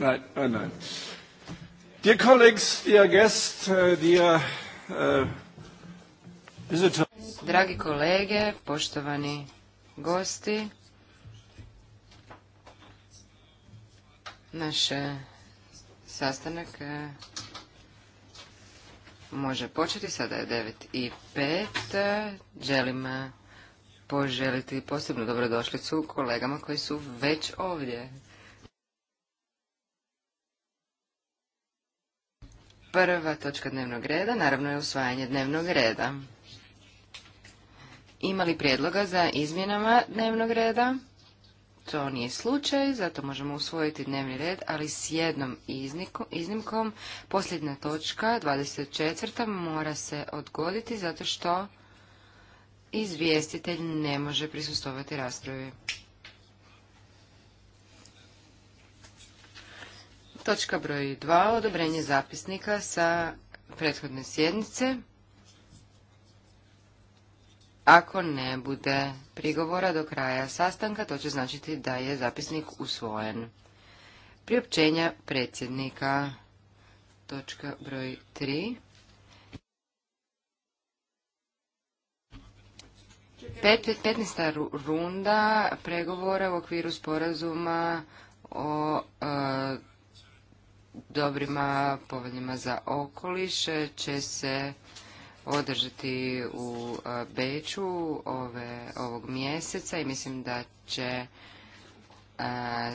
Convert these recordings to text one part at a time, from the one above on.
Nein, oh nein. Dear colleagues, dear guests, uh, dear uh, visitors. Dragi kolege, poštovani gosti, naš uh, sastanak može početi, sada je 9 i 5. Želim poželiti posebnu dobrodošlicu kolegama koji su već ovdje. Prva točka dnevnog reda, naravno je usvajanje dnevnog reda. Ima li prijedloga za izmjenama dnevnog reda? To nije slučaj, zato možemo usvojiti dnevni red, ali s jednom iznimkom posljedna točka, 24. mora se odgoditi zato što izvjestitelj ne može prisustovati raspravi. Točka broj 2. Odobrenje zapisnika sa prethodne sjednice. Ako ne bude prigovora do kraja sastanka, to će značiti da je zapisnik usvojen. Priopćenja predsjednika. Točka broj 3. 15. runda pregovora u okviru sporazuma o e, dobrima poveljama za okoliš će se održati u e, Beču ove, ovog mjeseca i mislim da će e,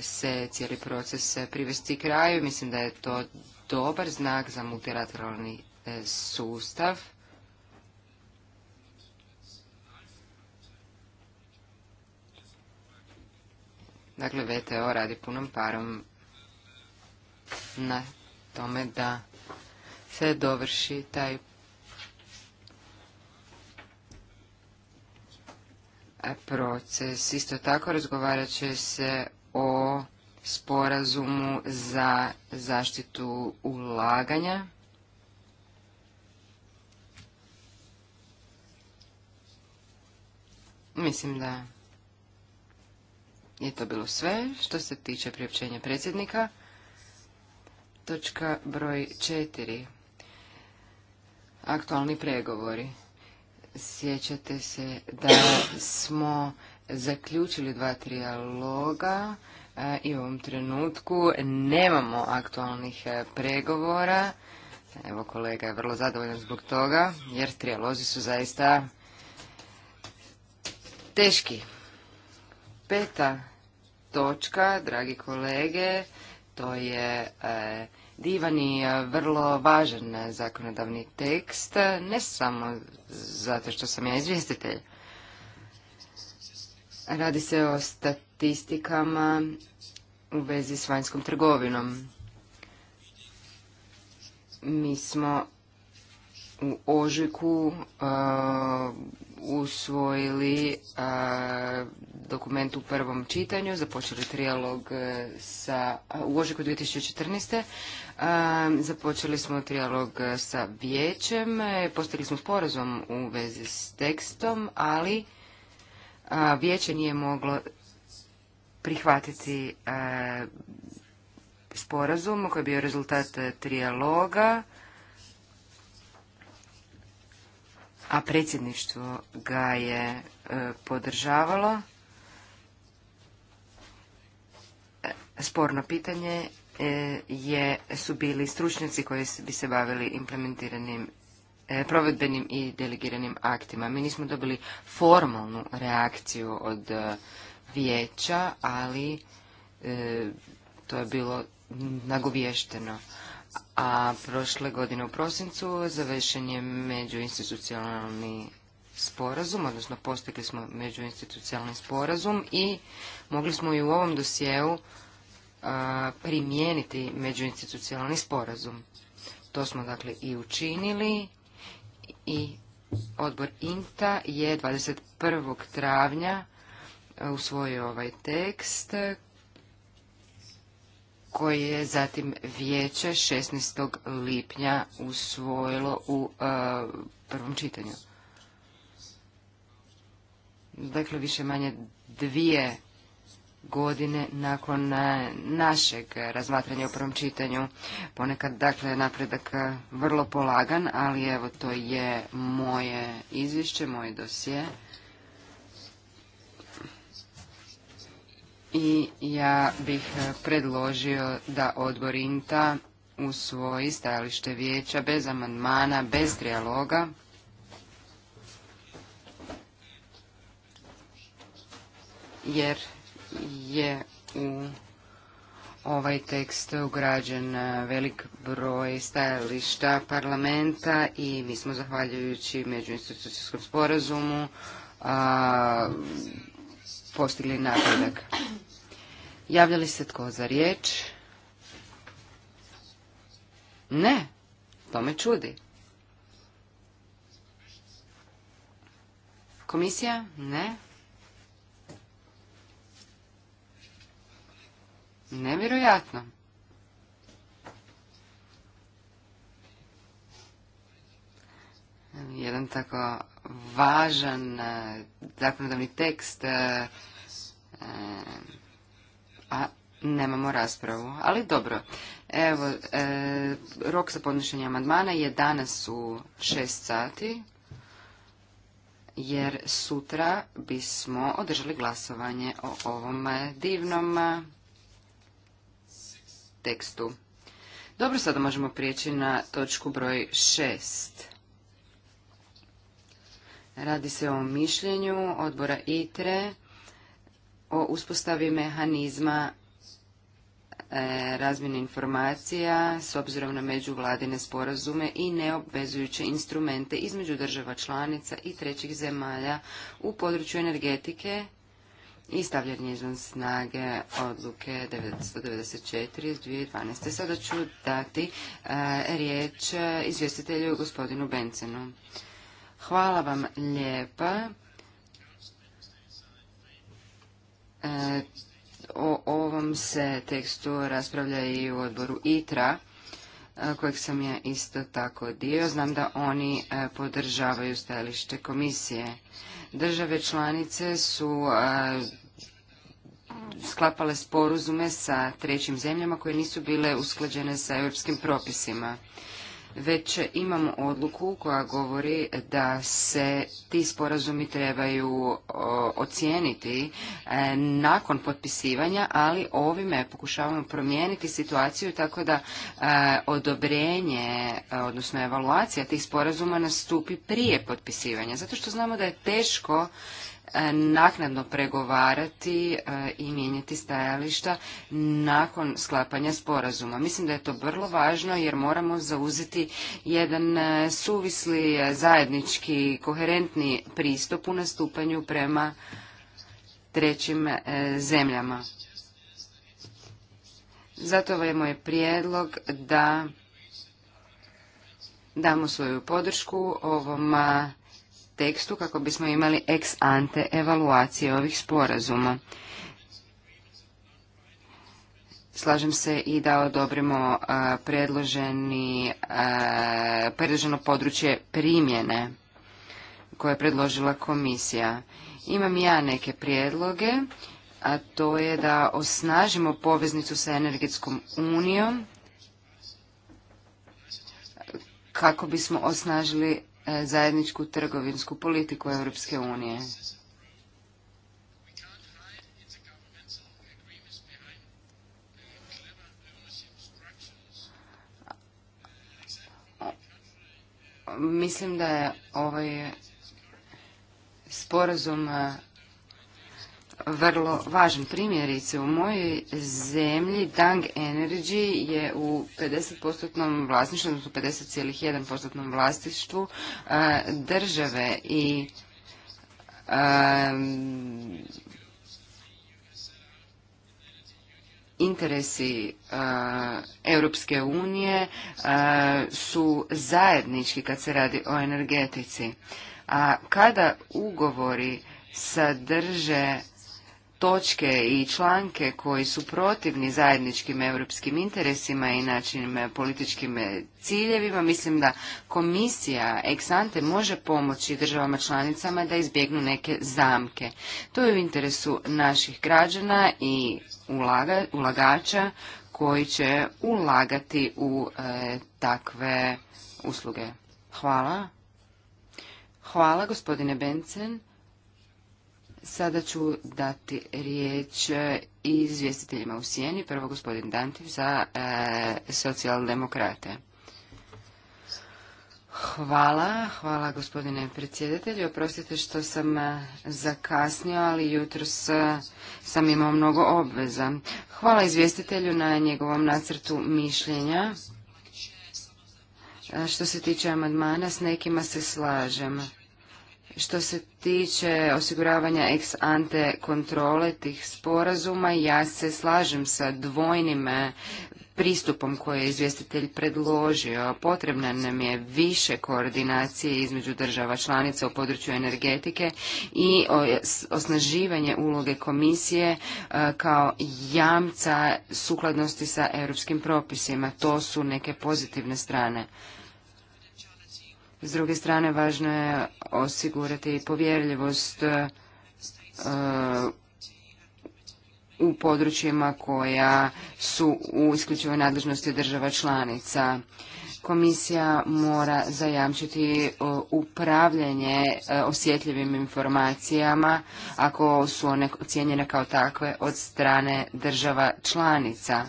se cijeli proces privesti kraju. Mislim da je to dobar znak za multilateralni e, sustav. Dakle, VTO radi punom parom na tome da se dovrši taj proces. Isto tako razgovarat će se o sporazumu za zaštitu ulaganja. Mislim da je to bilo sve što se tiče priopćenja predsjednika. Točka broj četiri. Aktualni pregovori. Sjećate se da smo zaključili dva trijaloga eh, i u ovom trenutku nemamo aktualnih eh, pregovora. Evo kolega je vrlo zadovoljan zbog toga jer trijalozi su zaista teški. Peta točka, dragi kolege, to je e, divan i e, vrlo važan zakonodavni tekst, ne samo zato što sam ja izvjestitelj. Radi se o statistikama u vezi s vanjskom trgovinom. Mi smo u ožujku e, usvojili dokument u prvom čitanju, započeli trijalog e, sa, u ožiku 2014. započeli smo trijalog e, sa vijećem, e, postigli smo sporazum u vezi s tekstom, ali vijeće nije moglo prihvatiti sporazum koji je bio rezultat trijaloga a predsjedništvo ga je e, podržavalo. E, sporno pitanje e, je, su bili stručnjaci koji bi se bavili implementiranim provedbenim i delegiranim aktima. Mi nismo dobili formalnu reakciju od vijeća, ali to je bilo nagovješteno a prošle godine u prosincu završen je međuinstitucionalni sporazum, odnosno postigli smo međuinstitucionalni sporazum i mogli smo i u ovom dosjeu primijeniti međuinstitucionalni sporazum. To smo dakle i učinili i odbor INTA je 21. travnja usvojio ovaj tekst koje je zatim vijeće 16. lipnja usvojilo u e, prvom čitanju. Dakle, više manje dvije godine nakon e, našeg razmatranja u prvom čitanju. Ponekad, dakle, napredak e, vrlo polagan, ali evo, to je moje izvješće, moj dosje. i ja bih e, predložio da odbor INTA svoji stajalište vijeća bez amandmana, bez trijaloga. Jer je u ovaj tekst ugrađen e, velik broj stajališta parlamenta i mi smo zahvaljujući međuinstitucijskom sporazumu a, postigli napredak. Javlja li se tko za riječ? Ne, to me čudi. Komisija? Ne. Nevjerojatno. Jedan tako važan eh, zakonodavni tekst eh, eh, a nemamo raspravu. Ali dobro, evo, e, rok za podnošenje amandmana je danas u 6 sati, jer sutra bismo održali glasovanje o ovom divnom tekstu. Dobro, sada možemo prijeći na točku broj 6. Radi se o mišljenju odbora ITRE o uspostavi mehanizma e, razmjene informacija s obzirom na međuvladine sporazume i neobvezujuće instrumente između država članica i trećih zemalja u području energetike i stavljanje izvan snage odluke 994 iz 2012. Sada ću dati e, riječ e, izvjestitelju gospodinu Bencenu. Hvala vam lijepa. E, o ovom se tekstu raspravlja i u odboru ITRA, e, kojeg sam ja isto tako dio. Znam da oni e, podržavaju stajalište komisije. Države članice su sklapale sporazume sa trećim zemljama koje nisu bile usklađene sa europskim propisima već imamo odluku koja govori da se ti sporazumi trebaju ocijeniti e, nakon potpisivanja, ali ovime pokušavamo promijeniti situaciju tako da e, odobrenje, e, odnosno evaluacija tih sporazuma nastupi prije potpisivanja, zato što znamo da je teško naknadno pregovarati e, i mijenjati stajališta nakon sklapanja sporazuma. Mislim da je to vrlo važno jer moramo zauzeti jedan e, suvisli, e, zajednički, koherentni pristup u nastupanju prema trećim zemljama. Zato je ovaj moj prijedlog da damo svoju podršku ovom tekstu kako bismo imali ex ante evaluacije ovih sporazuma. Slažem se i da odobrimo predloženi, predloženo područje primjene koje je predložila komisija. Imam ja neke prijedloge, a to je da osnažimo poveznicu sa energetskom unijom kako bismo osnažili E, zajedničku trgovinsku politiku Europske unije. Mislim da je ovaj sporazum e, vrlo važan. Primjerice, u mojoj zemlji Dang Energy je u 50% vlasništvu, odnosno 50,1% vlasništvu e, države i interesi e, Europske unije e, su zajednički kad se radi o energetici. A kada ugovori sadrže točke i članke koji su protivni zajedničkim europskim interesima i načinima e, političkim e, ciljevima, mislim da komisija eksante može pomoći državama članicama da izbjegnu neke zamke. To je u interesu naših građana i ulagača koji će ulagati u e, takve usluge. Hvala. Hvala gospodine Bencen. Sada ću dati riječ izvjestiteljima u sjeni. Prvo gospodin Dantiv za e, socijaldemokrate. Hvala, hvala gospodine predsjedatelju. Oprostite što sam e, zakasnio, ali jutros e, sam imao mnogo obveza. Hvala izvjestitelju na njegovom nacrtu mišljenja. Što se tiče amandmana, s nekima se slažem. Što se tiče osiguravanja ex ante kontrole tih sporazuma, ja se slažem sa dvojnim e, pristupom koji je izvjestitelj predložio. Potrebna nam je više koordinacije između država članica u području energetike i osnaživanje uloge komisije e, kao jamca sukladnosti sa europskim propisima. To su neke pozitivne strane. S druge strane, važno je osigurati povjerljivost e, u područjima koja su u isključivoj nadležnosti država članica. Komisija mora zajamčiti e, upravljanje e, osjetljivim informacijama ako su one ocijenjene kao takve od strane država članica.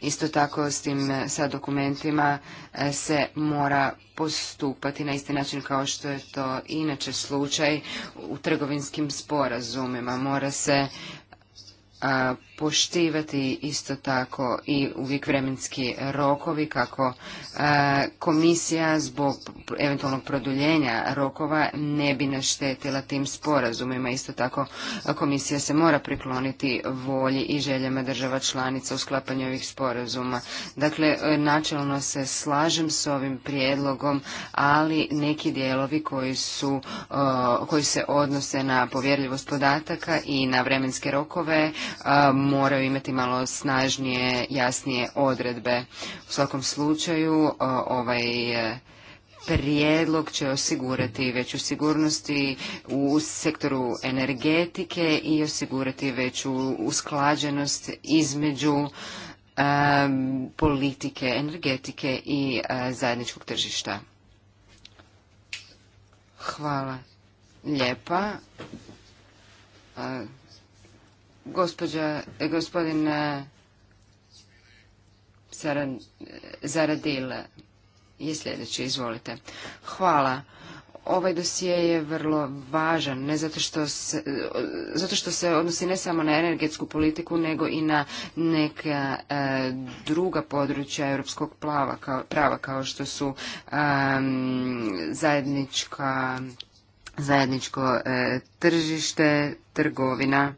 Isto tako s tim e, sa dokumentima e, se mora postupati na isti način kao što je to inače slučaj u trgovinskim sporazumima. Mora se a, poštivati isto tako i uvijek vremenski rokovi kako komisija zbog eventualnog produljenja rokova ne bi naštetila tim sporazumima. Isto tako komisija se mora prikloniti volji i željama država članica u sklapanju ovih sporazuma. Dakle, e, načelno se slažem s ovim prijedlogom, ali neki dijelovi koji, su, e, koji se odnose na povjerljivost podataka i na vremenske rokove moraju imati malo snažnije, jasnije odredbe. U svakom slučaju ovaj e, prijedlog će osigurati veću sigurnosti u sektoru energetike i osigurati veću usklađenost između e, politike energetike i e, zajedničkog tržišta. Hvala lijepa. Gospođa, e, gospodin e, e, Zaradil je sljedeći, izvolite. Hvala. Ovaj dosije je vrlo važan, ne zato što se, zato što se odnosi ne samo na energetsku politiku, nego i na neka druga područja europskog plava, prava, kao što su zajednička, zajedničko tržište, trgovina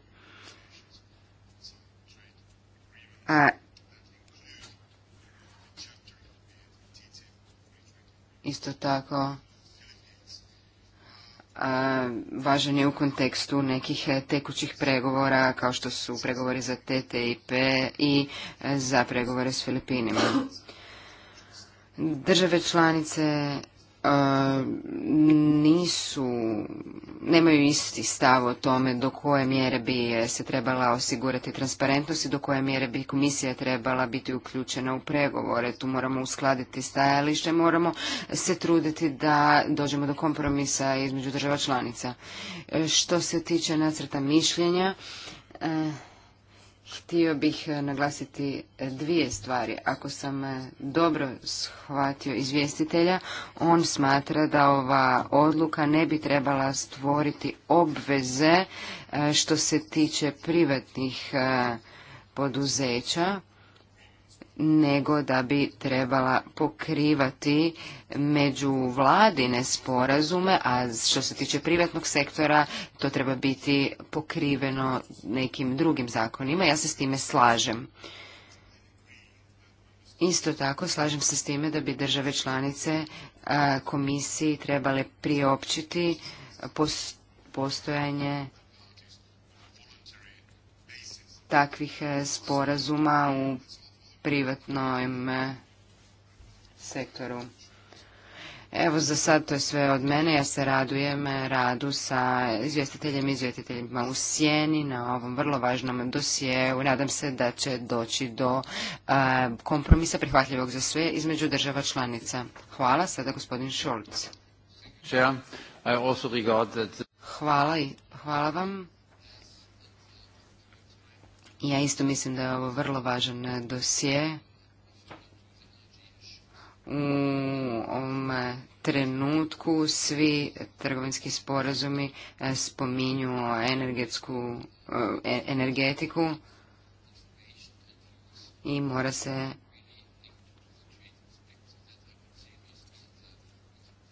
isto tako važan je u kontekstu nekih e, tekućih pregovora kao što su pregovori za TTIP i e, za pregovore s Filipinima. Države članice nisu, nemaju isti stav o tome do koje mjere bi se trebala osigurati transparentnost i do koje mjere bi komisija trebala biti uključena u pregovore. Tu moramo uskladiti stajalište, moramo se truditi da dođemo do kompromisa između država članica. E, što se tiče nacrta mišljenja, e, Htio bih e, naglasiti e, dvije stvari. Ako sam e, dobro shvatio izvjestitelja, on smatra da ova odluka ne bi trebala stvoriti obveze što se tiče privatnih poduzeća nego da bi trebala pokrivati među vladine sporazume, a što se tiče privatnog sektora, to treba biti pokriveno nekim drugim zakonima. Ja se s time slažem. Isto tako slažem se s time da bi države članice komisiji trebale priopćiti postojanje takvih e, sporazuma u privatnom e, sektoru. Evo za sad to je sve od mene, ja se radujem e, radu sa izvjestiteljem i izvjestiteljima u sjeni na ovom vrlo važnom dosijeu. Nadam se da će doći do e, kompromisa prihvatljivog za sve između država članica. Hvala, sada gospodin Šulc. Hvala hvala vam. Ja isto mislim da je ovo vrlo važan eh, dosje u ovom eh, trenutku svi trgovinski sporazumi eh, spominju energetsku, e-, energetiku i mora se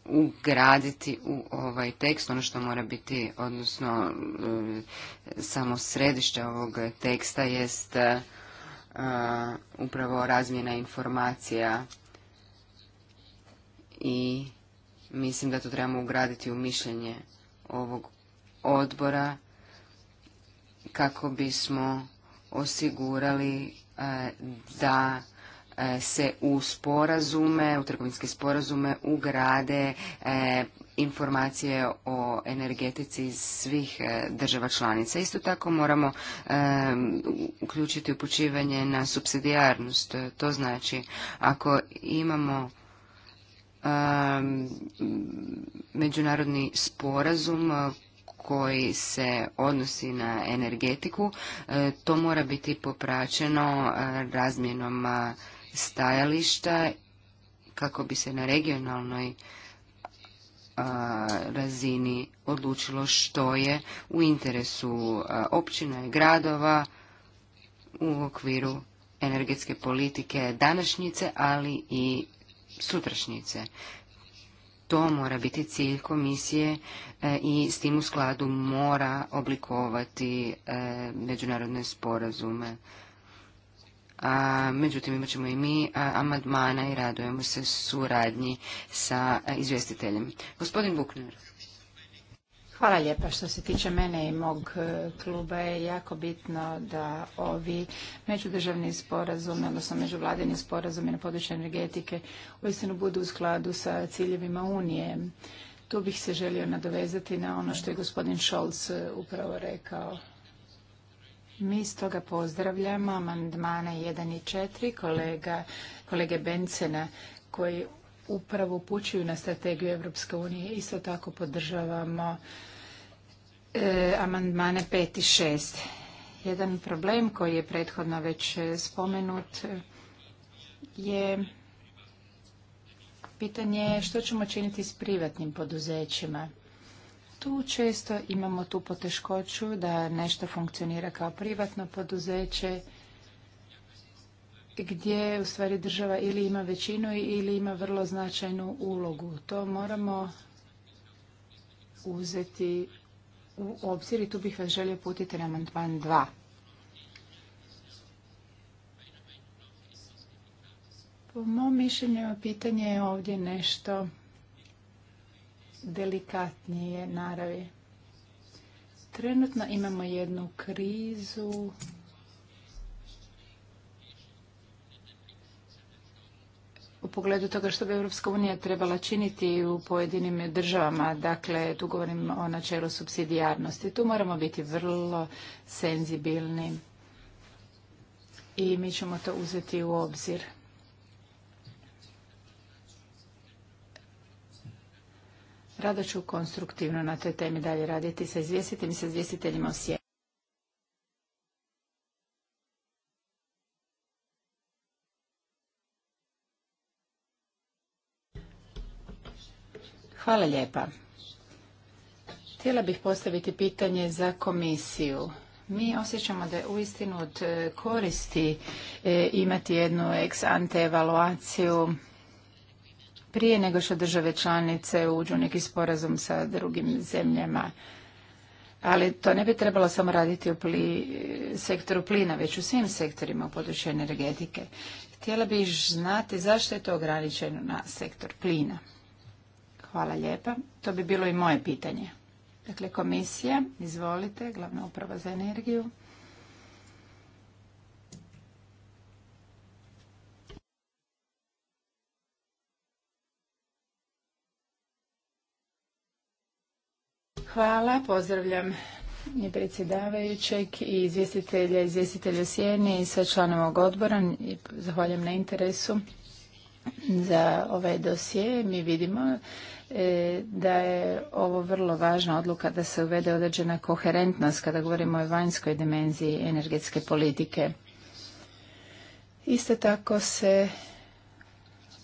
ugraditi u ovaj tekst, ono što mora biti, odnosno e, samo središte ovog teksta jest e, upravo razmjena informacija i mislim da to trebamo ugraditi u mišljenje ovog odbora kako bismo osigurali e, da E, se u sporazume, u trgovinske sporazume ugrade e, informacije o energetici iz svih e, država članica. Isto tako moramo uključiti upućivanje na subsidijarnost. To znači ako imamo međunarodni sporazum koji se odnosi na energetiku, to mora biti popraćeno razmjenom stajališta kako bi se na regionalnoj razini odlučilo što je u interesu općina i gradova u okviru energetske politike današnjice, ali i sutrašnjice. To mora biti cilj komisije e, i s tim u skladu mora oblikovati e, međunarodne sporazume. A, međutim, imat ćemo i mi amadmana i radujemo se suradnji sa izvjestiteljem. Gospodin Bukner. Hvala lijepa. Što se tiče mene i mog e, kluba je jako bitno da ovi međudržavni sporazumi, odnosno međuvladini sporazumi na području energetike uistinu budu u skladu sa ciljevima Unije. Tu bih se želio nadovezati na ono što je gospodin Scholz e, upravo rekao. Mi stoga pozdravljamo amandmane 1 i 4 kolege Bencena koji upravo upućuju na strategiju Europske unije. Isto tako podržavamo e, amandmane 5 i 6. Jedan problem koji je prethodno već spomenut je pitanje što ćemo činiti s privatnim poduzećima. Tu često imamo tu poteškoću da nešto funkcionira kao privatno poduzeće gdje u stvari država ili ima većinu ili ima vrlo značajnu ulogu. To moramo uzeti u obzir i tu bih vas želio putiti na amandman 2. Po mom mišljenju pitanje je ovdje nešto delikatnije naravi. Trenutno imamo jednu krizu u pogledu toga što bi Europska unija trebala činiti u pojedinim državama. Dakle, tu govorim o načelu subsidijarnosti. Tu moramo biti vrlo senzibilni i mi ćemo to uzeti u obzir. Rado ću konstruktivno na toj temi dalje raditi sa izvjestiteljima i sa izvjestiteljima u Hvala lijepa. Htjela bih postaviti pitanje za komisiju. Mi osjećamo da je uistinu od e, koristi e, imati jednu ex ante evaluaciju prije nego što države članice uđu neki sporazum sa drugim zemljama. Ali to ne bi trebalo samo raditi u sektoru plina, već u svim sektorima u području energetike. Htjela bih znati zašto je to ograničeno na sektor plina. Hvala lijepa. To bi bilo i moje pitanje. Dakle, komisija, izvolite, glavna uprava za energiju. Hvala, pozdravljam i predsjedavajućeg i izvjestitelja, izvjestitelja Sjeni i sve članovog odbora. Zahvaljujem na interesu za ovaj dosije. Mi vidimo e, da je ovo vrlo važna odluka da se uvede određena koherentnost kada govorimo o vanjskoj dimenziji energetske politike. Isto tako se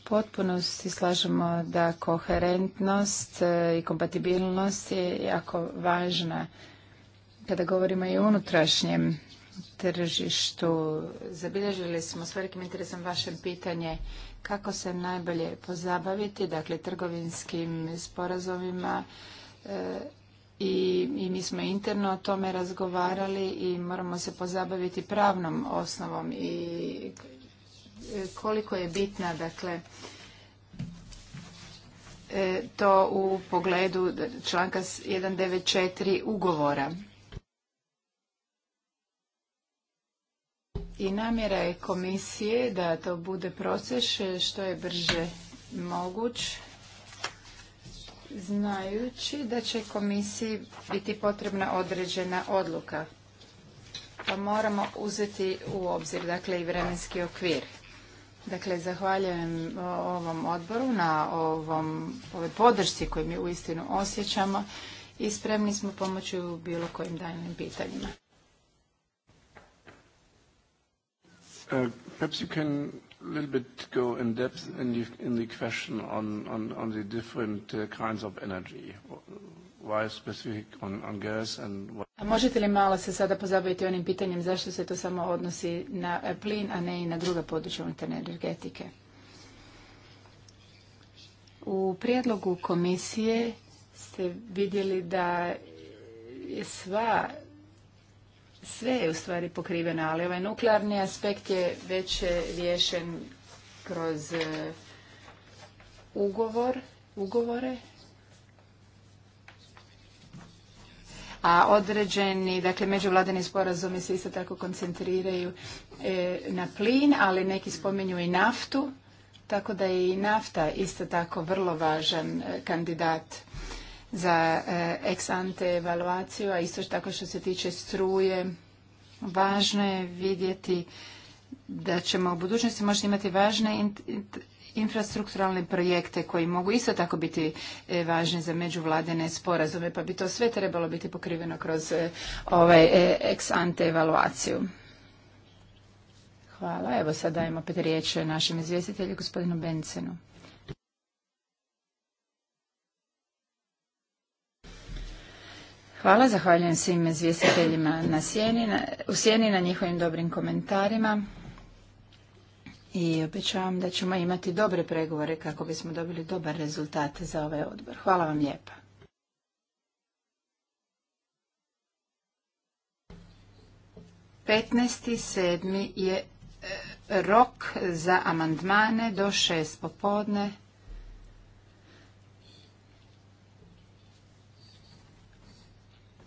potpunosti slažemo da koherentnost e, i kompatibilnost je jako važna kada govorimo i o unutrašnjem tržištu. Zabilježili smo s velikim interesom vaše pitanje kako se najbolje pozabaviti, dakle, trgovinskim sporazovima. E, i, i mi smo interno o tome razgovarali i moramo se pozabaviti pravnom osnovom i koliko je bitna dakle e, to u pogledu članka 194 ugovora. I namjera je komisije da to bude proces što je brže moguć, znajući da će komisiji biti potrebna određena odluka. Pa moramo uzeti u obzir, dakle, i vremenski okvir. Dakle, zahvaljujem ovom odboru na ovom, ovoj podršci koju mi uistinu osjećamo i spremni smo pomoći u bilo kojim daljnim pitanjima. Uh, perhaps you can a little bit go in depth in the, in the question on, on, on the different uh, kinds of energy. A možete li malo se sada pozabaviti onim pitanjem zašto se to samo odnosi na plin, a ne i na druga područja unutar energetike? U prijedlogu komisije ste vidjeli da je sva sve je u stvari pokriveno, ali ovaj nuklearni aspekt je već riješen kroz eh, ugovor, ugovore a određeni, dakle međuvladeni sporazumi se isto tako koncentriraju e, na plin, ali neki spominju i naftu, tako da je i nafta isto tako vrlo važan e, kandidat za eksante ex ante evaluaciju, a isto tako što se tiče struje, važno je vidjeti da ćemo u budućnosti možda imati važne infrastrukturalne projekte koji mogu isto tako biti e, važni za međuvladene sporazume, pa bi to sve trebalo biti pokriveno kroz e, ovaj e, ex ante evaluaciju. Hvala. Evo sad dajemo opet riječ našem izvjestitelju, gospodinu Bencenu. Hvala, zahvaljujem svim izvjestiteljima u sjeni na njihovim dobrim komentarima i obećavam da ćemo imati dobre pregovore kako bismo dobili dobar rezultat za ovaj odbor. Hvala vam lijepa. Petnesti sedmi je e, rok za amandmane do šest popodne.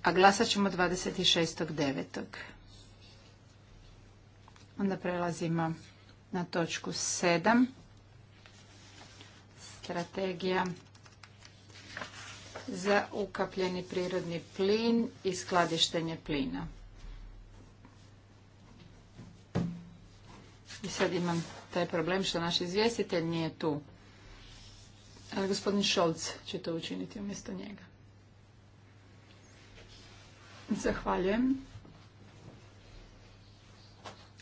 A glasat ćemo 26.9. Onda prelazimo na točku 7. Strategija za ukapljeni prirodni plin i skladištenje plina. I sad imam taj problem što naš izvjestitelj nije tu. Ali gospodin Šolc će to učiniti umjesto njega. Zahvaljujem.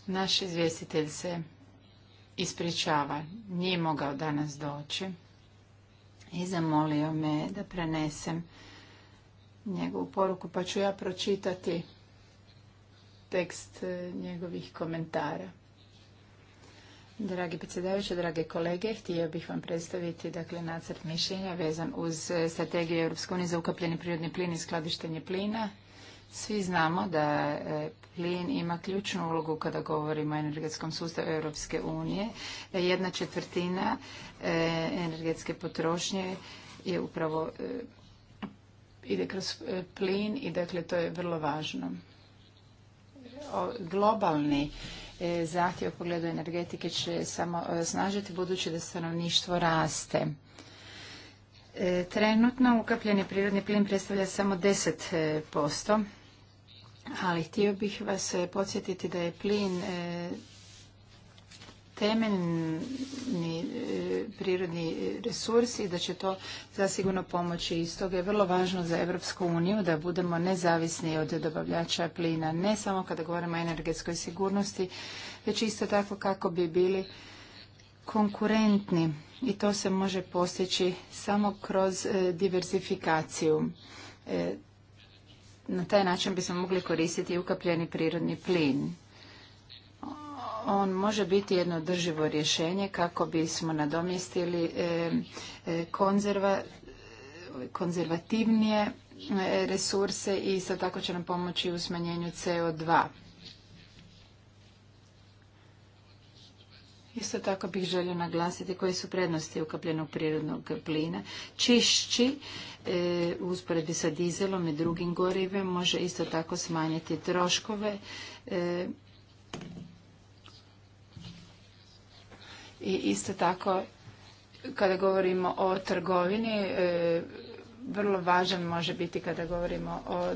Naš izvjestitelj se ispričava, nije mogao danas doći i zamolio me da prenesem njegovu poruku, pa ću ja pročitati tekst e, njegovih komentara. Dragi predsjedavajući, drage kolege, htio bih vam predstaviti dakle, nacrt mišljenja vezan uz e, strategiju EU za ukapljeni prirodni plin i skladištenje plina svi znamo da e, plin ima ključnu ulogu kada govorimo o energetskom sustavu Europske unije. E, jedna četvrtina e, energetske potrošnje je upravo ide kroz plin i dakle to je vrlo važno. Globalni zahtjev u pogledu energetike će samo snažiti budući da stanovništvo raste. E, trenutno ukapljeni prirodni plin predstavlja samo 10%, e, ali htio bih vas e, podsjetiti da je plin temeljni prirodni resurs i da će to zasigurno pomoći. I stoga je vrlo važno za Europsku uniju da budemo nezavisni od dobavljača plina, ne samo kada govorimo o energetskoj sigurnosti, već isto tako kako bi bili konkurentni i to se može postići samo kroz e, diversifikaciju. E, na taj način bismo mogli koristiti ukapljeni prirodni plin. On može biti jedno drživo rješenje kako bismo nadomjestili e, konzervativnije resurse i isto tako će nam pomoći u smanjenju CO2. Isto tako bih želio naglasiti koje su prednosti ukapljenog prirodnog plina. Čišći e, u usporedbi sa dizelom i drugim gorivem može isto tako smanjiti troškove e, i isto tako kada govorimo o trgovini e, vrlo važan može biti kada govorimo o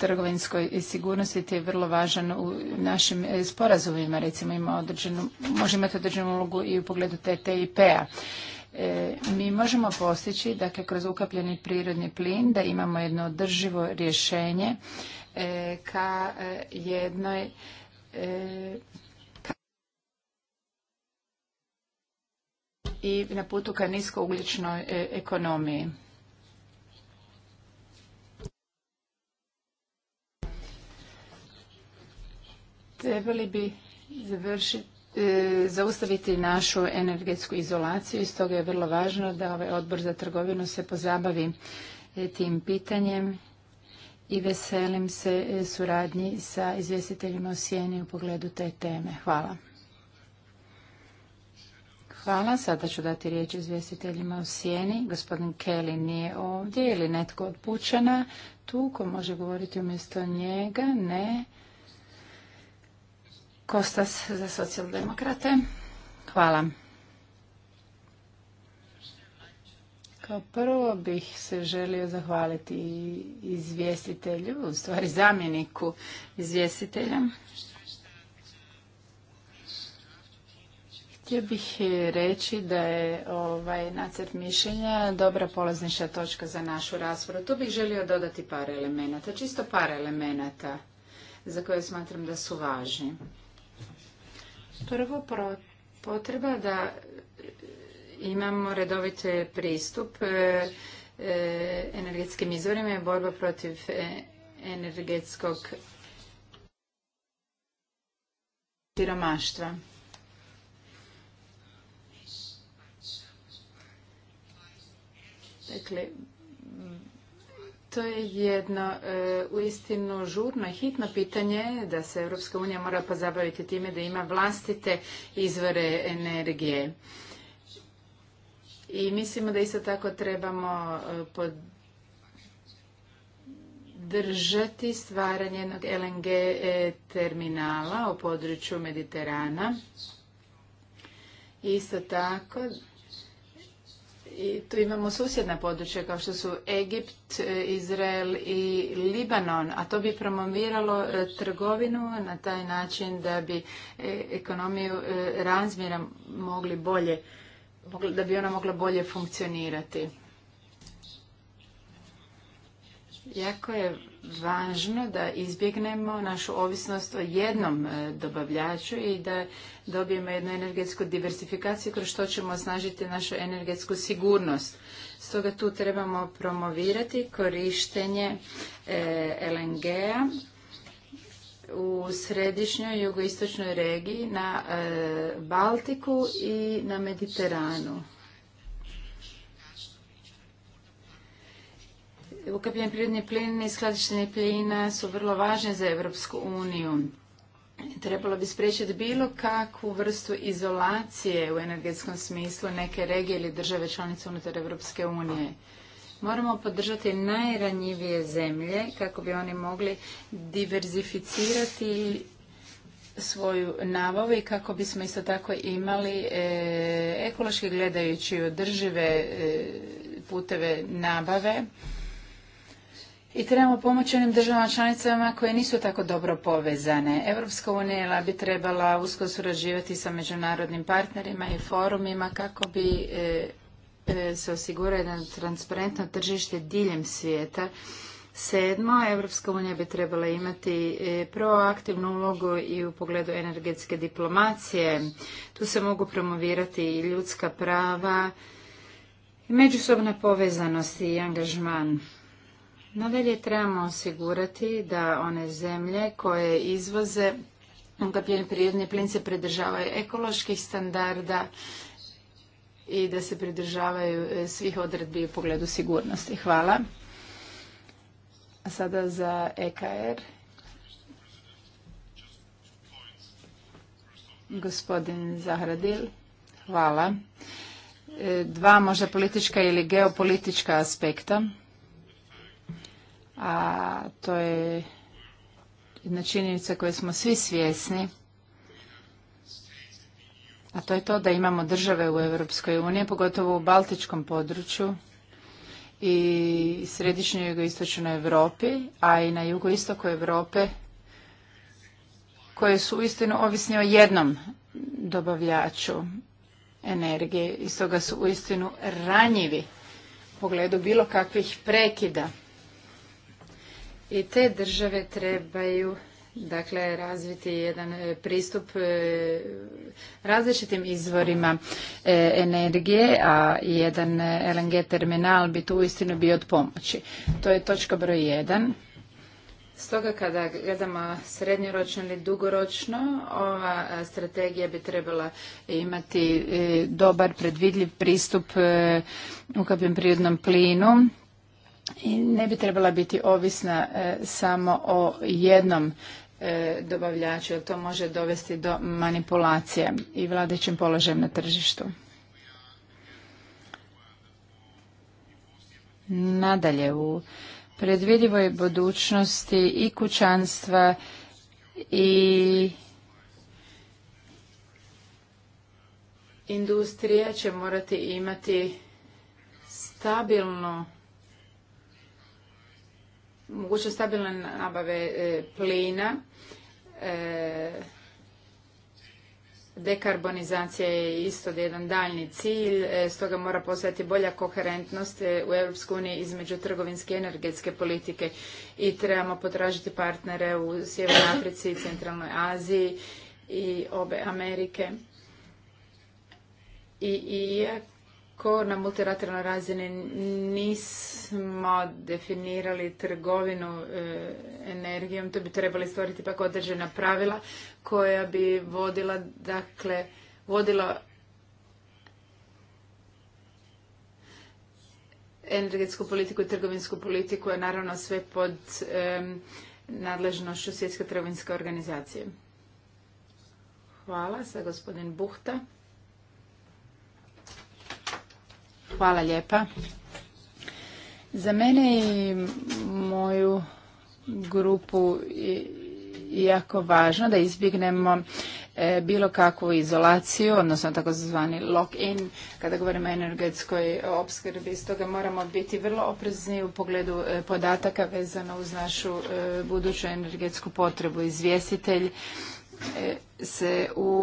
trgovinskoj sigurnosti te je vrlo važan u našim e, sporazumima. Recimo ima određenu, može imati određenu ulogu i u pogledu TTIP-a. E, mi možemo postići, dakle, kroz ukapljeni prirodni plin da imamo jedno održivo rješenje e, ka jednoj i na putu ka niskougljičnoj ekonomiji. trebali bi e, zaustaviti našu energetsku izolaciju i stoga je vrlo važno da ovaj odbor za trgovinu se pozabavi e, tim pitanjem i veselim se e, suradnji sa izvjestiteljima u Sijeni u pogledu te teme. Hvala. Hvala. Sada ću dati riječ izvjestiteljima u sjeni. Gospodin Kelly nije ovdje ili netko od Pučana tu ko može govoriti umjesto njega. Ne. Kostas za socijaldemokrate. Hvala. Kao prvo bih se želio zahvaliti izvjestitelju, u stvari zamjeniku izvjestitelja. Htio bih reći da je ovaj nacrt mišljenja dobra polaznička točka za našu raspravu. Tu bih želio dodati par elemenata, čisto par elemenata za koje smatram da su važni. Prvo potreba da imamo redovite pristup e, e, energetskim izvorima i borba protiv e, energetskog siromaštva. Dakle, to je jedno u e, uistinu žurno i hitno pitanje da se Europska unija mora pozabaviti time da ima vlastite izvore energije. I mislimo da isto tako trebamo e, podržati stvaranje jednog LNG e, terminala u području Mediterana. Isto tako i tu imamo susjedna područja kao što su Egipt, e, Izrael i Libanon, a to bi promoviralo e, trgovinu na taj način da bi e, ekonomiju razmjera mogli bolje, da bi ona mogla bolje funkcionirati. Jako je važno da izbjegnemo našu ovisnost o jednom e, dobavljaču i da dobijemo jednu energetsku diversifikaciju kroz što ćemo osnažiti našu energetsku sigurnost. Stoga tu trebamo promovirati korištenje e, LNG-a u središnjoj jugoistočnoj regiji na e, Baltiku i na Mediteranu. ukapljeni prirodni plin i skladištenje plina su vrlo važne za Europsku uniju. Trebalo bi spriječiti bilo kakvu vrstu izolacije u energetskom smislu neke regije ili države članice unutar Europske unije. Moramo podržati najranjivije zemlje kako bi oni mogli diverzificirati svoju nabavu i kako bismo isto tako imali e, ekološki gledajući održive e, puteve nabave i trebamo pomoći onim državama članicama koje nisu tako dobro povezane. Europska unija bi trebala usko surađivati sa međunarodnim partnerima i forumima kako bi e, e, se osigurao jedno transparentno tržište diljem svijeta. Sedmo, Europska unija bi trebala imati e, proaktivnu ulogu i u pogledu energetske diplomacije. Tu se mogu promovirati i ljudska prava, i međusobna povezanost i angažman. Nadalje trebamo osigurati da one zemlje koje izvoze ukapljeni prirodni plin se pridržavaju ekoloških standarda i da se pridržavaju e, svih odredbi u pogledu sigurnosti. Hvala. A sada za EKR. Gospodin Zahradil, hvala. E, dva možda politička ili geopolitička aspekta a to je jedna činjenica koje smo svi svjesni, a to je to da imamo države u Europskoj uniji, pogotovo u Baltičkom području i središnjoj jugoistočnoj Europi, a i na jugoistoku Europe koje su uistinu ovisni o jednom dobavljaču energije i stoga su uistinu ranjivi u pogledu bilo kakvih prekida i te države trebaju dakle razviti jedan e, pristup e, različitim izvorima e, energije, a jedan LNG terminal bi tu uistinu bio od pomoći. To je točka broj jedan. Stoga kada gledamo srednjoročno ili dugoročno, ova strategija bi trebala imati dobar predvidljiv pristup ukapljen prirodnom plinu ne bi trebala biti ovisna e, samo o jednom e, dobavljaču, jer to može dovesti do manipulacije i vladećim položajem na tržištu. Nadalje, u predvidivoj budućnosti i kućanstva i industrija će morati imati stabilno mogućnost stabilne nabave e, plina, e, dekarbonizacija je isto jedan daljni cilj, e, stoga mora postojati bolja koherentnost u EU između trgovinske i energetske politike i trebamo potražiti partnere u Sjevernoj Africi i Centralnoj Aziji i obe Amerike. I Ko na multilateralnoj razini nismo definirali trgovinu e, energijom, to bi trebali stvoriti pak određena pravila koja bi vodila, dakle, vodila energetsku politiku i trgovinsku politiku a naravno sve pod nadležnošću Svjetske trgovinske organizacije. Hvala. Sa gospodin Buhta. Hvala lijepa. Za mene i moju grupu jako važno da izbjegnemo e, bilo kakvu izolaciju, odnosno takozvani lock-in, kada govorimo o energetskoj opskrbi. Stoga moramo biti vrlo oprezni u pogledu e, podataka vezano uz našu e, buduću energetsku potrebu. Izvjestitelj se u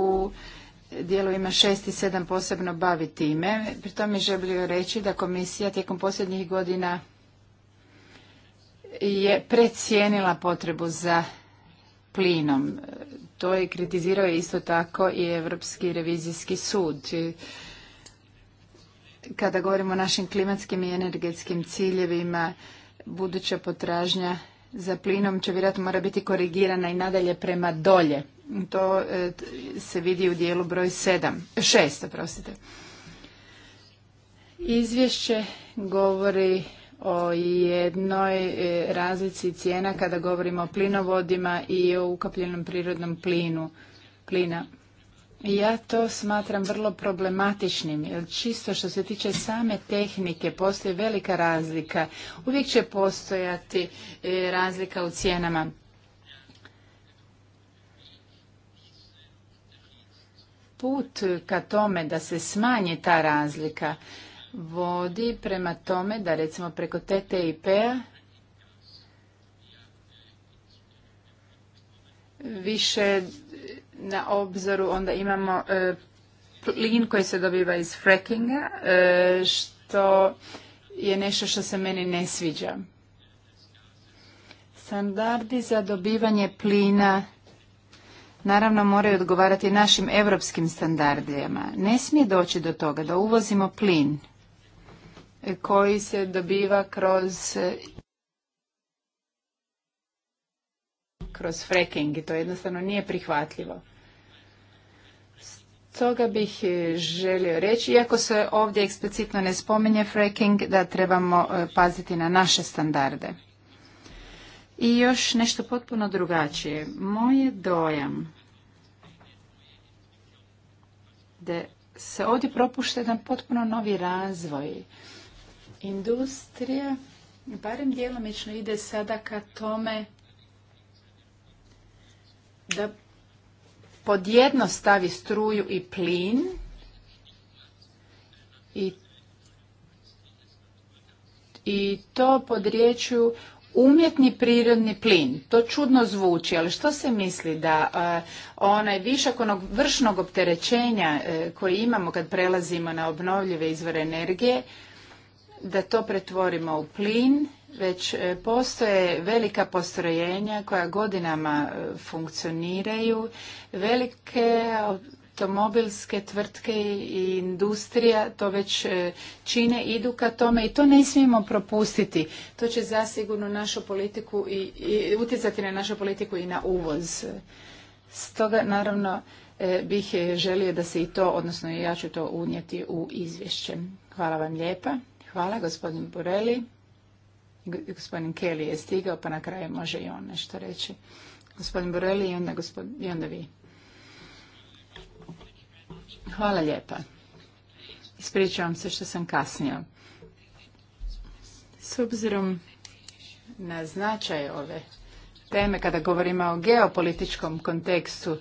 dijelovima šest i sedam posebno bavi time. Pri tome želio reći da komisija tijekom posljednjih godina je precijenila potrebu za plinom. To je kritizirao isto tako i Europski revizijski sud. Kada govorimo o našim klimatskim i energetskim ciljevima, buduća potražnja za plinom će vjerojatno mora biti korigirana i nadalje prema dolje. To e, se vidi u dijelu broj 7, 6, prostite. Izvješće govori o jednoj e, razlici cijena kada govorimo o plinovodima i o ukapljenom prirodnom plinu, plina. Ja to smatram vrlo problematičnim, jer čisto što se tiče same tehnike postoji velika razlika. Uvijek će postojati e, razlika u cijenama. put ka tome da se smanji ta razlika vodi prema tome da recimo preko TTIP-a više na obzoru onda imamo e, plin koji se dobiva iz frackinga e, što je nešto što se meni ne sviđa. Standardi za dobivanje plina naravno moraju odgovarati našim europskim standardima. Ne smije doći do toga da uvozimo plin koji se dobiva kroz kroz fracking i to jednostavno nije prihvatljivo. Stoga bih e, želio reći, iako se ovdje eksplicitno ne spominje fracking, da trebamo e, paziti na naše standarde. I još nešto potpuno drugačije. Moje dojam da se ovdje propušta jedan potpuno novi razvoj industrije, barem djelomično ide sada ka tome da podjedno stavi struju i plin i i to pod riječju umjetni prirodni plin. To čudno zvuči, ali što se misli da e, onaj višak onog vršnog opterećenja e, koje imamo kad prelazimo na obnovljive izvore energije, da to pretvorimo u plin, već e, postoje velika postrojenja koja godinama funkcioniraju, velike automobilske tvrtke i industrija to već e, čine, idu ka tome i to ne smijemo propustiti. To će zasigurno našu politiku i, utjecati na našu politiku i na uvoz. Stoga naravno e, bih e, želio da se i to, odnosno ja ću to unijeti u izvješće. Hvala vam lijepa. Hvala gospodin Borelli. Gospodin Kelly je stigao, pa na kraju može i on nešto reći. Gospodin Boreli i onda, i onda vi. Hvala lijepa. Ispričavam se što sam kasnio. S obzirom na značaj ove teme, kada govorimo o geopolitičkom kontekstu,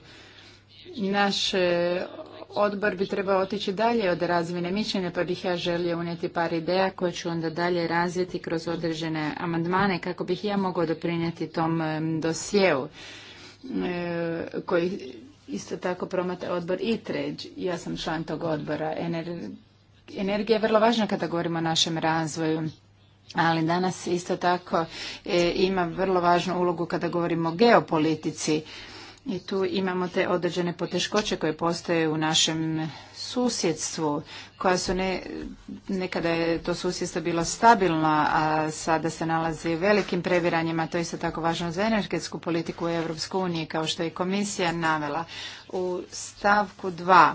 naš e, odbor bi trebao otići dalje od razvine mišljenja, pa bih ja želio unijeti par ideja koje ću onda dalje razviti kroz određene amandmane kako bih ja mogao doprinijeti tom dosjeu e, koji isto tako promata odbor i tređ. Ja sam član tog odbora. Energija je vrlo važna kada govorimo o našem razvoju. Ali danas isto tako e, ima vrlo važnu ulogu kada govorimo o geopolitici. I tu imamo te određene poteškoće koje postoje u našem susjedstvu, koja su ne, nekada je to susjedstvo bilo stabilno, a sada se nalazi u velikim previranjima, to je isto tako važno za energetsku politiku u EU, uniji, kao što je komisija navela. U stavku 2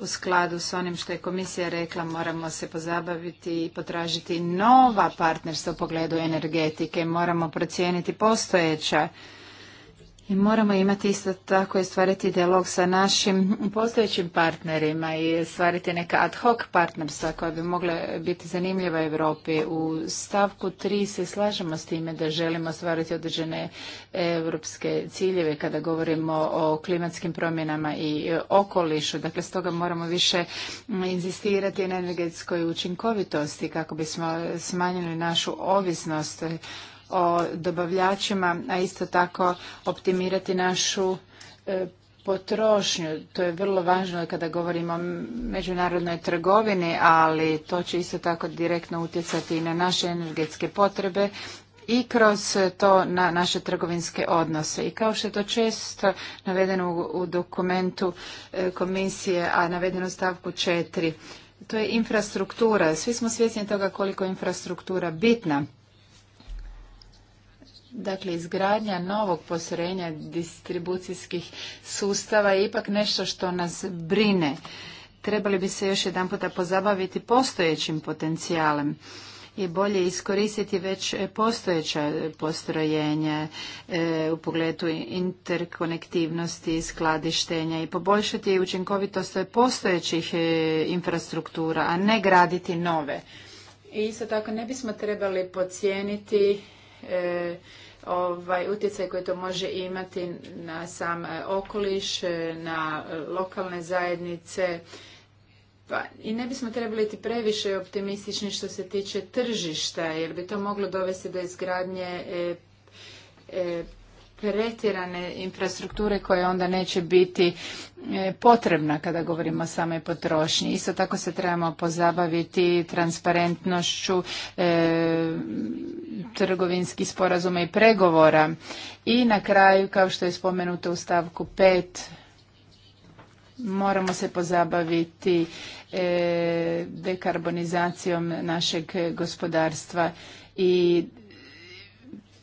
u skladu s onim što je komisija rekla moramo se pozabaviti i potražiti nova partnerstva u pogledu energetike, moramo procijeniti postojeća i moramo imati isto tako i stvariti dijalog sa našim postojećim partnerima i stvariti neka ad hoc partnerstva koja bi mogla biti zanimljiva Europi. U stavku 3 se slažemo s time da želimo stvariti određene europske ciljeve kada govorimo o klimatskim promjenama i okolišu. Dakle, stoga moramo više inzistirati na energetskoj učinkovitosti kako bismo smanjili našu ovisnost o dobavljačima, a isto tako optimirati našu e, potrošnju. To je vrlo važno kada govorimo o međunarodnoj trgovini, ali to će isto tako direktno utjecati i na naše energetske potrebe i kroz to na naše trgovinske odnose. I kao što je to često navedeno u dokumentu e, komisije, a navedeno stavku 4, to je infrastruktura. Svi smo svjesni toga koliko je infrastruktura bitna Dakle, izgradnja novog postrojenja distribucijskih sustava je ipak nešto što nas brine. Trebali bi se još jedan puta pozabaviti postojećim potencijalem i bolje iskoristiti već postojeća postrojenja e, u pogledu interkonektivnosti, skladištenja i poboljšati učinkovitost postojećih e, infrastruktura, a ne graditi nove. I isto tako ne bismo trebali pocijeniti E, ovaj utjecaj koji to može imati na sam e, okoliš, e, na lokalne zajednice. Pa, I ne bismo trebali biti previše optimistični što se tiče tržišta, jer bi to moglo dovesti do izgradnje e, pretjerane infrastrukture koje onda neće biti e, potrebna kada govorimo o samoj potrošnji. Isto tako se trebamo pozabaviti transparentnošću e, trgovinskih sporazuma i pregovora. I na kraju, kao što je spomenuto u stavku 5, moramo se pozabaviti e, dekarbonizacijom našeg gospodarstva i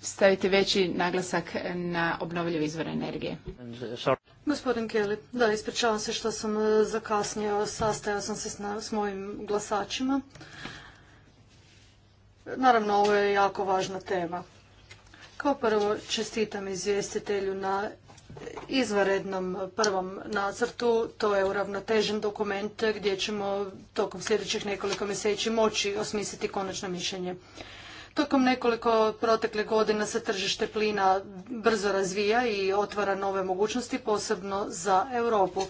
staviti veći naglasak na obnovljive izvore energije. Gospodin Kelly, da, ispričavam se što sam e, zakasnio, sastajao sam se s, mojim glasačima. Naravno, ovo je jako važna tema. Kao prvo, čestitam izvjestitelju na izvanrednom prvom nacrtu. To je uravnotežen dokument gdje ćemo tokom sljedećih nekoliko mjeseci moći osmisliti konačno mišljenje. Tokom nekoliko protekle godina se tržište plina brzo razvija i otvara nove mogućnosti, posebno za Europu,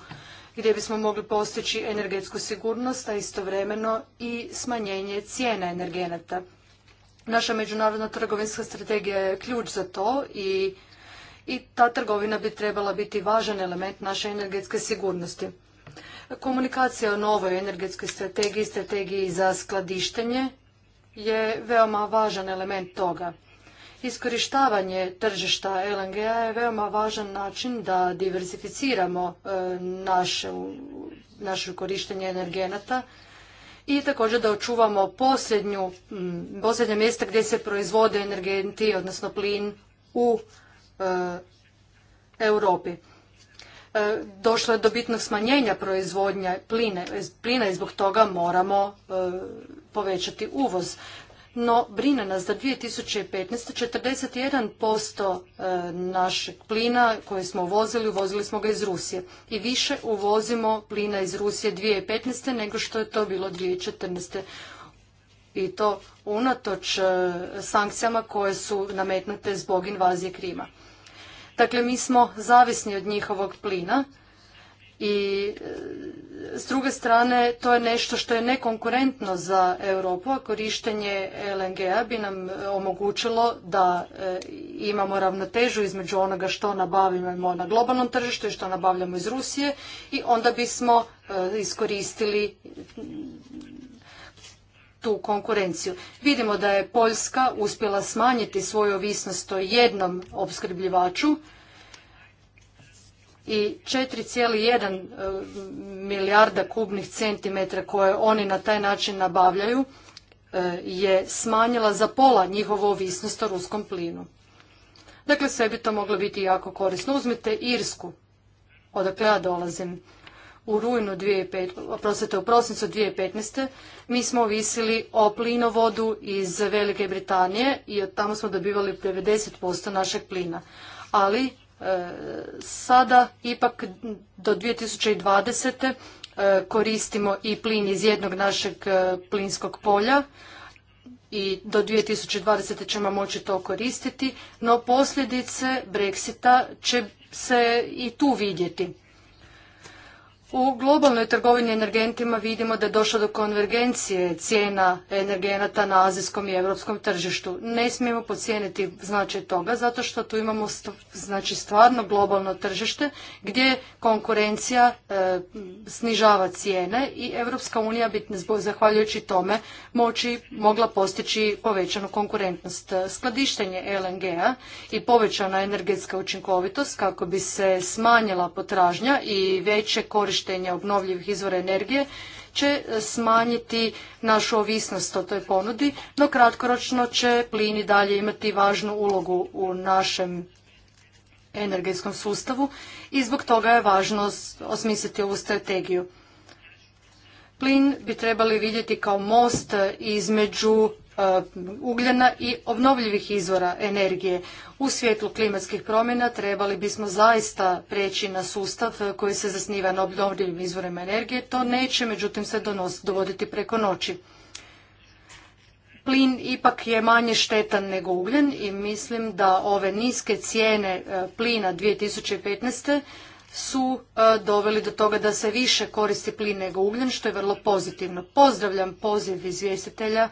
gdje bismo mogli postići energetsku sigurnost, a istovremeno i smanjenje cijena energenata. Naša međunarodna trgovinska strategija je ključ za to i, i ta trgovina bi trebala biti važan element naše energetske sigurnosti. Komunikacija o novoj energetskoj strategiji, strategiji za skladištenje je veoma važan element toga. Iskorištavanje tržišta LNG-a je veoma važan način da diversificiramo e, naše, korištenje energenata i također da očuvamo posljednju, posljednje mjesta gdje se proizvode energenti, odnosno plin u e, Europi. E, došlo je do bitnog smanjenja proizvodnja plina i zbog toga moramo e, povećati uvoz. No, brine nas da 2015. 41% e, našeg plina koje smo uvozili, uvozili smo ga iz Rusije. I više uvozimo plina iz Rusije 2015. nego što je to bilo 2014. I to unatoč sankcijama koje su nametnute zbog invazije Krima. Dakle, mi smo zavisni od njihovog plina i e, s druge strane to je nešto što je nekonkurentno za Europu, a korištenje LNG-a bi nam e, omogućilo da e, imamo ravnotežu između onoga što nabavimo na globalnom tržištu i što nabavljamo iz Rusije i onda bismo iskoristili tu konkurenciju. Vidimo da je Poljska uspjela smanjiti svoju ovisnost o jednom opskrbljivaču i 4,1 e, milijarda kubnih centimetra koje oni na taj način nabavljaju e, je smanjila za pola njihovu ovisnost o ruskom plinu. Dakle, sve bi to moglo biti jako korisno. Uzmite Irsku, odakle ja dolazim u rujnu 2015, oprostite, u prosincu 2015. mi smo ovisili o plinovodu iz Velike Britanije i od tamo smo dobivali 90% našeg plina. Ali e, sada ipak do 2020. E, koristimo i plin iz jednog našeg e, plinskog polja i do 2020. ćemo moći to koristiti, no posljedice Brexita će se i tu vidjeti u globalnoj trgovini energentima vidimo da je došlo do konvergencije cijena energenata na azijskom i europskom tržištu. Ne smijemo pocijeniti značaj toga zato što tu imamo znači stvarno globalno tržište gdje konkurencija e, snižava cijene i Europska unija bi zahvaljujući tome moći mogla postići povećanu konkurentnost. Skladištenje LNG-a i povećana energetska učinkovitost kako bi se smanjila potražnja i veće korištenje korištenja obnovljivih izvora energije će smanjiti našu ovisnost o toj ponudi, no kratkoročno će plin i dalje imati važnu ulogu u našem energetskom sustavu i zbog toga je važno osmisliti ovu strategiju. Plin bi trebali vidjeti kao most između E, ugljena i obnovljivih izvora energije. U svjetlu klimatskih promjena trebali bismo zaista preći na sustav koji se zasniva na obnovljivim izvorima energije. To neće međutim se donos, dovoditi preko noći. Plin ipak je manje štetan nego ugljen i mislim da ove niske cijene e, plina 2015 su e, doveli do toga da se više koristi plin nego ugljen, što je vrlo pozitivno. Pozdravljam poziv izvjestitelja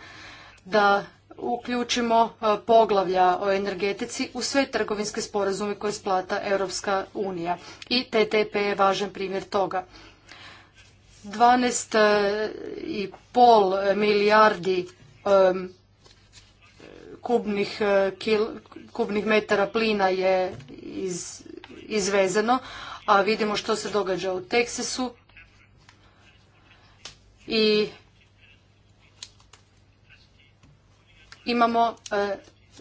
da uključimo e, poglavlja o energetici u sve trgovinske sporazume koje splata Europska unija. I TTP je važan primjer toga. 12,5 e, milijardi e, kubnih, kubnih metara plina je iz, izvezeno, a vidimo što se događa u Teksasu i imamo e,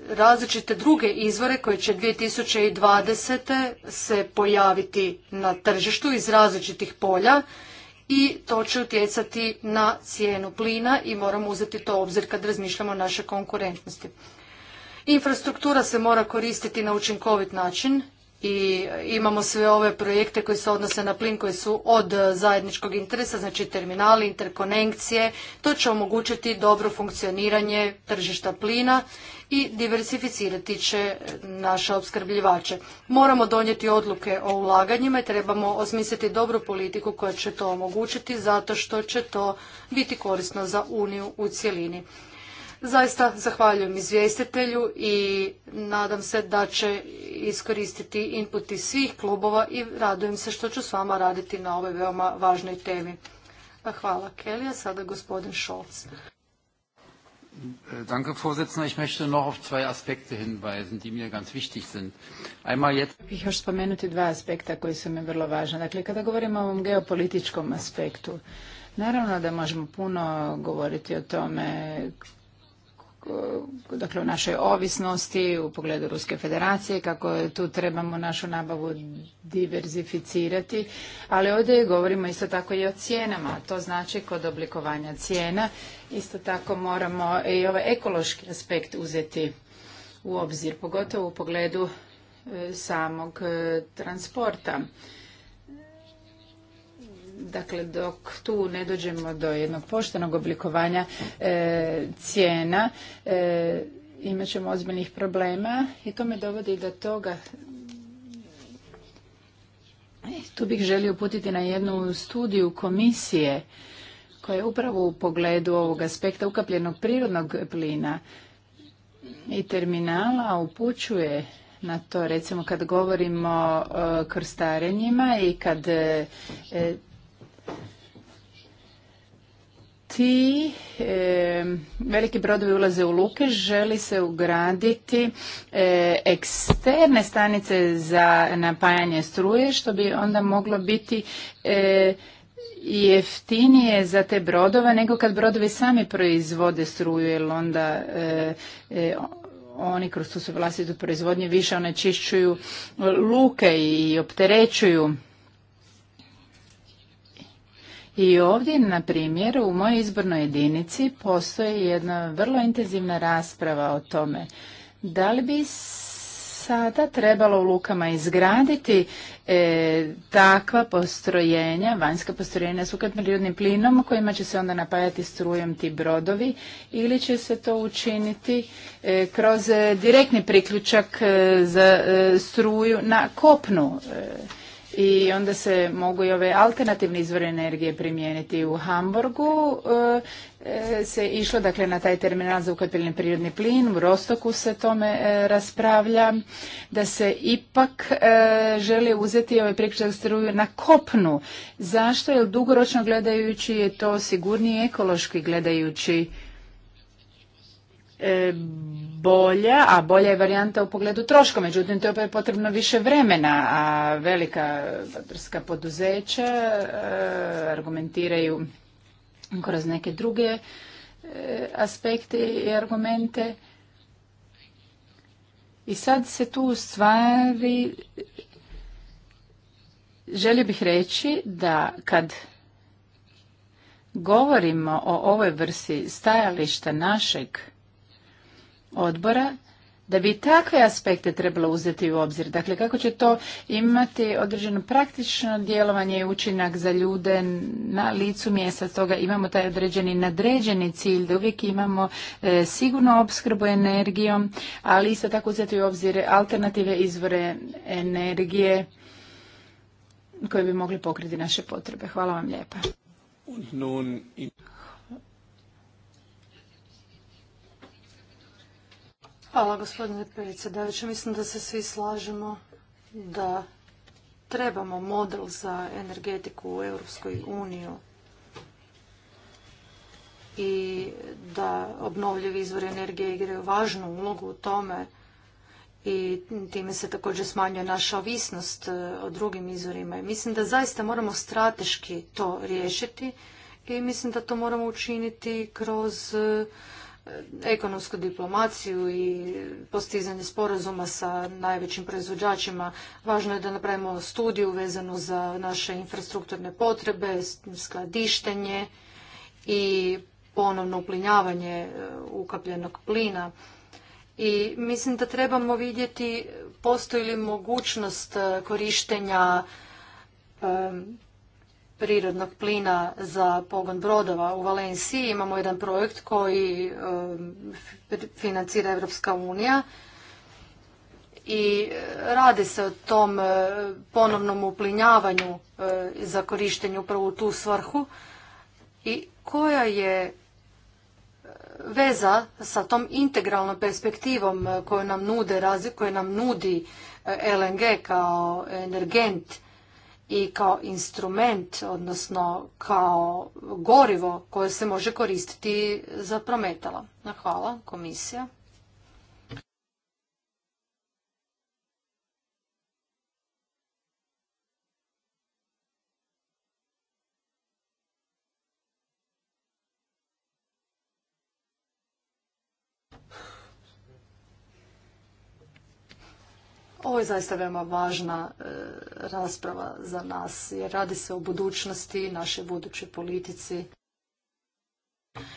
različite druge izvore koje će 2020. se pojaviti na tržištu iz različitih polja i to će utjecati na cijenu plina i moramo uzeti to u obzir kad razmišljamo o našoj konkurentnosti. Infrastruktura se mora koristiti na učinkovit način i imamo sve ove projekte koji se odnose na plin koji su od zajedničkog interesa, znači terminali, interkonekcije. To će omogućiti dobro funkcioniranje tržišta plina i diversificirati će naše opskrbljivače. Moramo donijeti odluke o ulaganjima i trebamo osmisliti dobru politiku koja će to omogućiti zato što će to biti korisno za Uniju u cjelini. Zaista zahvaljujem izvjestitelju i nadam se da će iskoristiti inputi svih klubova i radujem se što ću s vama raditi na ovoj veoma važnoj temi. Hvala Kelija, sada gospodin Scholz. Danke, Vorsitzender. Ich möchte noch auf zwei Aspekte hinweisen, die mir ganz wichtig sind. Einmal jetzt... Bih još spomenuti dva aspekta koji su mi vrlo važni. Dakle, kada govorimo o ovom geopolitičkom aspektu, naravno da možemo puno govoriti o tome Eh, dakle u našoj ovisnosti u pogledu Ruske federacije, kako tu trebamo našu nabavu diverzificirati, ali ovdje govorimo isto tako i o cijenama, to znači kod oblikovanja cijena isto tako moramo i ovaj ekološki aspekt uzeti u obzir, pogotovo u pogledu eh, samog eh, transporta. Dakle, dok tu ne dođemo do jednog poštenog oblikovanja e, cijena, e, imat ćemo ozbiljnih problema i to me dovodi do toga e, tu bih želio uputiti na jednu studiju komisije koja je upravo u pogledu ovog aspekta ukapljenog prirodnog plina i terminala upućuje na to recimo kad govorimo o e, krstarenjima i kad ti veliki brodovi ulaze u luke, želi se ugraditi eh, eksterne stanice za napajanje struje, što bi onda moglo biti i eh, jeftinije za te brodove nego kad brodovi sami proizvode struju, jer onda eh, oni kroz tu su vlastitu proizvodnju više onečišćuju luke i opterećuju i ovdje, na primjer, u mojoj izbornoj jedinici postoji jedna vrlo intenzivna rasprava o tome da li bi sada trebalo u lukama izgraditi e, takva postrojenja, vanjska postrojenja sukladno prirodnim plinom kojima će se onda napajati strujom ti brodovi ili će se to učiniti e, kroz direktni priključak e, za struju na kopnu i onda se mogu i ove alternativne izvore energije primijeniti u Hamburgu e, e, se išlo dakle na taj terminal za ukapljeni prirodni plin u Rostoku se tome e, raspravlja da se ipak želi uzeti ovaj priključak struju na kopnu zašto jer dugoročno gledajući je to sigurnije ekološki gledajući E, bolja, a bolja je varijanta u pogledu troška, međutim to je pa- potrebno više vremena, a velika vatrska poduzeća e, argumentiraju kroz neke druge e, aspekte i argumente. I sad se tu u stvari želio bih reći da kad govorimo o ovoj vrsti stajališta našeg odbora da bi takve aspekte trebalo uzeti u obzir. Dakle, kako će to imati određeno praktično djelovanje i učinak za ljude na licu mjesta. toga imamo taj određeni nadređeni cilj da uvijek imamo e, sigurnu opskrbu energijom, ali isto tako uzeti u obzir alternative izvore energije koje bi mogli pokriti naše potrebe. Hvala vam lijepa. Hvala gospodine predsjedavajući. Mislim da se svi slažemo da trebamo model za energetiku u Europskoj uniji i da obnovljivi izvori energije igraju važnu ulogu u tome i time se također smanjuje naša ovisnost e, o drugim izvorima. mislim da zaista moramo strateški to riješiti i mislim da to moramo učiniti kroz e, ekonomsku diplomaciju i postizanje sporazuma sa najvećim proizvođačima. Važno je da napravimo studiju vezanu za naše infrastrukturne potrebe, skladištenje i ponovno uplinjavanje e, ukapljenog plina. I mislim da trebamo vidjeti postoji li mogućnost e, korištenja e, prirodnog plina za pogon brodova u Valenciji. Imamo jedan projekt koji um, financira Evropska unija i uh, radi se o tom uh, ponovnom uplinjavanju uh, za korištenje upravo u tu svrhu i koja je veza sa tom integralnom perspektivom koju nam nude, koje nam nudi LNG kao energent i kao instrument, odnosno kao gorivo koje se može koristiti za prometala. Hvala, komisija. Ovo je zaista veoma važna e, rasprava za nas jer radi se o budućnosti, naše buduće politici.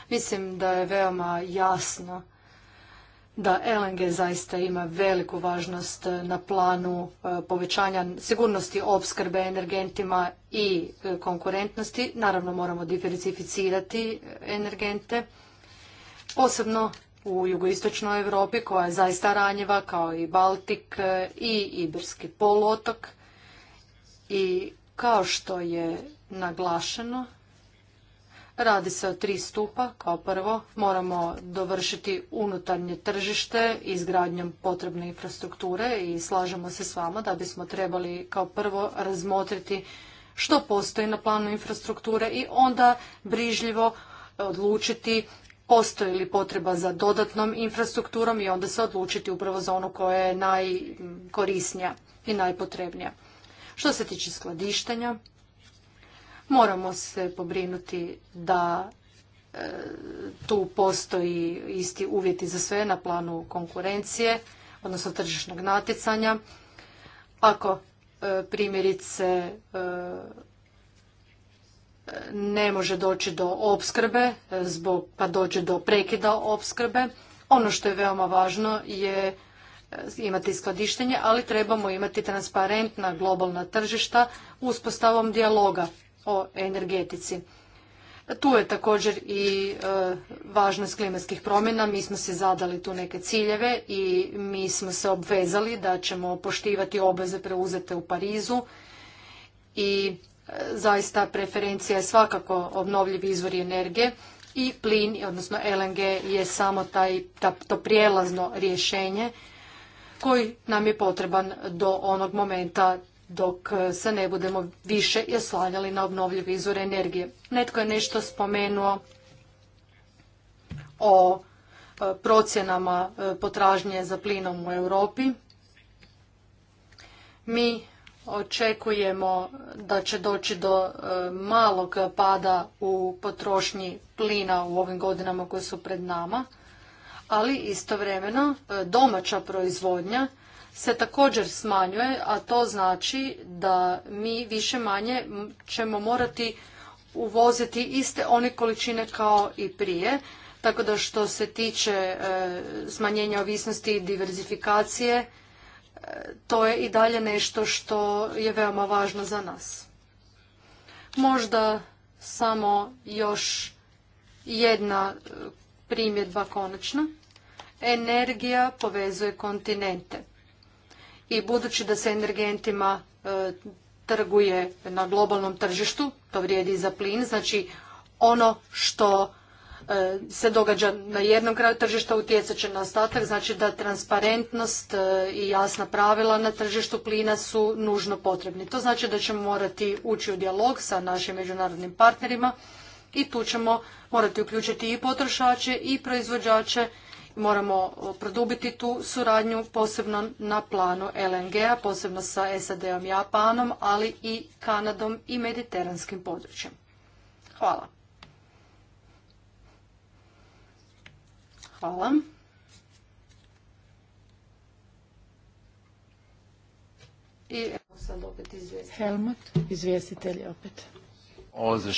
Mislim da je veoma jasno da LNG zaista ima veliku važnost na planu e, povećanja sigurnosti opskrbe energentima i e, konkurentnosti. Naravno moramo diversificirati energente, posebno u jugoistočnoj Europi koja je zaista ranjiva kao i Baltik e, i Iberski poluotok i kao što je naglašeno Radi se o tri stupa. Kao prvo moramo dovršiti unutarnje tržište izgradnjom potrebne infrastrukture i slažemo se s vama da bismo trebali kao prvo razmotriti što postoji na planu infrastrukture i onda brižljivo odlučiti postoji li potreba za dodatnom infrastrukturom i onda se odlučiti upravo za onu koja je najkorisnija i najpotrebnija. Što se tiče skladištenja, moramo se pobrinuti da e, tu postoji isti uvjeti za sve na planu konkurencije, odnosno tržišnog natjecanja. Ako e, primjerice e, ne može doći do opskrbe, zbog, pa dođe do prekida opskrbe. Ono što je veoma važno je e, imati skladištenje, ali trebamo imati transparentna globalna tržišta uspostavom dijaloga o energetici. Tu je također i e, važnost klimatskih promjena. Mi smo se zadali tu neke ciljeve i mi smo se obvezali da ćemo poštivati obveze preuzete u Parizu i zaista preferencija je svakako obnovljivi izvori energije i plin, odnosno LNG je samo taj, to prijelazno rješenje koji nam je potreban do onog momenta dok se ne budemo više oslanjali na obnovljive izvore energije. Netko je nešto spomenuo o e, procjenama e, potražnje za plinom u Europi. Mi očekujemo da će doći do e, malog pada u potrošnji plina u ovim godinama koje su pred nama, ali istovremeno e, domaća proizvodnja se također smanjuje, a to znači da mi više manje ćemo morati uvoziti iste one količine kao i prije, tako da što se tiče e, smanjenja ovisnosti i diverzifikacije, to je i dalje nešto što je veoma važno za nas. Možda samo još jedna e, primjedba konačna. Energija povezuje kontinente. I budući da se energentima e, trguje na globalnom tržištu, to vrijedi i za plin, znači ono što E, se događa na jednom kraju tržišta utjecat će na ostatak, znači da transparentnost e, i jasna pravila na tržištu plina su nužno potrebni. To znači da ćemo morati ući u dijalog sa našim međunarodnim partnerima i tu ćemo morati uključiti i potrošače i proizvođače. Moramo e, produbiti tu suradnju posebno na planu LNG-a, posebno sa SAD-om, Japanom, ali i Kanadom i mediteranskim područjem. Hvala. Hvala. I evo sad opet izvjestitelj. opet. O, za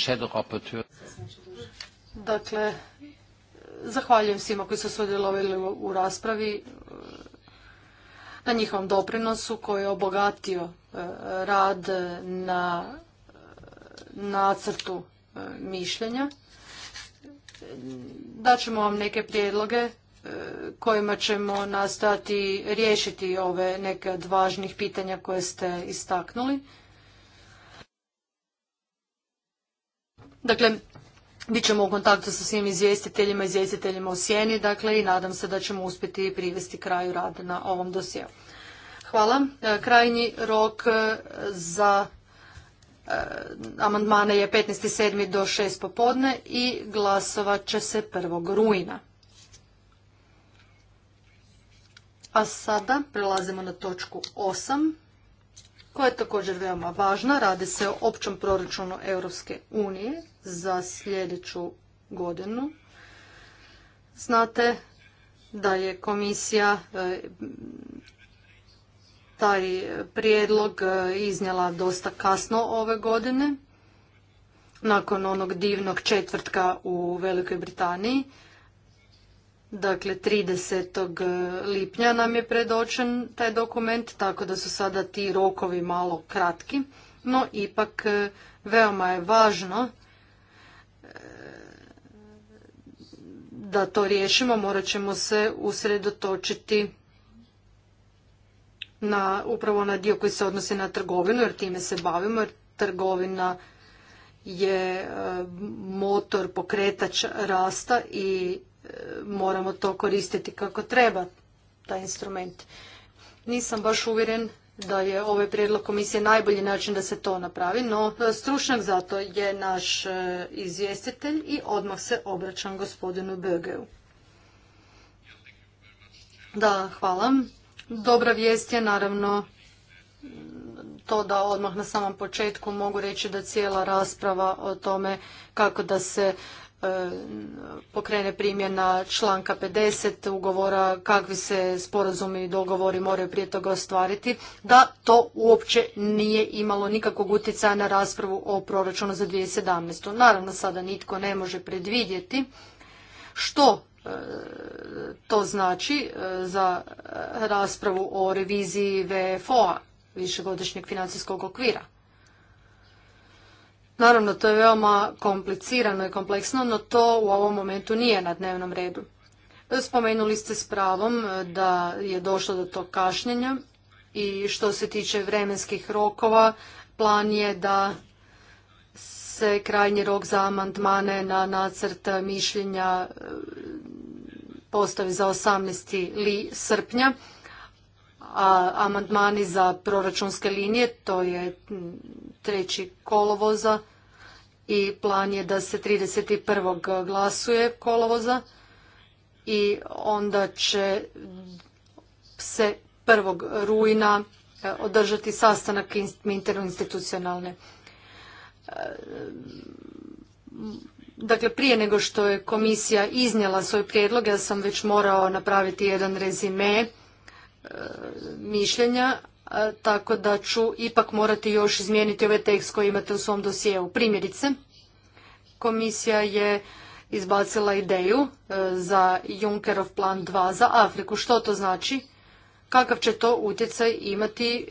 Dakle, zahvaljujem svima koji su sudjelovali u raspravi e, na njihovom doprinosu koji je obogatio e, rad na e, nacrtu mišljenja daćemo vam neke prijedloge e, kojima ćemo nastojati riješiti ove neke od važnih pitanja koje ste istaknuli. Dakle, bit ćemo u kontaktu sa svim izvjestiteljima, izvjestiteljima u sjeni, dakle i nadam se da ćemo uspjeti privesti kraju rada na ovom dosjeu. Hvala. E, krajnji rok e, za E, amandmane je 15.7. do 6. popodne i glasovat će se 1. rujna. A sada prelazimo na točku 8 koja je također veoma važna. Radi se o općom proračunu Europske unije za sljedeću godinu. Znate da je komisija e, taj prijedlog e, iznijela dosta kasno ove godine, nakon onog divnog četvrtka u Velikoj Britaniji. Dakle, 30. E, lipnja nam je predočen taj dokument, tako da su sada ti rokovi malo kratki, no ipak e, veoma je važno da to riješimo, morat ćemo se usredotočiti na upravo na dio koji se odnosi na trgovinu jer time se bavimo jer trgovina je e, motor pokretač rasta i e, moramo to koristiti kako treba taj instrument. Nisam baš uvjeren da je ovaj prijedlog komisije najbolji način da se to napravi, no e, stručnjak za to je naš izvjestitelj i odmah se obraćam gospodinu Bögeu. Da, hvala. Dobra vijest je naravno to da odmah na samom početku mogu reći da cijela rasprava o tome kako da se e, pokrene primjena članka 50 ugovora kakvi se sporazumi i dogovori moraju prije toga ostvariti, da to uopće nije imalo nikakvog utjecaja na raspravu o proračunu za 2017. Naravno sada nitko ne može predvidjeti što to znači e, za raspravu o reviziji VFO-a, višegodišnjeg financijskog okvira. Naravno, to je veoma komplicirano i kompleksno, no to u ovom momentu nije na dnevnom redu. Spomenuli ste s pravom e, da je došlo do tog kašnjenja i što se tiče vremenskih rokova, plan je da se krajnji rok za amandmane na nacrt mišljenja e, postavi za 18. Li srpnja, a amandmani za proračunske linije, to je treći kolovoza i plan je da se 31. glasuje kolovoza i onda će se 1. rujna e, održati sastanak interinstitucionalne e, Dakle, prije nego što je komisija iznijela svoj prijedlog, ja sam već morao napraviti jedan rezime e, mišljenja, e, tako da ću ipak morati još izmijeniti ovaj tekst koji imate u svom dosijeu. Primjerice, komisija je izbacila ideju e, za Junckerov plan 2 za Afriku. Što to znači? Kakav će to utjecaj imati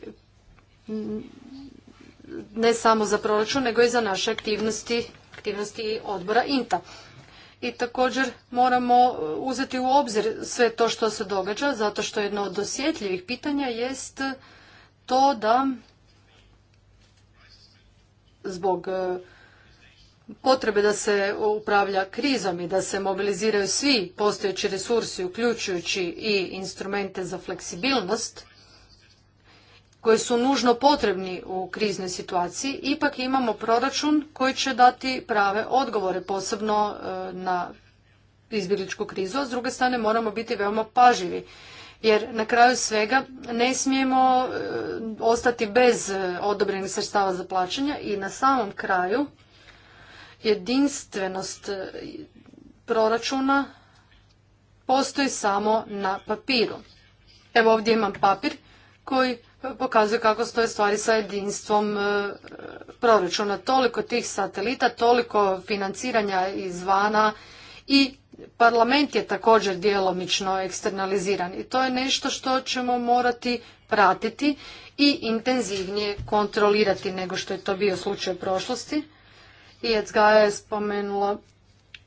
ne samo za proračun, nego i za naše aktivnosti aktivnosti odbora INTA. I također moramo e, uzeti u obzir sve to što se događa, zato što jedno od osjetljivih pitanja jest to da zbog e, potrebe da se upravlja krizom i da se mobiliziraju svi postojeći resursi, uključujući i instrumente za fleksibilnost, koji su nužno potrebni u kriznoj situaciji, ipak imamo proračun koji će dati prave odgovore, posebno e, na izbjegličku krizu, a s druge strane moramo biti veoma pažljivi. Jer na kraju svega ne smijemo e, ostati bez e, odobrenih sredstava za plaćanja i na samom kraju jedinstvenost proračuna postoji samo na papiru. Evo ovdje imam papir koji pokazuje kako stoje stvari sa jedinstvom e, proračuna. Toliko tih satelita, toliko financiranja izvana i parlament je također djelomično eksternaliziran i to je nešto što ćemo morati pratiti i intenzivnije kontrolirati nego što je to bio slučaj u prošlosti. I Ecga je spomenula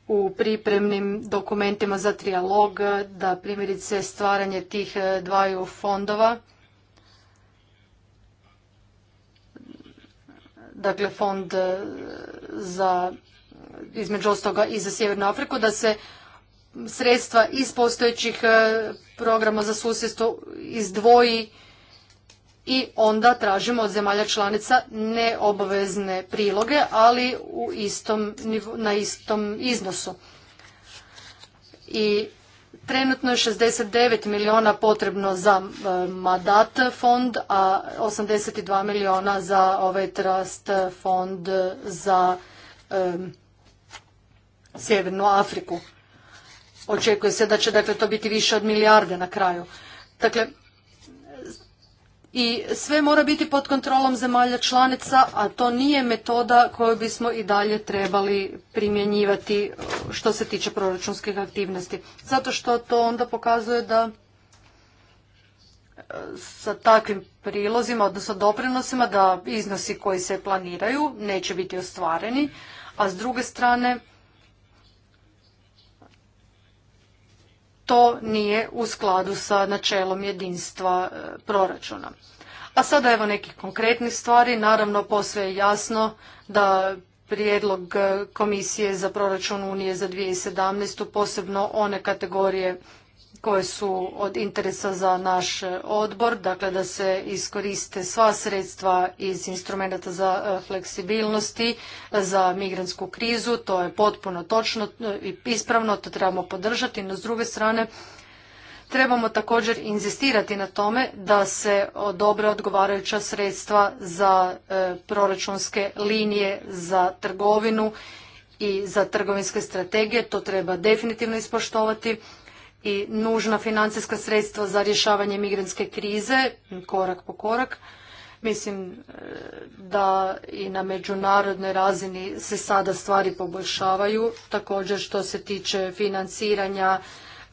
u pripremnim dokumentima za trijalog da primjerice stvaranje tih e, dvaju fondova dakle fond e, za između ostoga i za Sjevernu Afriku, da se sredstva iz postojećih e, programa za susjedstvo izdvoji i onda tražimo od zemalja članica neobavezne priloge, ali u istom, na istom iznosu. I Trenutno je 69 milijuna potrebno za e, Madat fond, a 82 milijuna za ovaj Trust fond za e, Sjevernu Afriku. Očekuje se da će dakle, to biti više od milijarde na kraju. Dakle, i sve mora biti pod kontrolom zemalja članica, a to nije metoda koju bismo i dalje trebali primjenjivati e, što se tiče proračunskih aktivnosti. Zato što to onda pokazuje da e, sa takvim prilozima, odnosno doprinosima, da iznosi koji se planiraju neće biti ostvareni, a s druge strane to nije u skladu sa načelom jedinstva e, proračuna. A sada evo nekih konkretnih stvari. Naravno, posve je jasno da prijedlog e, Komisije za proračun Unije za 2017. posebno one kategorije koje su od interesa za naš odbor, dakle da se iskoriste sva sredstva iz instrumenta za e, fleksibilnosti, e, za migrantsku krizu, to je potpuno točno e, i ispravno, to trebamo podržati, no s druge strane trebamo također inzistirati na tome da se odobre odgovarajuća sredstva za proračunske linije za trgovinu i za trgovinske strategije, to treba definitivno ispoštovati i nužna financijska sredstva za rješavanje migrantske krize, korak po korak. Mislim e, da i na međunarodnoj razini se sada stvari poboljšavaju, također što se tiče financiranja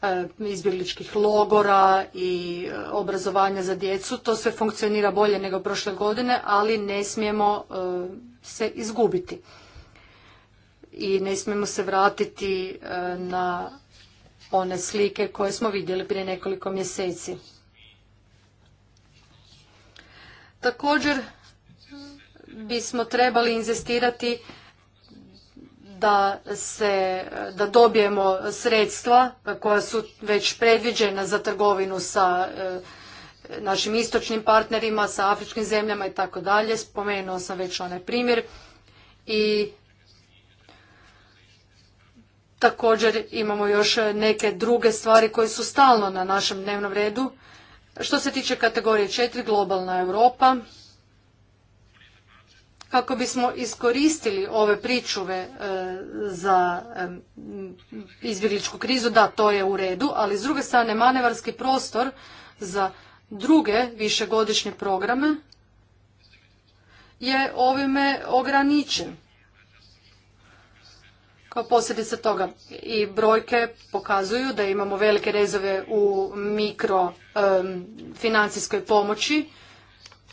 e, izbjegličkih logora i e, obrazovanja za djecu. To sve funkcionira bolje nego prošle godine, ali ne smijemo se izgubiti i ne smijemo se vratiti na one slike koje smo vidjeli prije nekoliko mjeseci. Također bismo trebali inzistirati da se da dobijemo sredstva koja su već predviđena za trgovinu sa e, našim istočnim partnerima, sa afričkim zemljama i tako dalje. Spomenuo sam već onaj primjer i Također imamo još neke druge stvari koje su stalno na našem dnevnom redu. Što se tiče kategorije četiri, globalna Europa, kako bismo iskoristili ove pričuve e, za e, izbjegličku krizu, da, to je u redu, ali s druge strane manevarski prostor za druge višegodišnje programe je ovime ograničen. Kao posljedica toga i brojke pokazuju da imamo velike rezove u mikro financijskoj pomoći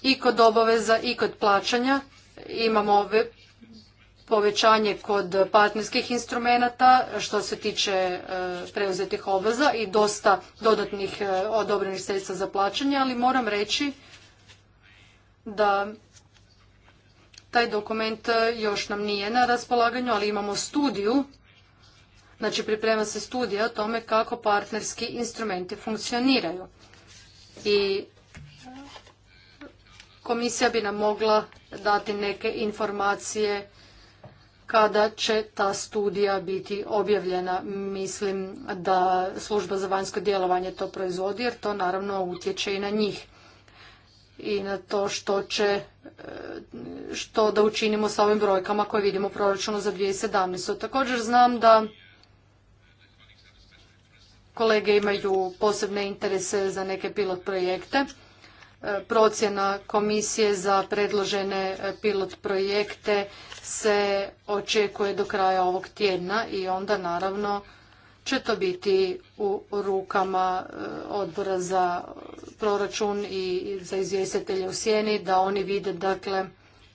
i kod obaveza i kod plaćanja. Imamo povećanje kod partnerskih instrumenata što se tiče e, preuzetih obveza i dosta dodatnih e, odobrenih sredstva za plaćanje, ali moram reći da taj dokument e, još nam nije na raspolaganju, ali imamo studiju, znači priprema se studija o tome kako partnerski instrumenti funkcioniraju. I komisija bi nam mogla dati neke informacije kada će ta studija biti objavljena. Mislim da služba za vanjsko djelovanje to proizvodi jer to naravno utječe i na njih i na to što će e, što da učinimo sa ovim brojkama koje vidimo u proračunu za 2017. Također znam da kolege imaju posebne interese za neke pilot projekte. E, procjena komisije za predložene e, pilot projekte se očekuje do kraja ovog tjedna i onda naravno će to biti u rukama e, odbora za proračun i za izvjestitelje u sjeni, da oni vide dakle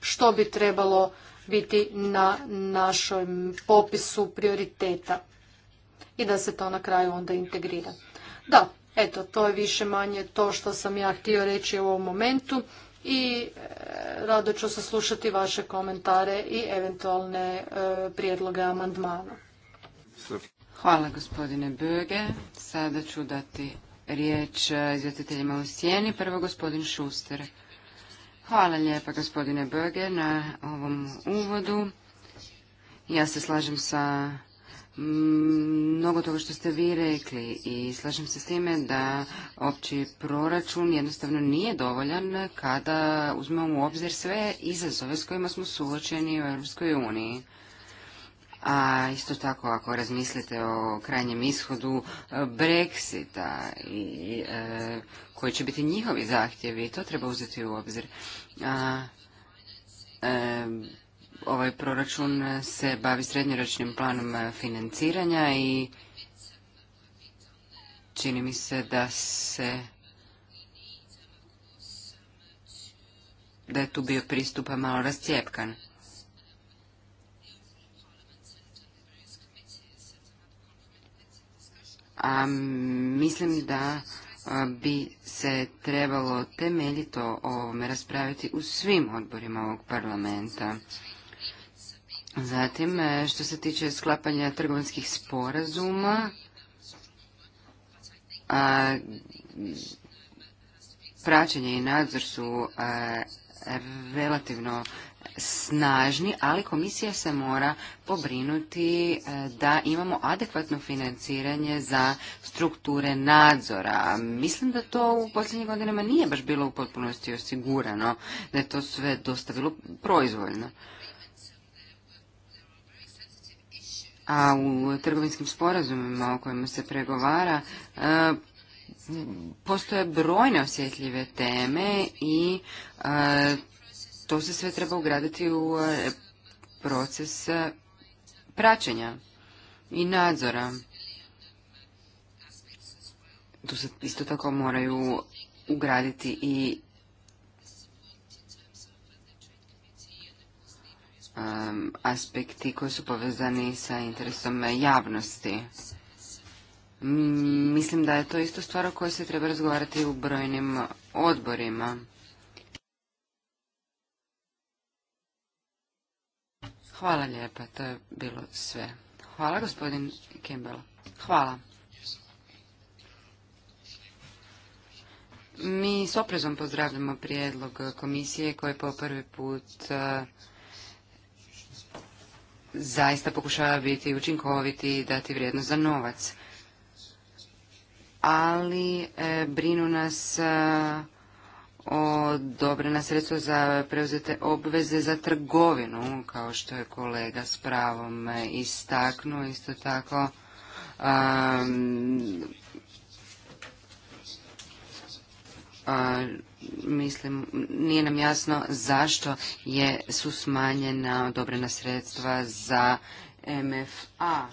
što bi trebalo biti na našem popisu prioriteta i da se to na kraju onda integrira. Da, eto, to je više manje to što sam ja htio reći u ovom momentu i e, rado ću saslušati vaše komentare i eventualne e, prijedloge amandmana. Hvala gospodine Böge. Sada ću dati riječ e, izvjetiteljima u sjeni. Prvo gospodin Šuster. Hvala lijepa gospodine Böge na ovom uvodu. Ja se slažem sa mnogo toga što ste vi rekli i slažem se s time da opći proračun jednostavno nije dovoljan kada uzmemo u obzir sve izazove s kojima smo suočeni u eu uniji a isto tako ako razmislite o krajnjem ishodu e, Brexita i e, koji će biti njihovi zahtjevi, to treba uzeti u obzir. A, e, ovaj proračun se bavi srednjoročnim planom financiranja i čini mi se da se da je tu bio pristup malo rascijepkan. a mislim da bi se trebalo temeljito o ovome raspraviti u svim odborima ovog parlamenta. Zatim, e, što se tiče sklapanja trgovinskih sporazuma, praćenje i nadzor su e, relativno snažni, ali komisija se mora pobrinuti e, da imamo adekvatno financiranje za strukture nadzora. Mislim da to u posljednjih godinama nije baš bilo u potpunosti osigurano, da je to sve dosta bilo proizvoljno. A u trgovinskim sporazumima o kojima se pregovara e, postoje brojne osjetljive teme i e, to se sve treba ugraditi u e, proces e, praćenja i nadzora. Tu se isto tako moraju ugraditi i aspekti koji su povezani sa interesom javnosti. mislim da je to isto stvar o kojoj se treba razgovarati u brojnim odborima. Hvala lijepa, to je bilo sve. Hvala gospodin Kimbel. Hvala. Mi s oprezom pozdravljamo prijedlog komisije koje po prvi put e, zaista pokušava biti učinkoviti i dati vrijednost za novac. Ali e, brinu nas e, odobrena sredstva za preuzete obveze za trgovinu, kao što je kolega s pravom istaknuo. Isto tako, mislim, nije nam jasno zašto je, su smanjena odobrena sredstva za MFA.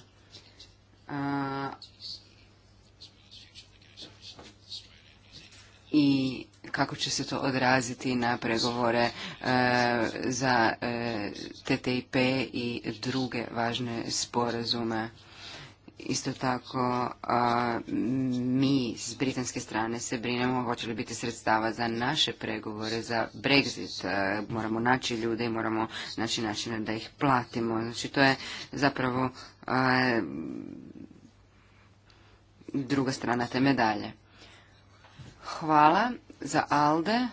I kako će se to odraziti na pregovore e, za e, TTIP i druge važne sporazume. Isto tako, mi s britanske strane se brinemo hoće li biti sredstava za naše pregovore, za Brexit. E, moramo naći ljude i moramo naći načina da ih platimo. Znači, to je zapravo druga strana te medalje. Hvala. Za Alde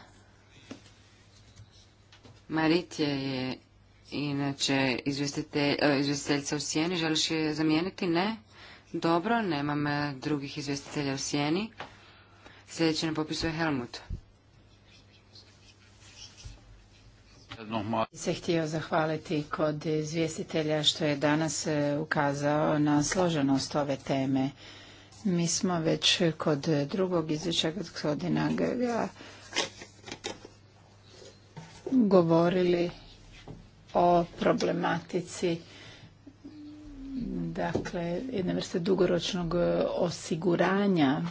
Marit je inače e, izvjestiteljica u sjeni. Želiš je zamijeniti? Ne. Dobro, nemam e, drugih izvjestitelja u sjeni. Sljedeći na popisu je Helmut. Se htio zahvaliti kod izvjestitelja što je danas e, ukazao na složenost ove teme. Mi smo već kod drugog izvješća gospodina Grga govorili o problematici dakle jedne vrste dugoročnog osiguranja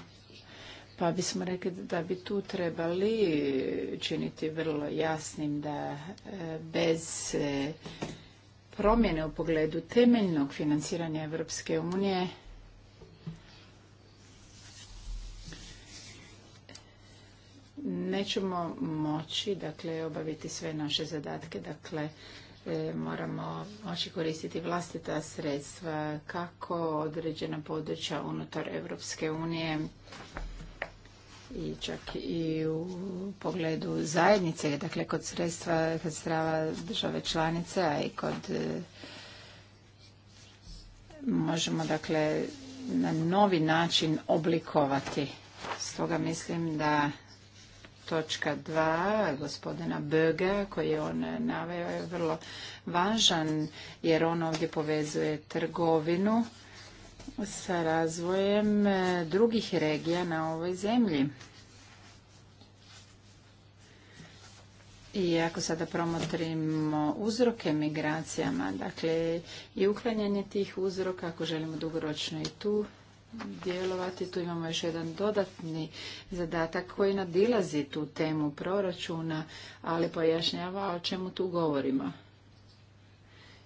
pa bismo rekli da bi tu trebali činiti vrlo jasnim da e, bez e, promjene u pogledu temeljnog financiranja Europske unije nećemo moći dakle, obaviti sve naše zadatke, dakle e, moramo moći koristiti vlastita sredstva kako određena područja unutar Europske unije i čak i u pogledu zajednice, dakle kod sredstva, kod strava države članice, a i kod e, možemo dakle na novi način oblikovati. Stoga mislim da točka 2 gospodina Böge, koji je on naveo je vrlo važan jer on ovdje povezuje trgovinu sa razvojem e, drugih regija na ovoj zemlji. I ako sada promotrimo uzroke migracijama, dakle i uklanjanje tih uzroka ako želimo dugoročno i tu djelovati. Tu imamo još jedan dodatni zadatak koji nadilazi tu temu proračuna, ali pojašnjava o čemu tu govorimo.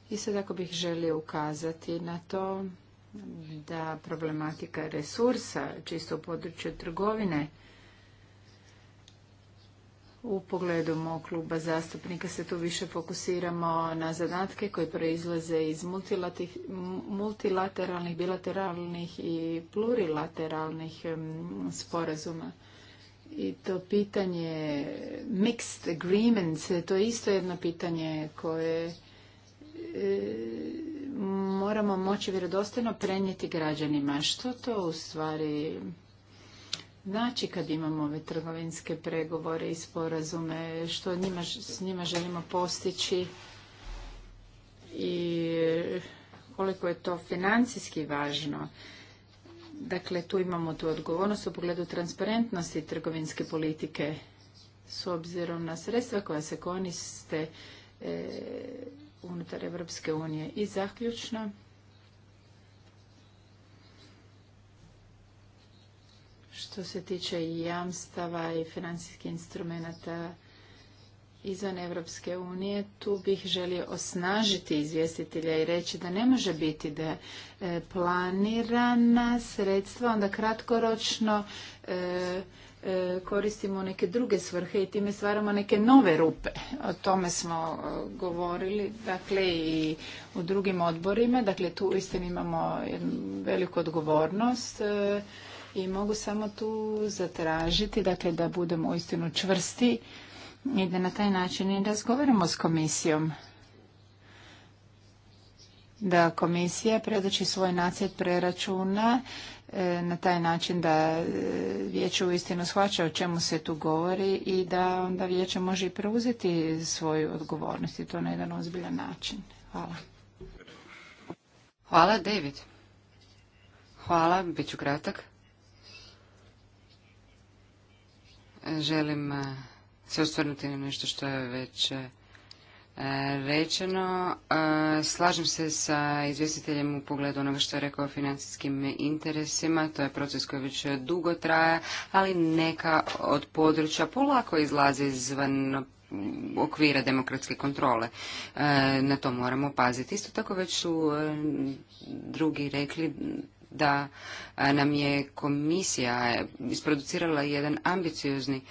I sad ako bih želio ukazati na to da problematika resursa, čisto u području trgovine, u pogledu mog kluba zastupnika se tu više fokusiramo na zadatke koji proizlaze iz multilateralnih, bilateralnih i plurilateralnih sporazuma. I to pitanje mixed agreements, to je isto jedno pitanje koje e, moramo moći vjerodostojno prenijeti građanima. Što to u stvari Znači, kad imamo ove trgovinske pregovore i sporazume, što njima, s njima želimo postići i koliko je to financijski važno. Dakle, tu imamo tu odgovornost u pogledu transparentnosti trgovinske politike s obzirom na sredstva koja se koniste e, unutar Europske unije. I zaključno, što se tiče jamstava i financijskih instrumenta izvan Europske unije, tu bih želio osnažiti izvjestitelja i reći da ne može biti da e, planirana sredstva onda kratkoročno e, e, koristimo neke druge svrhe i time stvaramo neke nove rupe. O tome smo govorili dakle i u drugim odborima. Dakle, tu uistinu imamo veliku odgovornost i mogu samo tu zatražiti dakle, da budemo uistinu čvrsti i da na taj način i razgovaramo s komisijom. Da komisija predoči svoj nacrt preračuna e, na taj način da e, vijeće uistinu shvaća o čemu se tu govori i da onda vijeće može i preuzeti svoju odgovornost i to na jedan ozbiljan način. Hvala. Hvala, David. Hvala, bit ću kratak. Želim eh, se osvrnuti na nešto što je već eh, rečeno. Eh, slažem se sa izvjestiteljem u pogledu onoga što je rekao o financijskim interesima. To je proces koji već dugo traja, ali neka od područja polako izlazi izvan okvira demokratske kontrole. Na to moramo paziti. Isto tako već su drugi rekli da nam je komisija isproducirala jedan ambiciozni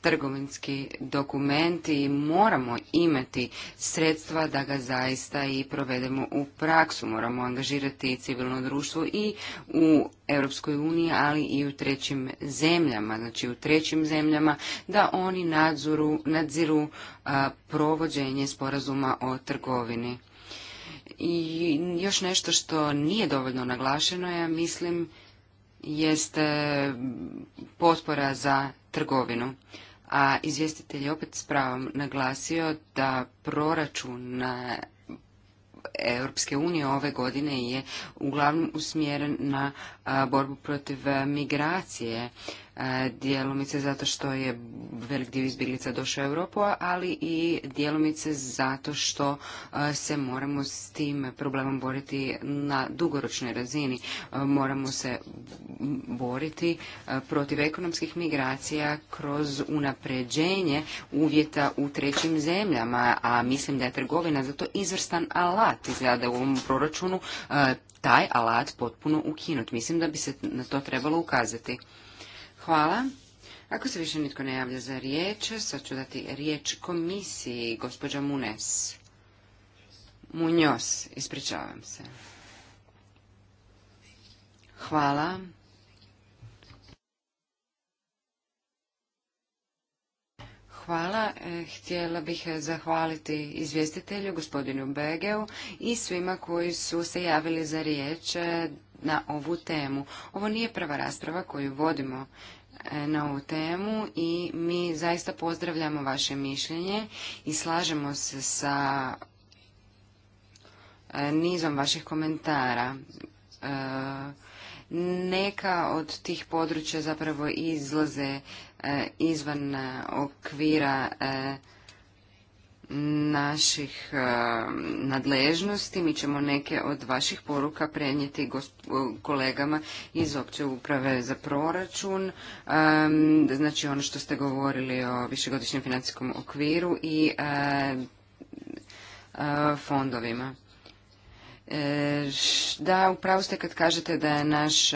trgovinski dokument i moramo imati sredstva da ga zaista i provedemo u praksu. Moramo angažirati civilno društvo i u Europskoj uniji, ali i u trećim zemljama, znači u trećim zemljama da oni nadzoru, nadziru provođenje sporazuma o trgovini. I još nešto što nije dovoljno naglašeno, ja mislim, jeste potpora za trgovinu. A izvjestitelj je opet s pravom naglasio da proračun na Europske unije ove godine je uglavnom usmjeren na borbu protiv migracije djelomice zato što je velik dio izbjeglica došao u Europu, ali i djelomice zato što se moramo s tim problemom boriti na dugoročnoj razini. Moramo se boriti protiv ekonomskih migracija kroz unapređenje uvjeta u trećim zemljama, a mislim da je trgovina zato izvrstan alat izgleda u ovom proračunu taj alat potpuno ukinut. Mislim da bi se na to trebalo ukazati. Hvala. Ako se više nitko ne javlja za riječ, sad ću dati riječ komisiji, gospođa Munes. Munjos, ispričavam se. Hvala. Hvala. E, htjela bih zahvaliti izvjestitelju, gospodinu Begeu i svima koji su se javili za riječ na ovu temu. Ovo nije prva rasprava koju vodimo e, na ovu temu i mi zaista pozdravljamo vaše mišljenje i slažemo se sa e, nizom vaših komentara. E, neka od tih područja zapravo izlaze izvan okvira naših eh, nadležnosti. Mi ćemo neke od vaših poruka prenijeti kolegama iz opće uprave za proračun. Znači ono što ste govorili o višegodišnjem financijskom okviru i eh, eh, fondovima. E, da, upravo ste kad kažete da je naš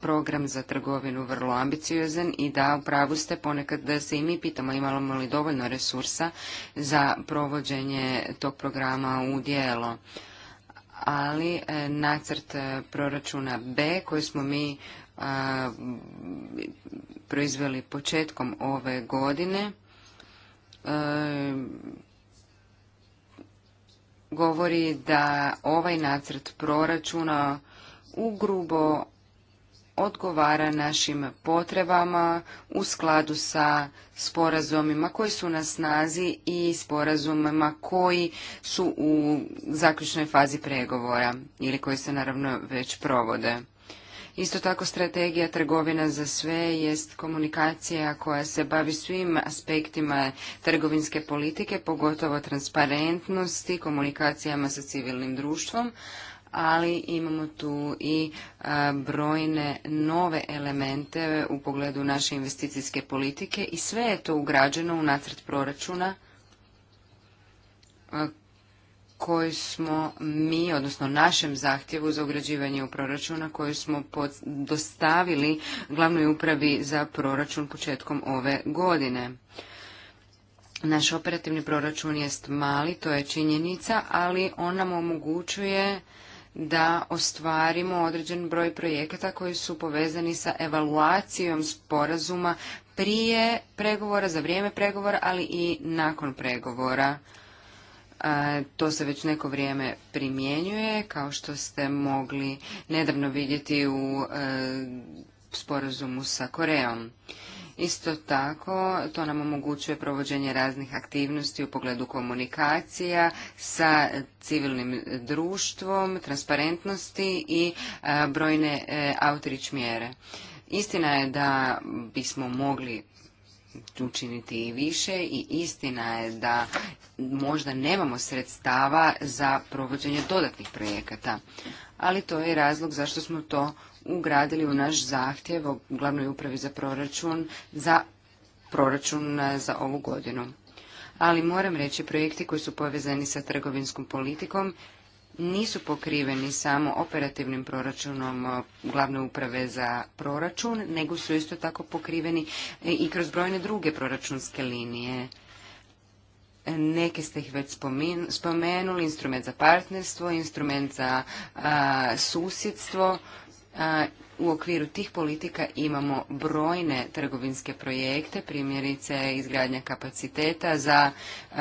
program za trgovinu vrlo ambiciozan i da upravo ste ponekad da se i mi pitamo imamo li dovoljno resursa za provođenje tog programa u dijelo. Ali e, nacrt e, proračuna B koji smo mi proizveli početkom ove godine govori da ovaj nacrt proračuna ugrubo odgovara našim potrebama u skladu sa sporazumima koji su na snazi i sporazumima koji su u zaključnoj fazi pregovora ili koji se naravno već provode. Isto tako strategija trgovina za sve jest komunikacija koja se bavi svim aspektima trgovinske politike, pogotovo transparentnosti, komunikacijama sa civilnim društvom, ali imamo tu i brojne nove elemente u pogledu naše investicijske politike i sve je to ugrađeno u nacrt proračuna koji smo mi, odnosno našem zahtjevu za ugrađivanje u proračuna koji smo dostavili glavnoj upravi za proračun početkom ove godine. Naš operativni proračun jest mali, to je činjenica, ali on nam omogućuje da ostvarimo određen broj projekata koji su povezani sa evaluacijom sporazuma prije pregovora, za vrijeme pregovora, ali i nakon pregovora to se već neko vrijeme primjenjuje, kao što ste mogli nedavno vidjeti u e, sporazumu sa Koreom. Isto tako, to nam omogućuje provođenje raznih aktivnosti u pogledu komunikacija sa civilnim društvom, transparentnosti i e, brojne e, outreach mjere. Istina je da bismo mogli učiniti i više i istina je da možda nemamo sredstava za provođenje dodatnih projekata. Ali to je razlog zašto smo to ugradili u naš zahtjev u glavnoj upravi za proračun za proračun za ovu godinu. Ali moram reći, projekti koji su povezani sa trgovinskom politikom nisu pokriveni samo operativnim proračunom e, glavne uprave za proračun, nego su isto tako pokriveni e, i kroz brojne druge proračunske linije. E, neke ste ih već spomenuli, instrument za partnerstvo, instrument za susjedstvo u okviru tih politika imamo brojne trgovinske projekte, primjerice izgradnja kapaciteta za e,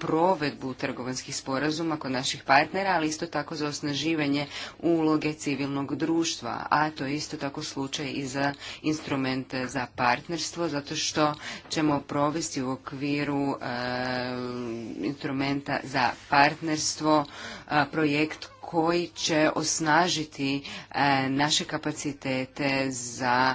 provedbu trgovinskih sporazuma kod naših partnera, ali isto tako za osnaživanje uloge civilnog društva, a to je isto tako slučaj i za instrumente za partnerstvo, zato što ćemo provesti u okviru e, instrumenta za partnerstvo e, projekt koji će osnažiti e, naše kapacitete za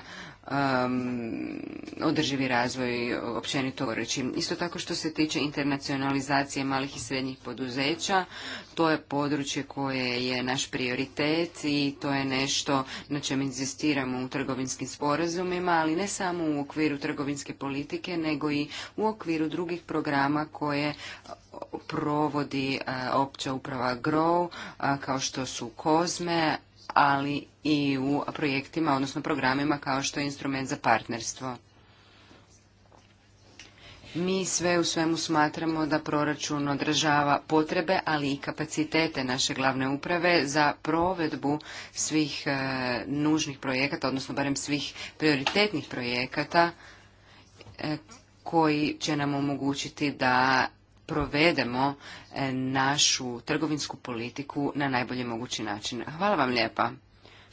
um, održivi razvoj općenito govoreći. Isto tako što se tiče internacionalizacije malih i srednjih poduzeća, to je područje koje je naš prioritet i to je nešto na čem inzistiramo u trgovinskim sporazumima, ali ne samo u okviru trgovinske politike, nego i u okviru drugih programa koje provodi uh, opća uprava GROW, uh, kao što su COSME, ali i u projektima, odnosno programima kao što je instrument za partnerstvo. Mi sve u svemu smatramo da proračun održava potrebe, ali i kapacitete naše glavne uprave za provedbu svih e, nužnih projekata, odnosno barem svih prioritetnih projekata e, koji će nam omogućiti da provedemo e, našu trgovinsku politiku na najbolji mogući način. Hvala vam lijepa.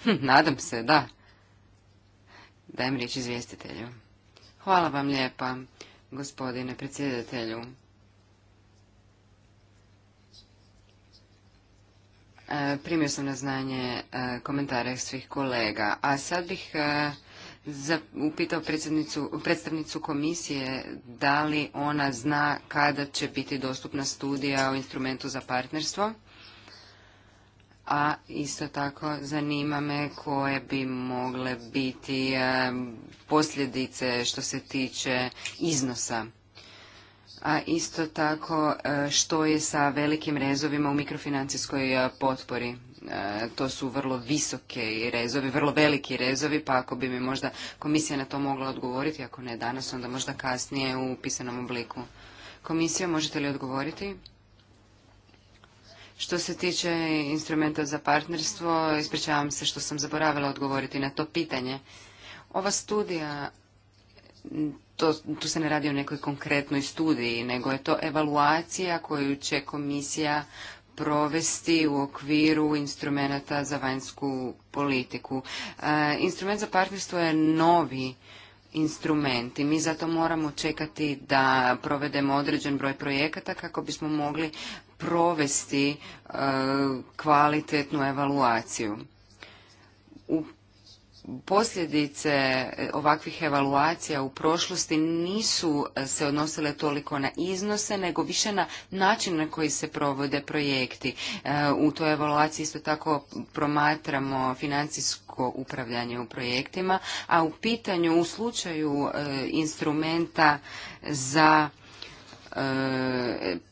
Hm, nadam se, da. Dajem riječ izvjestitelju. Hvala vam lijepa, gospodine predsjedatelju. E, primio sam na znanje e, komentare svih kolega, a sad bih upitao predstavnicu komisije da li ona zna kada će biti dostupna studija o instrumentu za partnerstvo. A isto tako zanima me koje bi mogle biti eh, posljedice što se tiče iznosa a isto tako e, što je sa velikim rezovima u mikrofinancijskoj e, potpori. E, to su vrlo visoke rezovi, vrlo veliki rezovi, pa ako bi mi možda komisija na to mogla odgovoriti, ako ne danas, onda možda kasnije u pisanom obliku. Komisija, možete li odgovoriti? Što se tiče instrumenta za partnerstvo, ispričavam se što sam zaboravila odgovoriti na to pitanje. Ova studija to, tu se ne radi o nekoj konkretnoj studiji, nego je to evaluacija koju će komisija provesti u okviru instrumenta za vanjsku politiku. E, instrument za partnerstvo je novi instrument i mi zato moramo čekati da provedemo određen broj projekata kako bismo mogli provesti e, kvalitetnu evaluaciju posljedice e, ovakvih evaluacija u prošlosti nisu e, se odnosile toliko na iznose, nego više na način na koji se provode projekti. E, u toj evaluaciji isto tako promatramo financijsko upravljanje u projektima, a u pitanju, u slučaju instrumenta za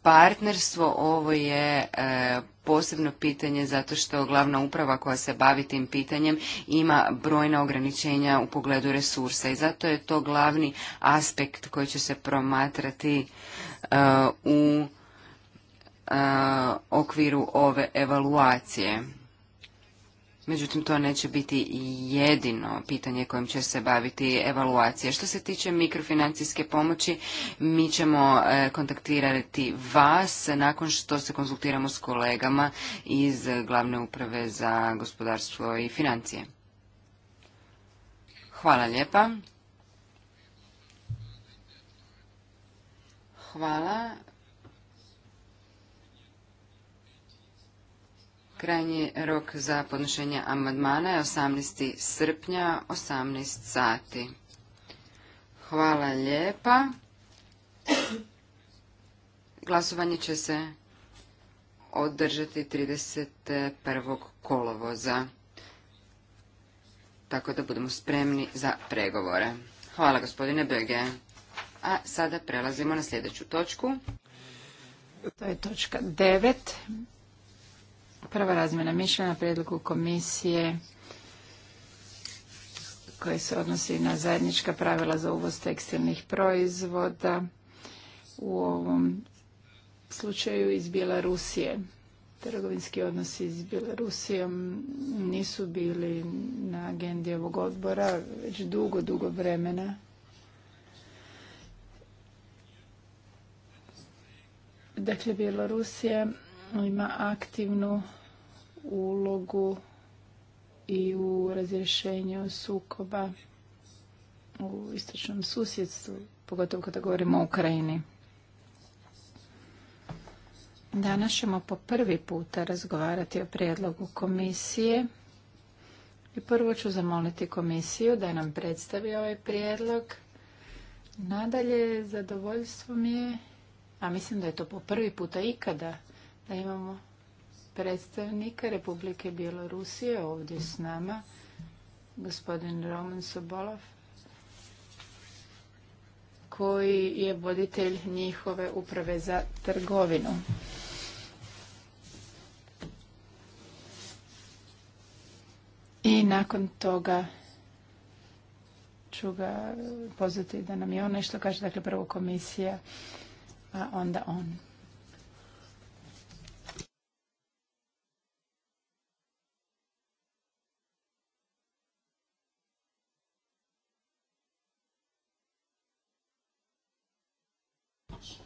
partnerstvo, ovo je posebno pitanje zato što glavna uprava koja se bavi tim pitanjem ima brojna ograničenja u pogledu resursa i zato je to glavni aspekt koji će se promatrati e, u e, okviru ove evaluacije. Međutim, to neće biti jedino pitanje kojim će se baviti evaluacija. Što se tiče mikrofinancijske pomoći, mi ćemo e, kontaktirati vas nakon što se konzultiramo s kolegama iz Glavne uprave za gospodarstvo i financije. Hvala lijepa. Hvala. Krajnji rok za podnošenje amandmana je 18. srpnja, 18 sati. Hvala lijepa. Glasovanje će se održati 31. kolovoza, tako da budemo spremni za pregovore. Hvala gospodine Bege. A sada prelazimo na sljedeću točku. To je točka 9. Prva razmjena mišljenja na prijedlogu komisije koje se odnosi na zajednička pravila za uvoz tekstilnih proizvoda u ovom slučaju iz Bjelorusije. Trgovinski odnosi s Bjelorusijom nisu bili na agendi ovog odbora već dugo, dugo vremena. Dakle, Bjelorusija ima aktivnu ulogu i u razrješenju sukoba u istočnom susjedstvu, pogotovo kada govorimo o Ukrajini. Danas ćemo po prvi puta razgovarati o prijedlogu komisije i prvo ću zamoliti komisiju da nam predstavi ovaj prijedlog. Nadalje, zadovoljstvo mi je, a mislim da je to po prvi puta ikada da imamo predstavnika Republike Bjelorusije ovdje s nama, gospodin Roman Sobolov, koji je voditelj njihove uprave za trgovinu. I nakon toga ću ga pozvati da nam i on nešto kaže, dakle prvo komisija, a onda on.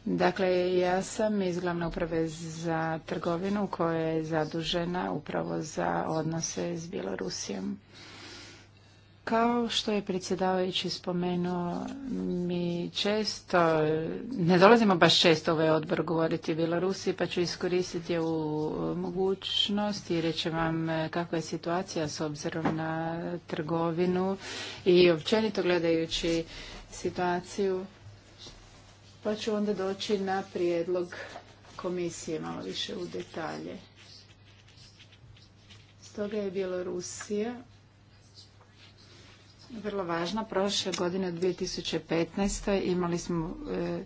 Dakle, ja sam iz glavne uprave za trgovinu koja je zadužena upravo za odnose s Bjelorusijom. Kao što je predsjedavajući spomenuo, mi često, ne dolazimo baš često ovaj odbor govoriti o Bjelorusiji, pa ću iskoristiti ovu mogućnost i reći vam kakva je situacija s obzirom na trgovinu i općenito gledajući situaciju pa ću onda doći na prijedlog komisije malo više u detalje. Stoga je Bjelorusija vrlo važna. Prošle godine 2015. imali smo e,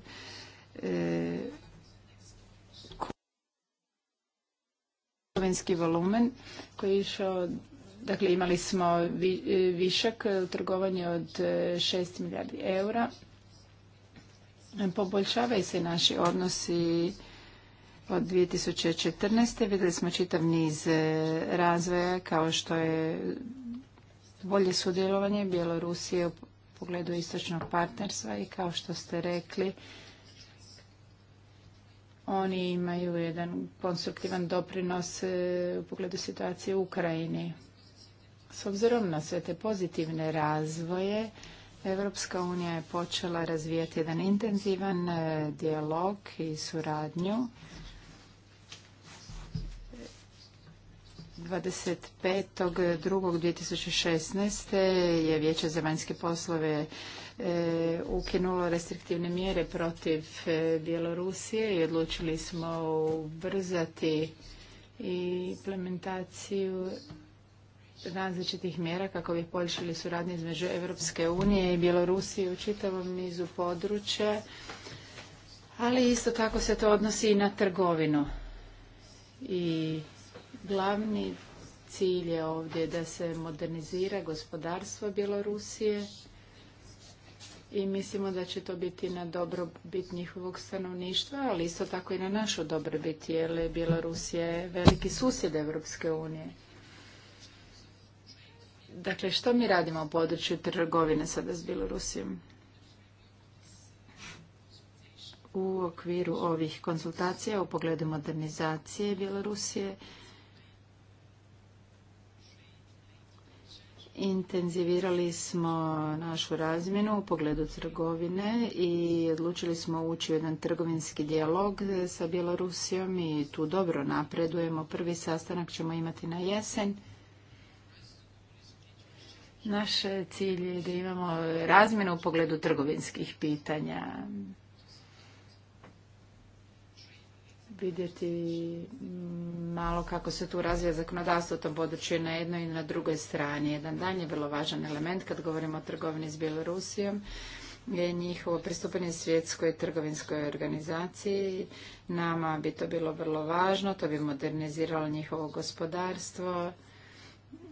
e volumen koji je išao Dakle, imali smo e, višak e, trgovanje od 6 milijardi eura Poboljšavaju se naši odnosi od 2014. Vidjeli smo čitav niz e, razvoja kao što je bolje sudjelovanje Bjelorusije u pogledu istočnog partnerstva i kao što ste rekli oni imaju jedan konstruktivan doprinos e, u pogledu situacije u Ukrajini. S obzirom na sve te pozitivne razvoje, Evropska unija je počela razvijati jedan intenzivan e, dijalog i suradnju. 25.2.2016. je Vijeće za vanjske poslove e, ukinulo restriktivne mjere protiv e, Bjelorusije i odlučili smo ubrzati implementaciju različitih mjera kako bi poljšili suradnje između Europske unije i Bjelorusije u čitavom nizu područja, ali isto tako se to odnosi i na trgovinu. I glavni cilj je ovdje da se modernizira gospodarstvo Bjelorusije i mislimo da će to biti na dobrobit njihovog stanovništva, ali isto tako i na našu dobrobit, jer Bjelorusija je veliki susjed Evropske unije. Dakle, što mi radimo u području trgovine sada s Bjelorusijom? U okviru ovih konsultacija u pogledu modernizacije Bjelorusije intenzivirali smo našu razmjenu u pogledu trgovine i odlučili smo ući u jedan trgovinski dijalog sa Bjelorusijom i tu dobro napredujemo. Prvi sastanak ćemo imati na jesen naš cilj je da imamo razmjenu u pogledu trgovinskih pitanja. Vidjeti malo kako se tu razvija zakonodavstvo u tom području na jednoj i na drugoj strani. Jedan dan je vrlo važan element kad govorimo o trgovini s Bjelorusijom je njihovo pristupanje svjetskoj trgovinskoj organizaciji. Nama bi to bilo vrlo važno, to bi moderniziralo njihovo gospodarstvo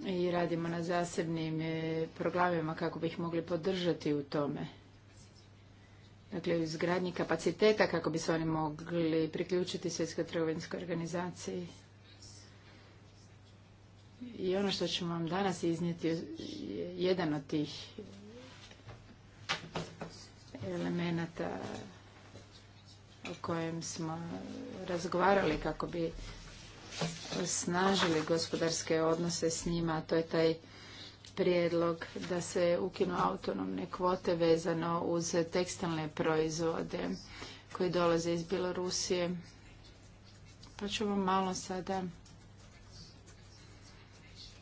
i radimo na zasebnim e, programima kako bi ih mogli podržati u tome. Dakle, u izgradnji kapaciteta kako bi se oni mogli priključiti Svjetskoj trgovinskoj organizaciji. I ono što ćemo vam danas iznijeti je jedan od tih elemenata o kojem smo razgovarali kako bi snažili gospodarske odnose s njima, to je taj prijedlog da se ukinu autonomne kvote vezano uz tekstilne proizvode koji dolaze iz Bjelorusije. Pa ću vam malo sada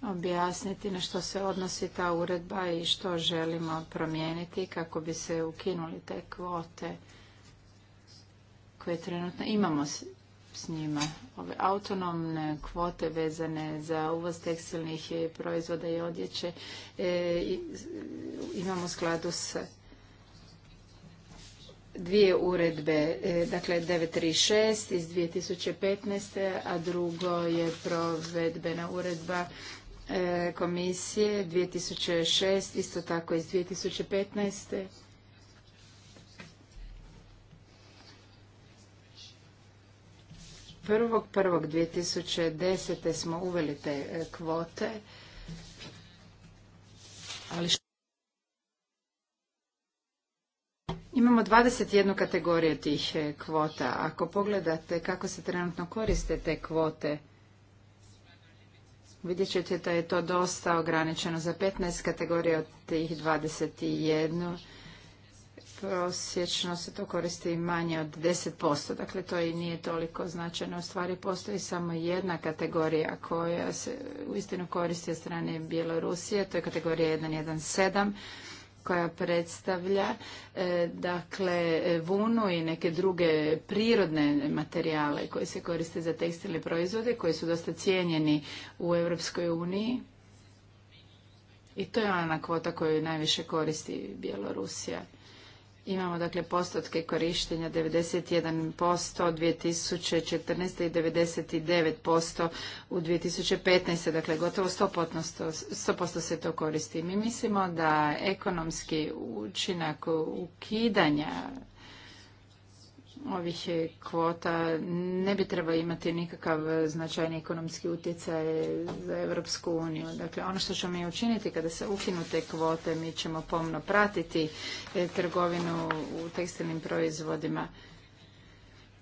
objasniti na što se odnosi ta uredba i što želimo promijeniti kako bi se ukinuli te kvote koje trenutno imamo s njima. Ove autonomne kvote vezane za uvoz tekstilnih proizvoda i odjeće e, imamo skladu s dvije uredbe, e, dakle 936 iz 2015. a drugo je provedbena uredba e, komisije 2006, isto tako iz 2015 1.1.2010. smo uveli te e, kvote, ali što... Imamo 21 kategoriju tih e, kvota. Ako pogledate kako se trenutno koriste te kvote, vidjet ćete da je to dosta ograničeno za 15 kategorija od tih 21 prosječno se to koristi manje od 10%, dakle to i nije toliko značajno. U stvari postoji samo jedna kategorija koja se uistinu koristi od strane Bjelorusije, to je kategorija 117 koja predstavlja e, dakle vunu i neke druge prirodne materijale koji se koriste za tekstilne proizvode koji su dosta cijenjeni u Europskoj uniji. I to je ona kvota koju najviše koristi Bjelorusija. Imamo dakle postotke korištenja 91% 2014. i 99% u 2015. Dakle, gotovo 100%, 100 se to koristi. Mi mislimo da ekonomski učinak ukidanja ovih kvota ne bi trebao imati nikakav značajni ekonomski utjecaj za Europsku uniju. Dakle, ono što ćemo mi učiniti kada se ukinu te kvote, mi ćemo pomno pratiti e, trgovinu u tekstilnim proizvodima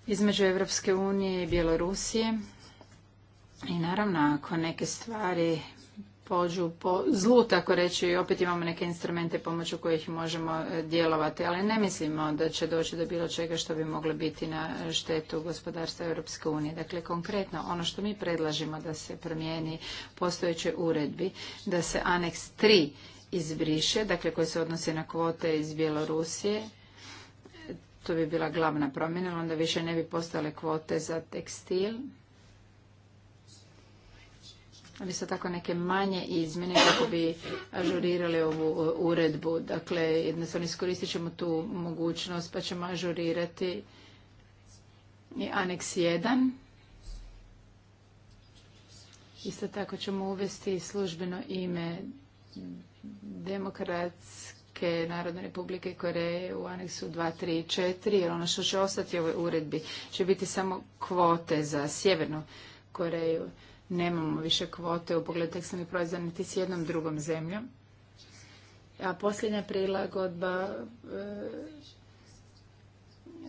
između Europske unije i Bjelorusije. I naravno, ako neke stvari pođu po zlu, tako reći, i opet imamo neke instrumente pomoću kojih možemo e, djelovati, ali ne mislimo da će doći do bilo čega što bi moglo biti na štetu gospodarstva Europske unije. Dakle, konkretno ono što mi predlažimo da se promijeni postojeće uredbi, da se aneks 3 izbriše, dakle koji se odnosi na kvote iz Bjelorusije, to bi bila glavna promjena, onda više ne bi postale kvote za tekstil, isto tako neke manje izmjene kako bi ažurirali ovu e, uredbu. Dakle, jednostavno iskoristit ćemo tu mogućnost pa ćemo ažurirati i aneks 1. Isto tako ćemo uvesti službeno ime Demokratske Narodne Republike Koreje u aneksu 2, 3 4, jer ono što će ostati u ovoj uredbi će biti samo kvote za Sjevernu Koreju nemamo više kvote u pogledu tekstilnih proizvoda niti s jednom drugom zemljom. A posljednja prilagodba e,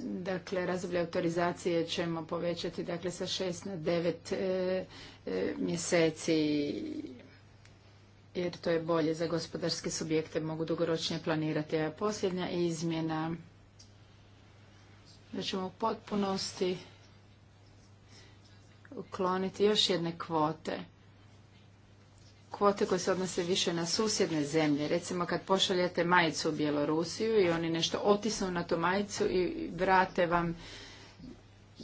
dakle razdoblje autorizacije ćemo povećati dakle sa šest na devet e, e, mjeseci jer to je bolje za gospodarske subjekte, mogu dugoročnije planirati. A posljednja izmjena da ćemo u potpunosti ukloniti još jedne kvote. Kvote koje se odnose više na susjedne zemlje. Recimo kad pošaljete majicu u Bjelorusiju i oni nešto otisnu na tu majicu i vrate vam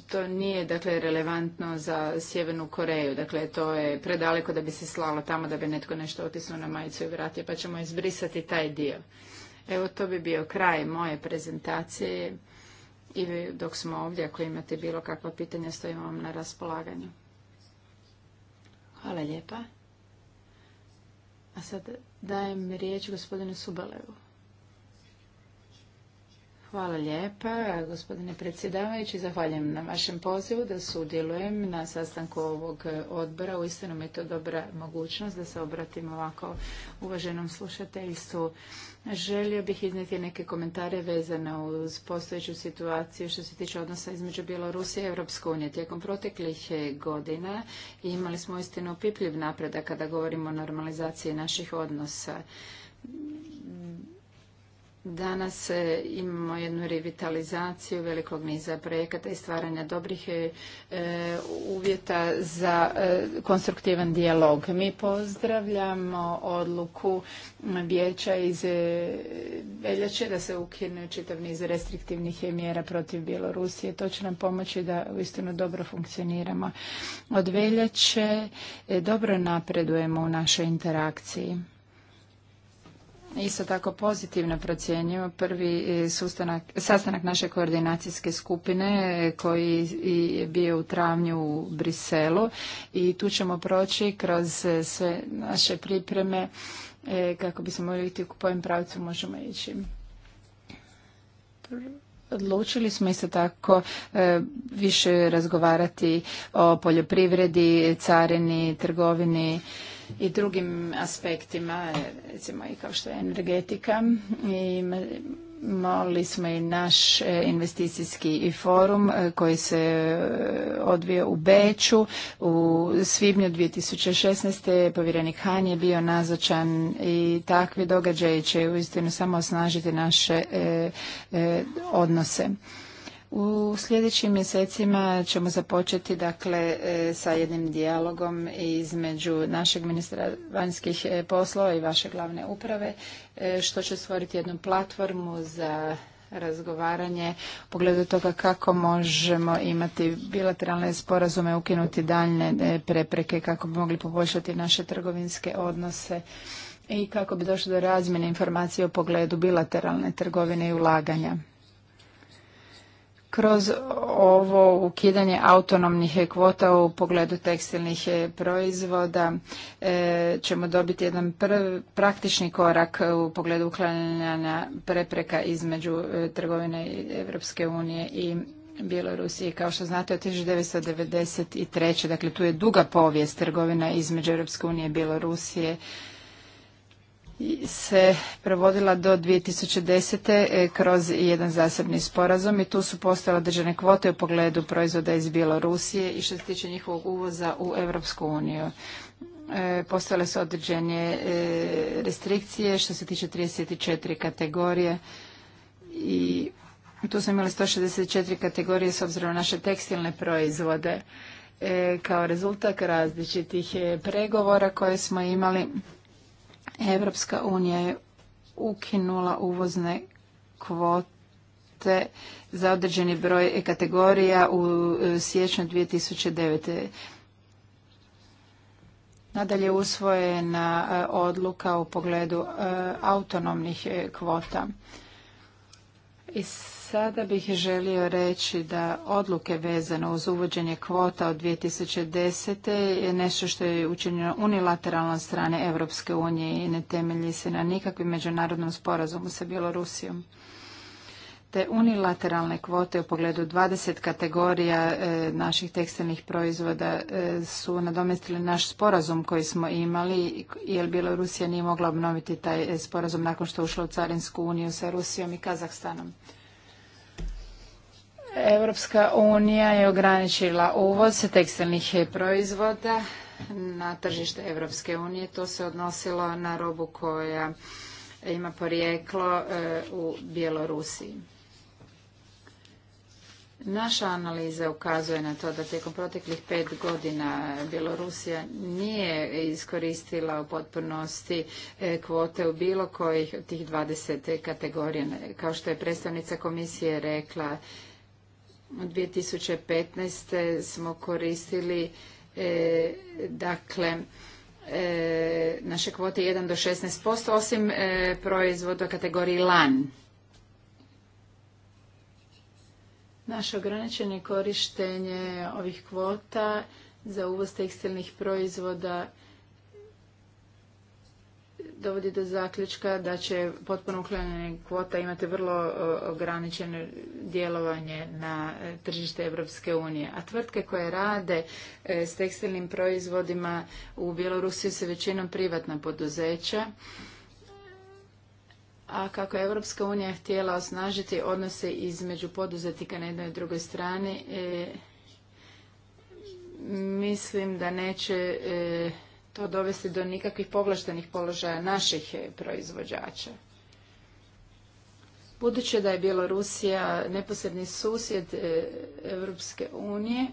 to nije dakle relevantno za Sjevernu Koreju. Dakle, to je predaleko da bi se slalo tamo da bi netko nešto otisnuo na majicu i vratio, pa ćemo izbrisati taj dio. Evo, to bi bio kraj moje prezentacije i dok smo ovdje, ako imate bilo kakva pitanja, stojim vam na raspolaganju. Hvala lijepa. A sad dajem riječ gospodinu Subalevu. Hvala lijepa, gospodine predsjedavajući. Zahvaljujem na vašem pozivu da sudjelujem na sastanku ovog odbora. Uistinu mi je to dobra mogućnost da se obratim ovako uvaženom slušateljstvu. Želio bih iznijeti neke komentare vezane uz postojeću situaciju što se tiče odnosa između Bjelorusije i Europske unije. Tijekom proteklih godina imali smo istinu pipljiv napredak kada govorimo o normalizaciji naših odnosa Danas e, imamo jednu revitalizaciju velikog niza projekata i stvaranja dobrih e, uvjeta za e, konstruktivan dijalog. Mi pozdravljamo odluku vijeća iz veljače da se ukine čitav niz restriktivnih mjera protiv Bjelorusije. To će nam pomoći da uistinu dobro funkcioniramo. Od veljače dobro napredujemo u našoj interakciji. Isto tako pozitivno procjenjuju. prvi e, sastanak naše koordinacijske skupine e, koji je bio u travnju u Briselu i tu ćemo proći kroz e, sve naše pripreme kako bismo mogli vidjeti u kojem pravcu možemo ići. Odlučili smo isto tako više razgovarati o poljoprivredi, carini, trgovini i drugim aspektima, recimo i kao što je energetika. I Molili smo i naš e, investicijski forum e, koji se e, odvio u Beču U svibnju 2016. povjerenik Han je bio nazočan i takvi događaje će uistinu samo osnažiti naše odnose. U sljedećim mjesecima ćemo započeti dakle e, sa jednim dijalogom između našeg ministra vanjskih e, poslova i vaše glavne uprave e, što će stvoriti jednu platformu za razgovaranje u pogledu toga kako možemo imati bilateralne sporazume, ukinuti daljne prepreke, kako bi mogli poboljšati naše trgovinske odnose i kako bi došlo do razmjene informacije u pogledu bilateralne trgovine i ulaganja kroz ovo ukidanje autonomnih e, kvota u pogledu tekstilnih e, proizvoda e, ćemo dobiti jedan praktični korak u pogledu uklanjanja prepreka između trgovine Europske unije i Bjelorusije. Kao što znate, od 1993. dakle tu je duga povijest trgovina između Europske unije i Bjelorusije se provodila do 2010. E, kroz jedan zasebni sporazum i tu su postojale određene kvote u pogledu proizvoda iz Bjelorusije i što se tiče njihovog uvoza u Europsku uniju. E, postale su određene e, restrikcije što se tiče 34 kategorije i tu smo imali 164 kategorije s obzirom na naše tekstilne proizvode. Kao rezultat različitih pregovora koje smo imali Evropska unija je ukinula uvozne kvote za određeni broj e, kategorija u e, siječnju 2009. Nadalje usvojena e, odluka u pogledu autonomnih kvota. Iz Sada bih želio reći da odluke vezano uz uvođenje kvota od 2010. je nešto što je učinjeno unilateralno od strane Europske unije i ne temelji se na nikakvim međunarodnom sporazumu sa Bjelorusijom. Te unilateralne kvote u pogledu 20 kategorija e, naših tekstilnih proizvoda e, su nadomestili naš sporazum koji smo imali jer Bjelorusija nije mogla obnoviti taj e, sporazum nakon što ušla u Carinsku uniju sa Rusijom i Kazahstanom. Europska unija je ograničila uvoz tekstilnih proizvoda na tržište Europske unije. To se odnosilo na robu koja ima porijeklo e, u Bjelorusiji. Naša analiza ukazuje na to da tijekom proteklih pet godina Bjelorusija nije iskoristila u potpunosti e, kvote u bilo kojih tih 20 kategorija. Kao što je predstavnica komisije rekla, 2015. smo koristili e, dakle e, naše kvote 1 do 16% osim e, proizvoda kategoriji LAN. Naše ograničenje korištenje ovih kvota za uvoz tekstilnih proizvoda dovodi do zaključka da će potpuno uklanjanje kvota imati vrlo ograničeno djelovanje na e, tržište Europske unije. A tvrtke koje rade e, s tekstilnim proizvodima u Bjelorusiji su većinom privatna poduzeća a kako je Europska unija htjela osnažiti odnose između poduzetnika na jednoj i drugoj strani, e, mislim da neće to dovesti do nikakvih povlaštenih položaja naših proizvođača. Budući da je Bjelorusija neposredni susjed Europske unije,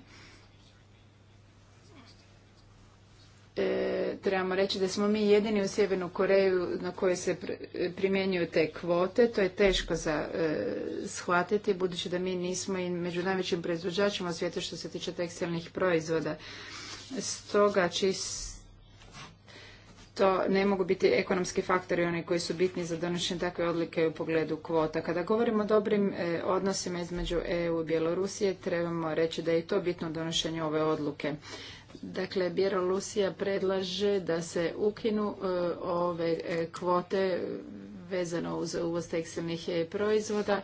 e, trebamo reći da smo mi jedini u Sjevernu Koreju na koje se primjenjuju te kvote. To je teško za e, shvatiti budući da mi nismo i među najvećim proizvođačima u svijetu što se tiče tekstilnih proizvoda. Stoga čisto to ne mogu biti ekonomski faktori oni koji su bitni za donošenje takve odlike u pogledu kvota. Kada govorimo o dobrim e, odnosima između EU i Bjelorusije, trebamo reći da je i to bitno donošenje ove odluke. Dakle, Bjelorusija predlaže da se ukinu e, ove e, kvote vezano uz uvoz tekstilnih proizvoda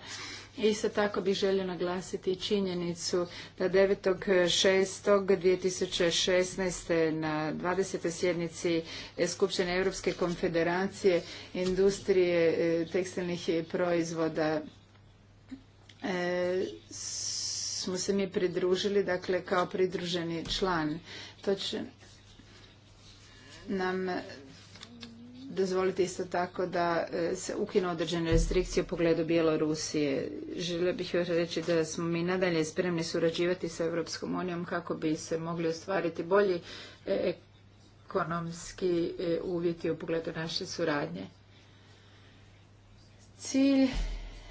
Isto tako bih želio naglasiti činjenicu da 9.6.2016. na 20. sjednici Skupštine Europske konfederacije industrije e, tekstilnih proizvoda e, smo se mi pridružili, dakle kao pridruženi član. To nam dozvolite isto tako da e, se ukinu određene restrikcije u pogledu Bjelorusije. Želio bih još reći da smo mi nadalje spremni surađivati sa Europskom unijom kako bi se mogli ostvariti bolji e, ekonomski e, uvjeti u pogledu naše suradnje. Cilj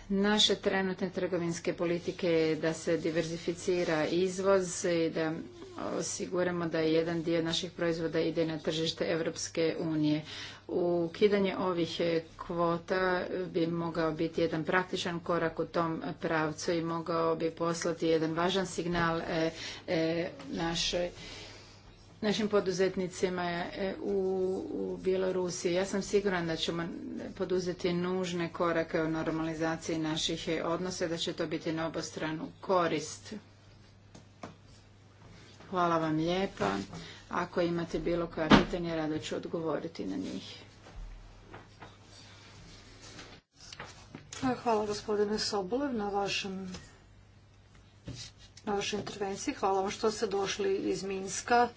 naše trenutne trgovinske politike je da se diverzificira izvoz i da osiguramo da jedan dio naših proizvoda ide na tržište Europske unije. Ukidanje ovih e, kvota bi mogao biti jedan praktičan korak u tom pravcu i mogao bi poslati jedan važan signal e, e, našoj našim poduzetnicima u, u Bjelorusiji. Ja sam siguran da ćemo poduzeti nužne korake u normalizaciji naših odnosa, da će to biti na obostranu korist. Hvala vam lijepa. Ako imate bilo koja pitanja, rado ću odgovoriti na njih. E, hvala gospodine Sobolev na vašem na vašoj intervenciji. Hvala vam što ste došli iz Minska,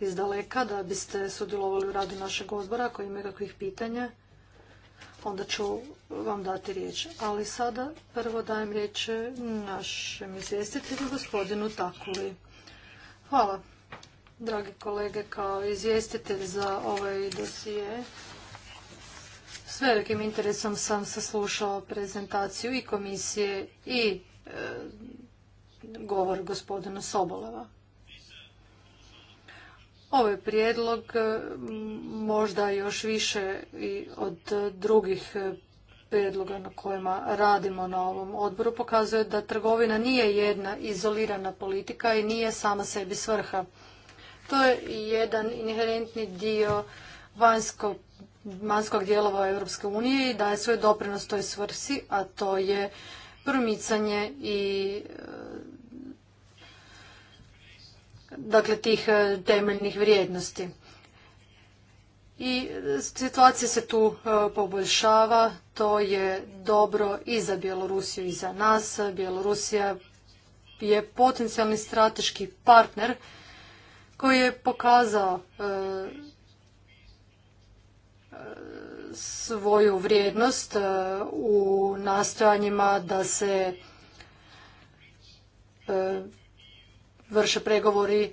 iz daleka, da biste sudjelovali u radu našeg odbora. Ako ima kakvih pitanja, onda ću vam dati riječ. Ali sada prvo dajem riječ našem izvjestitelju, gospodinu Takuli. Hvala, dragi kolege, kao izvjestitelj za ovaj dosije s velikim interesom sam saslušao prezentaciju i komisije i e, govor gospodina Sobolova. Ovaj prijedlog e, možda još više i od drugih e, prijedloga na kojima radimo na ovom odboru pokazuje da trgovina nije jedna izolirana politika i nije sama sebi svrha. To je jedan inherentni dio vanjskog vanjskog dijelova Europske unije i daje svoj doprinos toj svrsi, a to je promicanje i e, dakle tih e, temeljnih vrijednosti. I situacija se tu e, poboljšava, to je dobro i za Bjelorusiju i za nas. Bjelorusija je potencijalni strateški partner koji je pokazao svoju vrijednost e, u nastojanjima da se e, vrše pregovori e,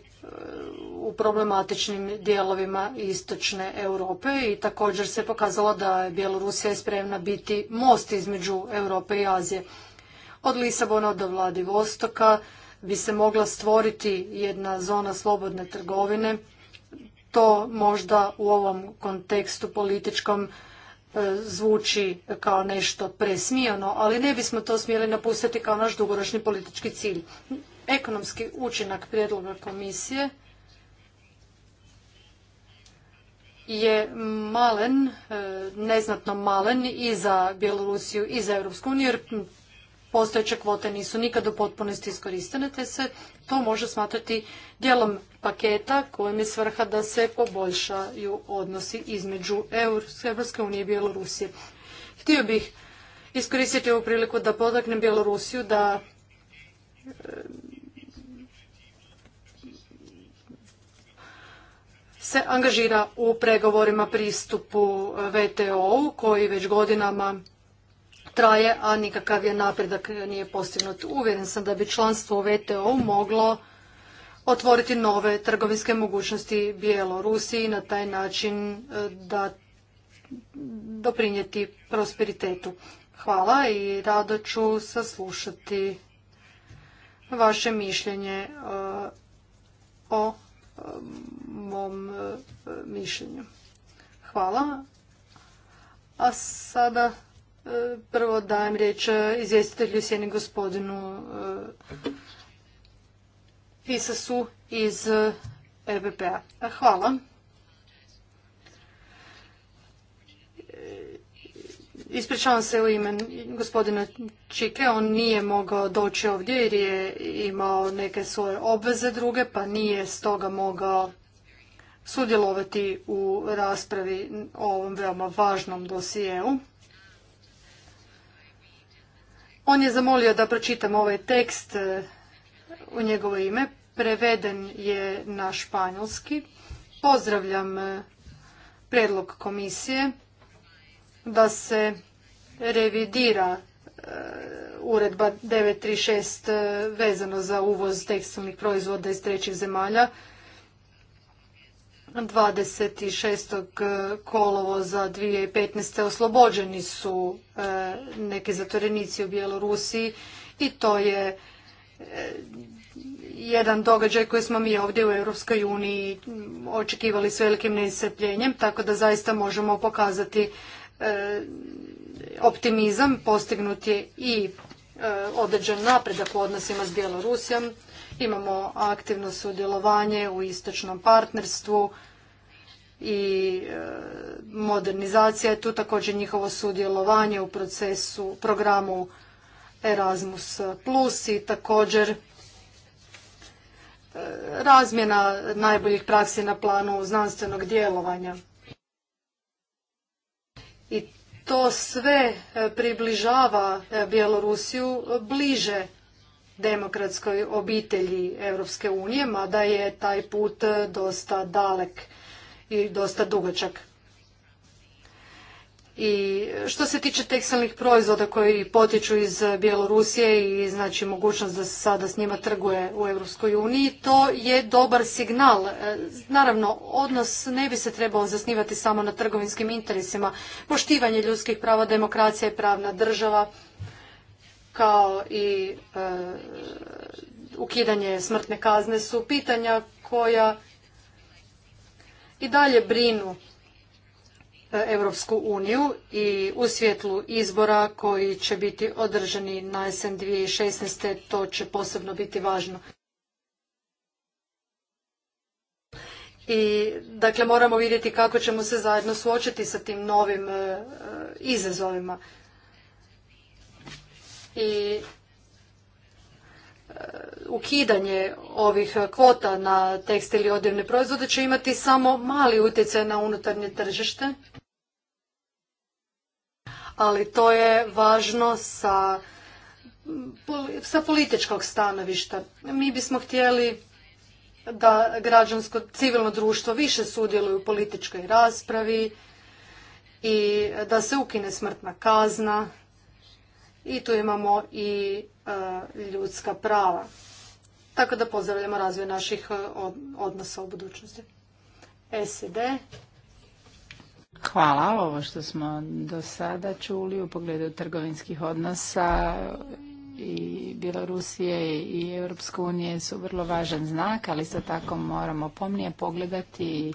u problematičnim dijelovima istočne Europe i također se pokazalo da je Bjelorusija spremna biti most između Europe i Azije. Od Lisabona do Vladivostoka bi se mogla stvoriti jedna zona slobodne trgovine to možda u ovom kontekstu političkom e, zvuči kao nešto presmijano, ali ne bismo to smjeli napustiti kao naš dugoročni politički cilj. Ekonomski učinak prijedloga komisije je malen, e, neznatno malen i za Bjelorusiju i za Europsku uniju, jer postojeće kvote nisu nikad u potpunosti iskoristene, te se to može smatrati dijelom paketa kojem je svrha da se poboljšaju odnosi između Europske unije i Bjelorusije. Htio bih iskoristiti ovu priliku da podaknem Bjelorusiju da e, se angažira u pregovorima pristupu VTO-u koji već godinama traje, a nikakav je napredak nije postignut. Uvjeren sam da bi članstvo u VTO moglo otvoriti nove trgovinske mogućnosti Bjelorusiji i na taj način e, da doprinijeti prosperitetu. Hvala i rado ću saslušati vaše mišljenje e, o e, mom mišljenju. Hvala. A sada prvo dajem riječ izvjestitelju sjeni gospodinu PISA su iz EBP-a. E Hvala. E, ispričavam se u ime gospodina Čike, on nije mogao doći ovdje jer je imao neke svoje obveze druge, pa nije stoga mogao sudjelovati u raspravi o ovom veoma važnom dosijeu. On je zamolio da pročitam ovaj tekst e, u njegovo ime, preveden je na španjolski. Pozdravljam e, predlog komisije da se revidira e, uredba 936 e, vezano za uvoz tekstilnih proizvoda iz trećih zemalja. 26. kolovoza 2015. oslobođeni su neki zatvorenici u Bjelorusiji i to je jedan događaj koji smo mi ovdje u Europskoj uniji očekivali s velikim neiscrpljenjem, tako da zaista možemo pokazati e, optimizam, postignut je i e, određen napredak u odnosima s Bjelorusijom. Imamo aktivno sudjelovanje u istočnom partnerstvu i e, modernizacija je tu također njihovo sudjelovanje u procesu programu Erasmus Plus i također razmjena najboljih praksi na planu znanstvenog djelovanja. I to sve e, približava e, Bjelorusiju bliže demokratskoj obitelji Europske unije, mada je taj put e, dosta dalek i dosta dugačak. I što se tiče tekstilnih proizvoda koji potiču iz Bjelorusije i znači mogućnost da se sada s njima trguje u Europskoj uniji, to je dobar signal. E, naravno, odnos ne bi se trebao zasnivati samo na trgovinskim interesima. Poštivanje ljudskih prava, demokracija i pravna država, kao i e, ukidanje smrtne kazne su pitanja koja i dalje brinu Europsku uniju i u svjetlu izbora koji će biti održani na jesen 2016. to će posebno biti važno. I dakle moramo vidjeti kako ćemo se zajedno suočiti sa tim novim e, izazovima. I E, ukidanje ovih kvota na tekstil i odjevne proizvode će imati samo mali utjecaj na unutarnje tržište, ali to je važno sa, sa političkog stanovišta. Mi bismo htjeli da građansko civilno društvo više sudjeluje u političkoj raspravi i da se ukine smrtna kazna i tu imamo i e, ljudska prava. Tako da pozdravljamo razvoj naših e, odnosa u budućnosti. SED. Hvala ovo što smo do sada čuli u pogledu trgovinskih odnosa i Bjelorusije i Europske unije su vrlo važan znak, ali isto tako moramo pomnije pogledati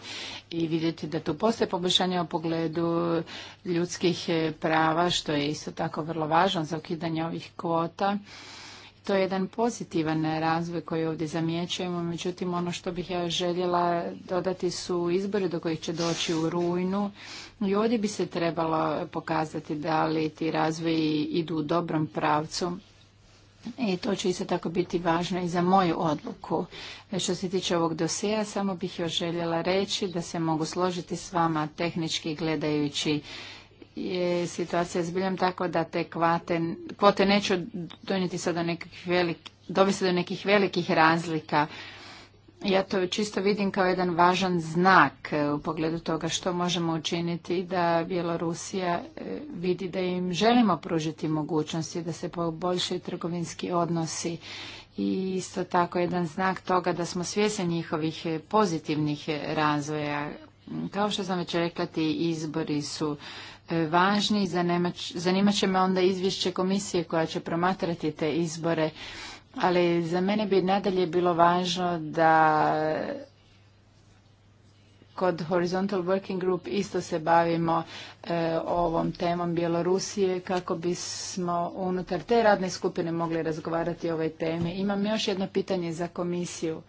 i vidjeti da tu postoje poboljšanja u pogledu ljudskih e, prava, što je isto tako vrlo važno za ukidanje ovih kvota. To je jedan pozitivan razvoj koji ovdje zamjećujemo, međutim ono što bih ja željela dodati su izbori do kojih će doći u rujnu i ovdje bi se trebalo pokazati da li ti razvoji idu u dobrom pravcu i to će isto tako biti važno i za moju odluku. E, što se tiče ovog dosija, samo bih još željela reći da se mogu složiti s vama tehnički gledajući je situacija zbiljam tako da te kvate, kvote neću donijeti sada nekih dovesti do nekih velikih razlika ja to čisto vidim kao jedan važan znak e, u pogledu toga što možemo učiniti da Bjelorusija e, vidi da im želimo pružiti mogućnosti da se poboljšaju trgovinski odnosi i isto tako jedan znak toga da smo svjesni njihovih e, pozitivnih razvoja. Kao što sam već rekla, ti izbori su važni. Zanimat će me onda izvješće komisije koja će promatrati te izbore ali za mene bi nadalje bilo važno da kod Horizontal Working Group isto se bavimo e, ovom temom Bjelorusije kako bismo unutar te radne skupine mogli razgovarati o ovoj temi. Imam još jedno pitanje za komisiju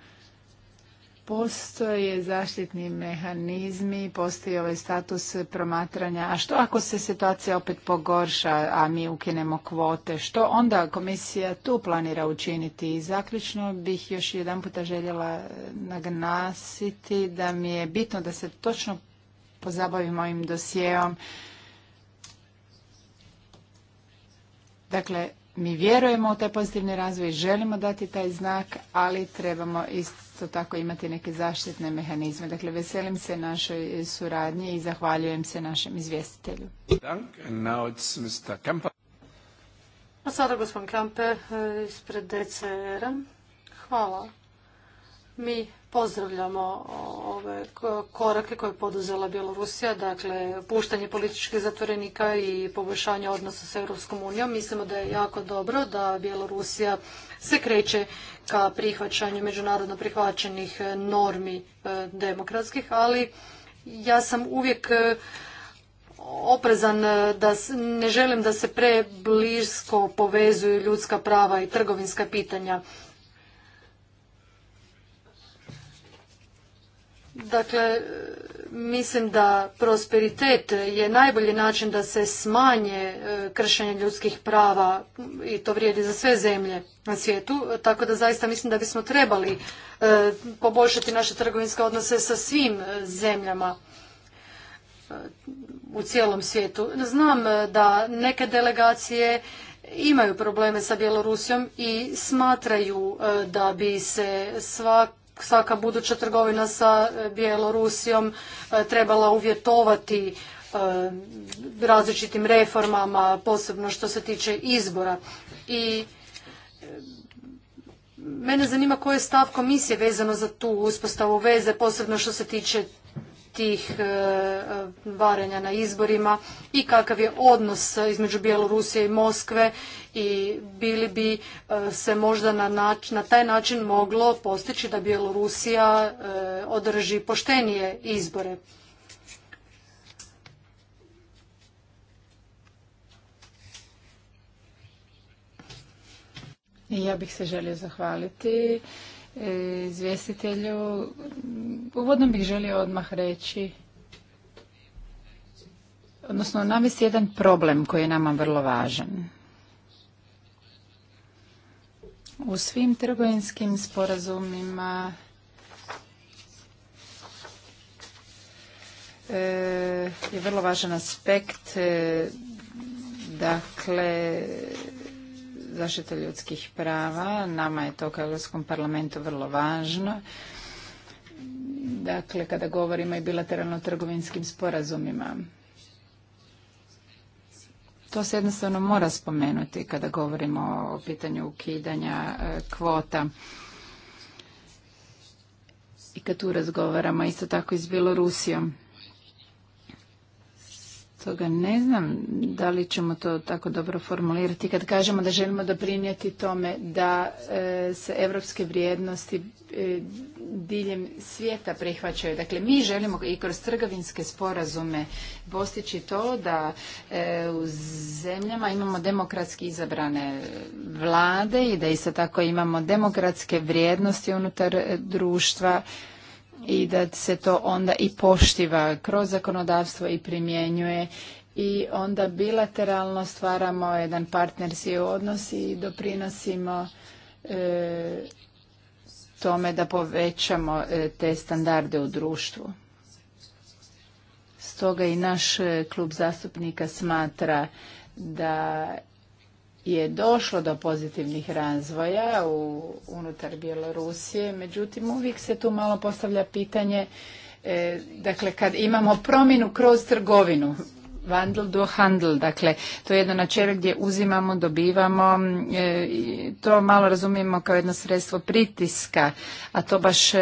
postoje zaštitni mehanizmi, postoji ovaj status promatranja, a što ako se situacija opet pogorša, a mi ukinemo kvote, što onda komisija tu planira učiniti? I zaključno bih još jedan puta željela naglasiti da mi je bitno da se točno pozabavim ovim dosijeom. Dakle, mi vjerujemo u taj pozitivni razvoj, želimo dati taj znak, ali trebamo isto isto tako imati neke zaštitne mehanizme. Dakle, veselim se našoj suradnji i zahvaljujem se našem izvjestitelju. A sada gospodin Kampe eh, ispred DCR-a. Hvala. Mi Pozdravljamo ove korake koje je poduzela Bjelorusija, dakle puštanje političkih zatvorenika i poboljšanje odnosa s Europskom unijom. Mislimo da je jako dobro da Bjelorusija se kreće ka prihvaćanju međunarodno prihvaćenih e, normi e, demokratskih, ali ja sam uvijek e, oprezan da ne želim da se preblisko povezuju ljudska prava i trgovinska pitanja Dakle, mislim da prosperitet je najbolji način da se smanje e, kršenje ljudskih prava i to vrijedi za sve zemlje na svijetu, tako da zaista mislim da bismo trebali e, poboljšati naše trgovinske odnose sa svim e, zemljama u cijelom svijetu. Znam da neke delegacije imaju probleme sa Bjelorusijom i smatraju da bi se svak svaka buduća trgovina sa e, Bjelorusijom e, trebala uvjetovati e, različitim reformama, posebno što se tiče izbora. I mene zanima koji je stav komisije vezano za tu uspostavu veze, posebno što se tiče tih e, e, varanja na izborima i kakav je odnos između Bjelorusije i Moskve i bili bi e, se možda na, na taj način moglo postići da Bjelorusija održi poštenije izbore. Ja bih se želio zahvaliti izvjestitelju. Uvodno bih želio odmah reći, odnosno navesti jedan problem koji je nama vrlo važan. U svim trgovinskim sporazumima e, je vrlo važan aspekt e, dakle zaštite ljudskih prava. Nama je to kao Europskom parlamentu vrlo važno. Dakle, kada govorimo i bilateralno trgovinskim sporazumima. To se jednostavno mora spomenuti kada govorimo o pitanju ukidanja e, kvota. I kad tu razgovaramo isto tako i s Bjelorusijom ne znam da li ćemo to tako dobro formulirati kad kažemo da želimo doprinijeti tome da e, se evropske vrijednosti e, diljem svijeta prihvaćaju. Dakle, mi želimo i kroz trgovinske sporazume postići to da e, u zemljama imamo demokratski izabrane vlade i da isto tako imamo demokratske vrijednosti unutar društva i da se to onda i poštiva kroz zakonodavstvo i primjenjuje i onda bilateralno stvaramo jedan partnerski odnos i doprinosimo e, tome da povećamo e, te standarde u društvu. Stoga i naš e, klub zastupnika smatra da je došlo do pozitivnih razvoja u, unutar Bjelorusije, međutim uvijek se tu malo postavlja pitanje, e, dakle kad imamo promjenu kroz trgovinu, Vandel do handel, dakle to je jedno načelo gdje uzimamo, dobivamo, mm, e, to malo razumijemo kao jedno sredstvo pritiska, a to baš e,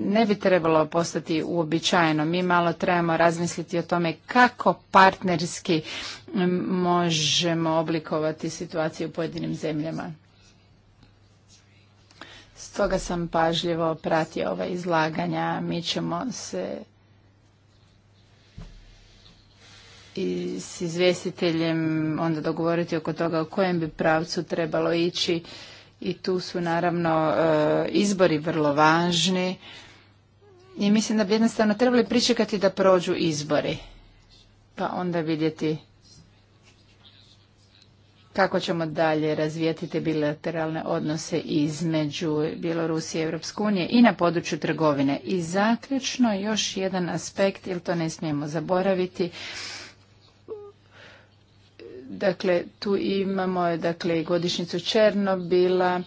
ne bi trebalo postati uobičajeno. Mi malo trebamo razmisliti o tome kako partnerski mm, možemo oblikovati situaciju u pojedinim zemljama. Stoga sam pažljivo pratio ova izlaganja. Mi ćemo se i s izvjestiteljem onda dogovoriti oko toga u kojem bi pravcu trebalo ići i tu su naravno e, izbori vrlo važni i mislim da bi jednostavno trebali pričekati da prođu izbori pa onda vidjeti kako ćemo dalje razvijati te bilateralne odnose između Bjelorusije i Europske unije i na području trgovine. I zaključno još jedan aspekt, jer to ne smijemo zaboraviti, Dakle, tu imamo dakle, godišnjicu Černobila,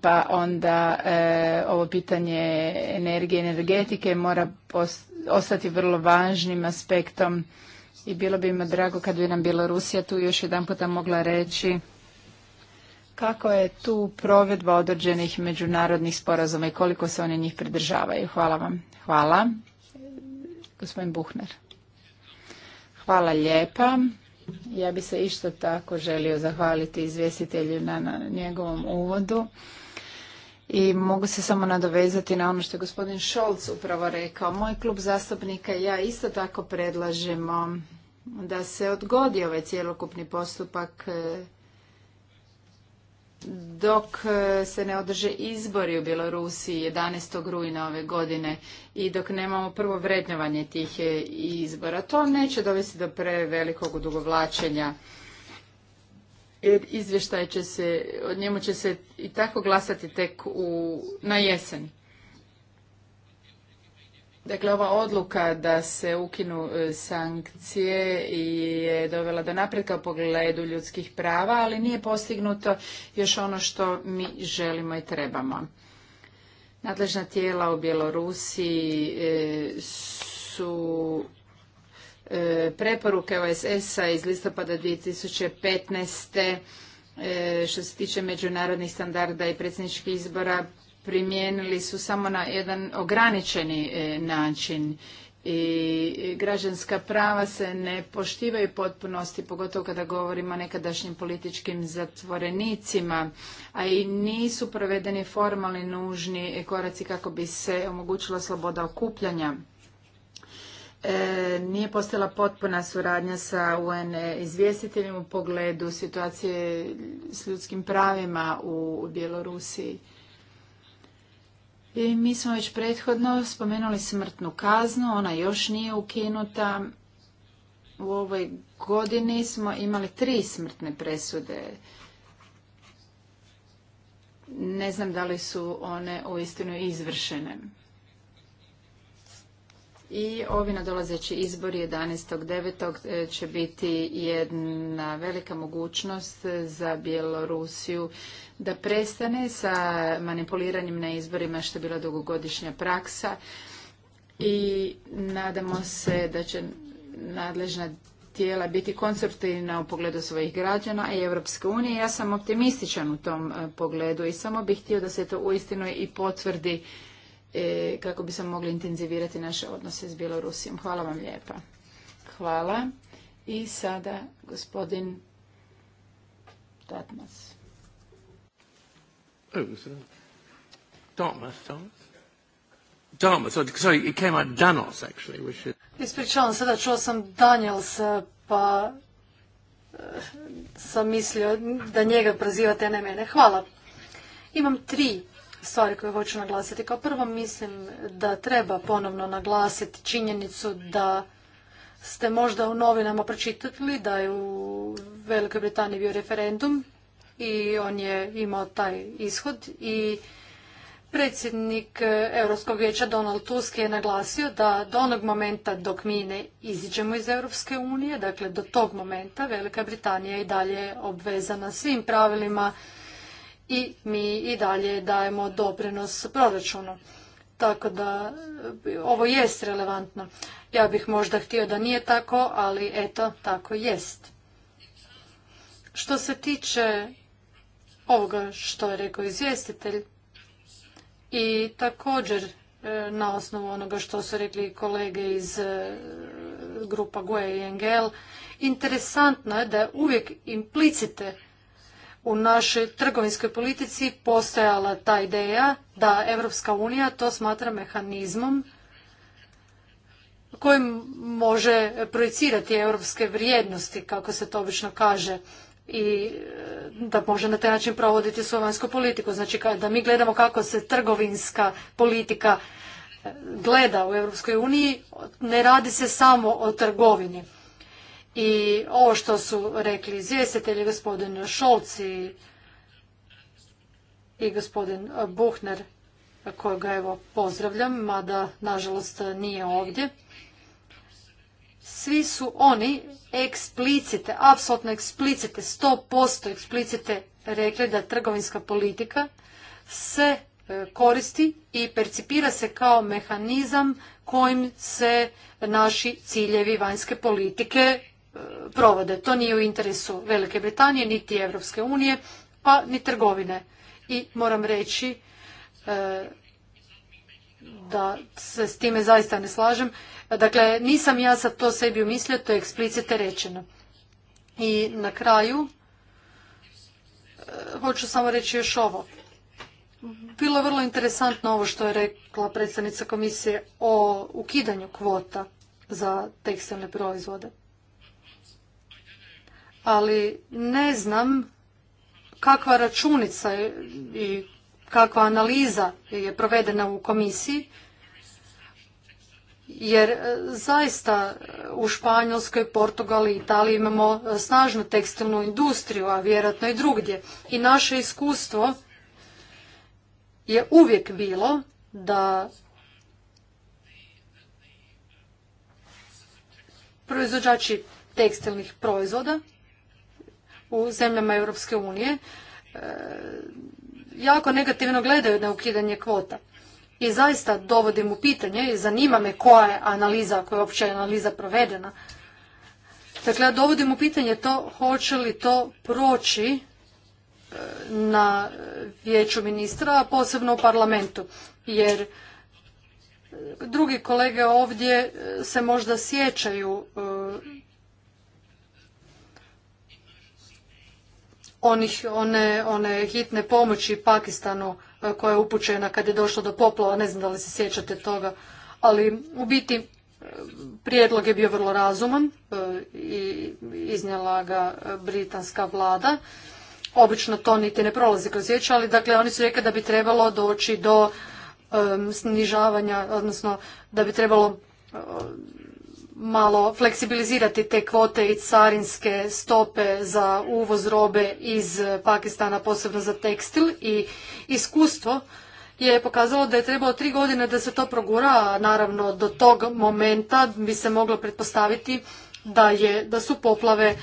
pa onda e, ovo pitanje energije i energetike mora ostati vrlo važnim aspektom i bilo bi mi drago kad bi nam Bjelorusija tu još jedan mogla reći kako je tu provedba određenih međunarodnih sporazuma i koliko se oni njih pridržavaju. Hvala vam. Hvala. Gospodin Buhner. Hvala lijepa. Ja bi se isto tako želio zahvaliti izvjestitelju na, na njegovom uvodu. I mogu se samo nadovezati na ono što je gospodin Šolc upravo rekao. Moj klub zastupnika i ja isto tako predlažemo da se odgodi ovaj cjelokupni postupak dok e, se ne održe izbori u Bjelorusiji 11. rujna ove godine i dok nemamo prvo vrednovanje tih e, izbora. To neće dovesti do prevelikog odugovlačenja e, izvještaj će se, od njemu će se i tako glasati tek u, na jesen. Dakle, ova odluka da se ukinu e, sankcije je dovela do napretka u pogledu ljudskih prava, ali nije postignuto još ono što mi želimo i trebamo. Nadležna tijela u Bjelorusiji e, su e, preporuke OSS-a iz listopada 2015. što se tiče međunarodnih standarda i predsjedničkih izbora primijenili su samo na jedan ograničeni e, način i građanska prava se ne poštivaju potpunosti, pogotovo kada govorimo o nekadašnjim političkim zatvorenicima, a i nisu provedeni formalni nužni koraci kako bi se omogućila sloboda okupljanja. E, nije postala potpuna suradnja sa UN e izvjestiteljem u pogledu situacije s ljudskim pravima u Bjelorusiji. I mi smo već prethodno spomenuli smrtnu kaznu, ona još nije ukinuta. U ovoj godini smo imali tri smrtne presude. Ne znam da li su one uistinu izvršene. I ovi nadolazeći izbori 11.9. E, će biti jedna velika mogućnost za Bjelorusiju da prestane sa manipuliranjem na izborima što je bila dugogodišnja praksa i nadamo se da će nadležna tijela biti konceptivna u pogledu svojih građana i Europske unije. Ja sam optimističan u tom e, pogledu i samo bih htio da se to uistinu i potvrdi e, kako bi se mogli intenzivirati naše odnose s Bjelorusijom. Hvala vam lijepa. Hvala. I sada gospodin Tatmas. Dartmouth, sorry, it came out Danos, actually, is... Ispričavam se da čuo sam Daniels, pa eh, sam mislio da njega prozivate, ne mene. Hvala. Imam tri stvari koje hoću naglasiti. Kao prvo mislim da treba ponovno naglasiti činjenicu da ste možda u novinama pročitali da je u Velikoj Britaniji bio referendum i on je imao taj ishod i predsjednik Europskog vijeća Donald Tusk je naglasio da do onog momenta dok mi ne iziđemo iz Europske unije, dakle do tog momenta Velika Britanija je i dalje obvezana svim pravilima i mi i dalje dajemo doprinos proračunu. Tako da ovo jest relevantno. Ja bih možda htio da nije tako, ali eto, tako jest. Što se tiče ovoga što je rekao izvjestitelj i također e, na osnovu onoga što su rekli kolege iz e, grupa GUE i NGL, interesantno je da uvijek implicite u našoj trgovinskoj politici postojala ta ideja da Europska unija to smatra mehanizmom kojim može projicirati europske vrijednosti, kako se to obično kaže i e, da može na taj način provoditi svoju vanjsku politiku. Znači da mi gledamo kako se trgovinska politika e, gleda u Europskoj uniji, ne radi se samo o trgovini. I ovo što su rekli izvjestitelji, gospodin Šolc i, gospodin Buhner, kojega evo pozdravljam, mada nažalost nije ovdje svi su oni eksplicite, apsolutno eksplicite, sto posto eksplicite rekli da trgovinska politika se e, koristi i percipira se kao mehanizam kojim se naši ciljevi vanjske politike e, provode. To nije u interesu Velike Britanije, niti Evropske unije, pa ni trgovine. I moram reći e, da se s time zaista ne slažem. Dakle, nisam ja sad to sebi umislio, to je eksplicite rečeno. I na kraju, e, hoću samo reći još ovo. Bilo je vrlo interesantno ovo što je rekla predstavnica komisije o ukidanju kvota za tekstilne proizvode. Ali ne znam kakva računica i kakva analiza je provedena u komisiji, jer e, zaista e, u Španjolskoj, Portugali, Italiji imamo e, snažnu tekstilnu industriju, a vjerojatno i drugdje. I naše iskustvo je uvijek bilo da proizvođači tekstilnih proizvoda u zemljama Europske unije jako negativno gledaju na ukidanje kvota. I zaista dovodim u pitanje i zanima me koja je analiza, ako je uopće analiza provedena. Dakle, ja dovodim u pitanje to hoće li to proći e, na vijeću ministra, a posebno u parlamentu. Jer e, drugi kolege ovdje e, se možda sjećaju one, one hitne pomoći Pakistanu e, koja je upućena kad je došlo do poplova, ne znam da li se sjećate toga, ali u biti e, prijedlog je bio vrlo razuman e, i iznijela ga britanska vlada. Obično to niti ne prolazi kroz vijeće, ali dakle oni su rekli da bi trebalo doći do snižavanja, odnosno da bi trebalo malo fleksibilizirati te kvote i carinske stope za uvoz robe iz Pakistana, posebno za tekstil i iskustvo je pokazalo da je trebalo tri godine da se to progura, a naravno do tog momenta bi se moglo pretpostaviti da, je, da su poplave, e,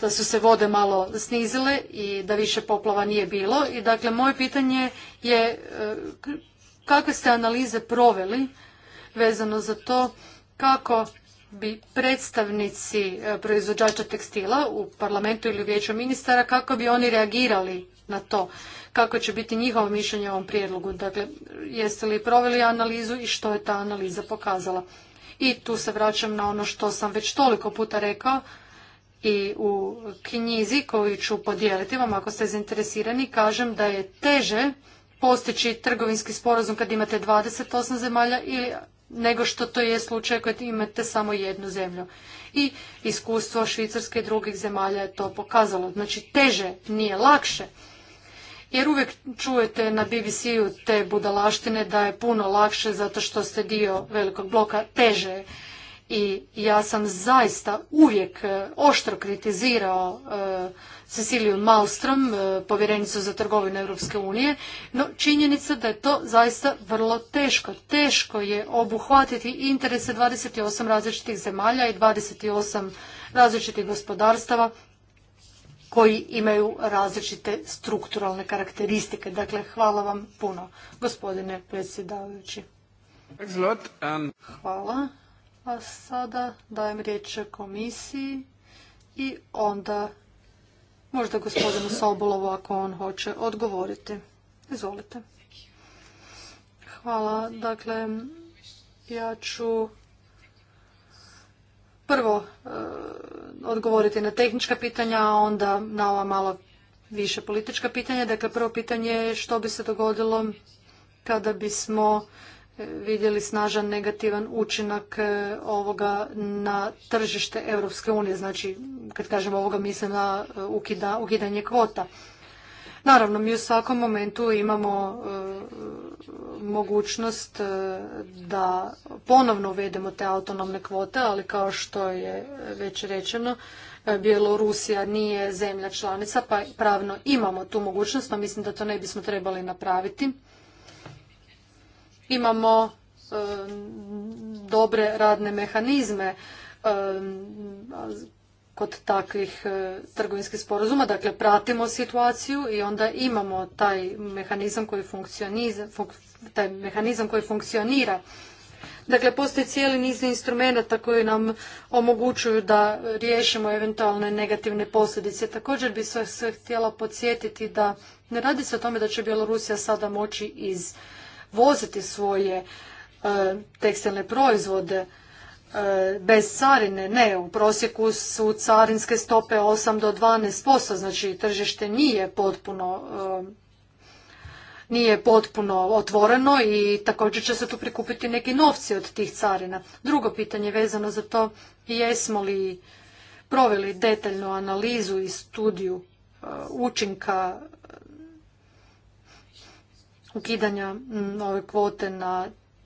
da su se vode malo snizile i da više poplava nije bilo. I dakle, moje pitanje je e, kakve ste analize proveli vezano za to kako bi predstavnici e, proizvođača tekstila u parlamentu ili u vijeću ministara, kako bi oni reagirali na to, kako će biti njihovo mišljenje o ovom prijedlogu. Dakle, jeste li proveli analizu i što je ta analiza pokazala. I tu se vraćam na ono što sam već toliko puta rekao i u knjizi koju ću podijeliti vam ako ste zainteresirani, kažem da je teže postići trgovinski sporazum kad imate 28 zemalja ili nego što to je slučaj kad imate samo jednu zemlju. I iskustvo Švicarske i drugih zemalja je to pokazalo. Znači teže, nije lakše. Jer uvijek čujete na BBC-u te budalaštine da je puno lakše zato što ste dio velikog bloka teže. I ja sam zaista uvijek eh, oštro kritizirao eh, Ceciliju Malstrom, e, povjerenicu za trgovinu Europske unije, no činjenica da je to zaista vrlo teško. Teško je obuhvatiti interese 28 različitih zemalja i 28 različitih gospodarstava koji imaju različite strukturalne karakteristike. Dakle, hvala vam puno, gospodine predsjedavajući. Hvala. A sada dajem riječ komisiji i onda Možda gospodinu Sobolovu ako on hoće odgovoriti. Izvolite. Hvala. Dakle, ja ću prvo e, odgovoriti na tehnička pitanja, a onda na ova malo više politička pitanja. Dakle, prvo pitanje je što bi se dogodilo kada bismo vidjeli snažan negativan učinak e, ovoga na tržište Europske unije. Znači, kad kažem ovoga, mislim na e, ukidanje kvota. Naravno, mi u svakom momentu imamo e, mogućnost da ponovno uvedemo te autonomne kvote, ali kao što je već rečeno, Bjelorusija nije zemlja članica, pa pravno imamo tu mogućnost, no mislim da to ne bismo trebali napraviti imamo e, dobre radne mehanizme e, kod takvih e, trgovinskih sporazuma. Dakle, pratimo situaciju i onda imamo taj mehanizam koji funkcionira, taj mehanizam koji funkcionira. Dakle, postoji cijeli niz instrumenata koji nam omogućuju da riješimo eventualne negativne posljedice. Također bi se htjela podsjetiti da ne radi se o tome da će Bjelorusija sada moći iz voziti svoje e, tekstilne proizvode e, bez carine. Ne, u prosjeku su carinske stope 8 do 12%, znači tržište nije potpuno e, nije potpuno otvoreno i također će se tu prikupiti neki novci od tih carina. Drugo pitanje vezano za to jesmo li proveli detaljnu analizu i studiju učinka ukidanja mm, ove kvote na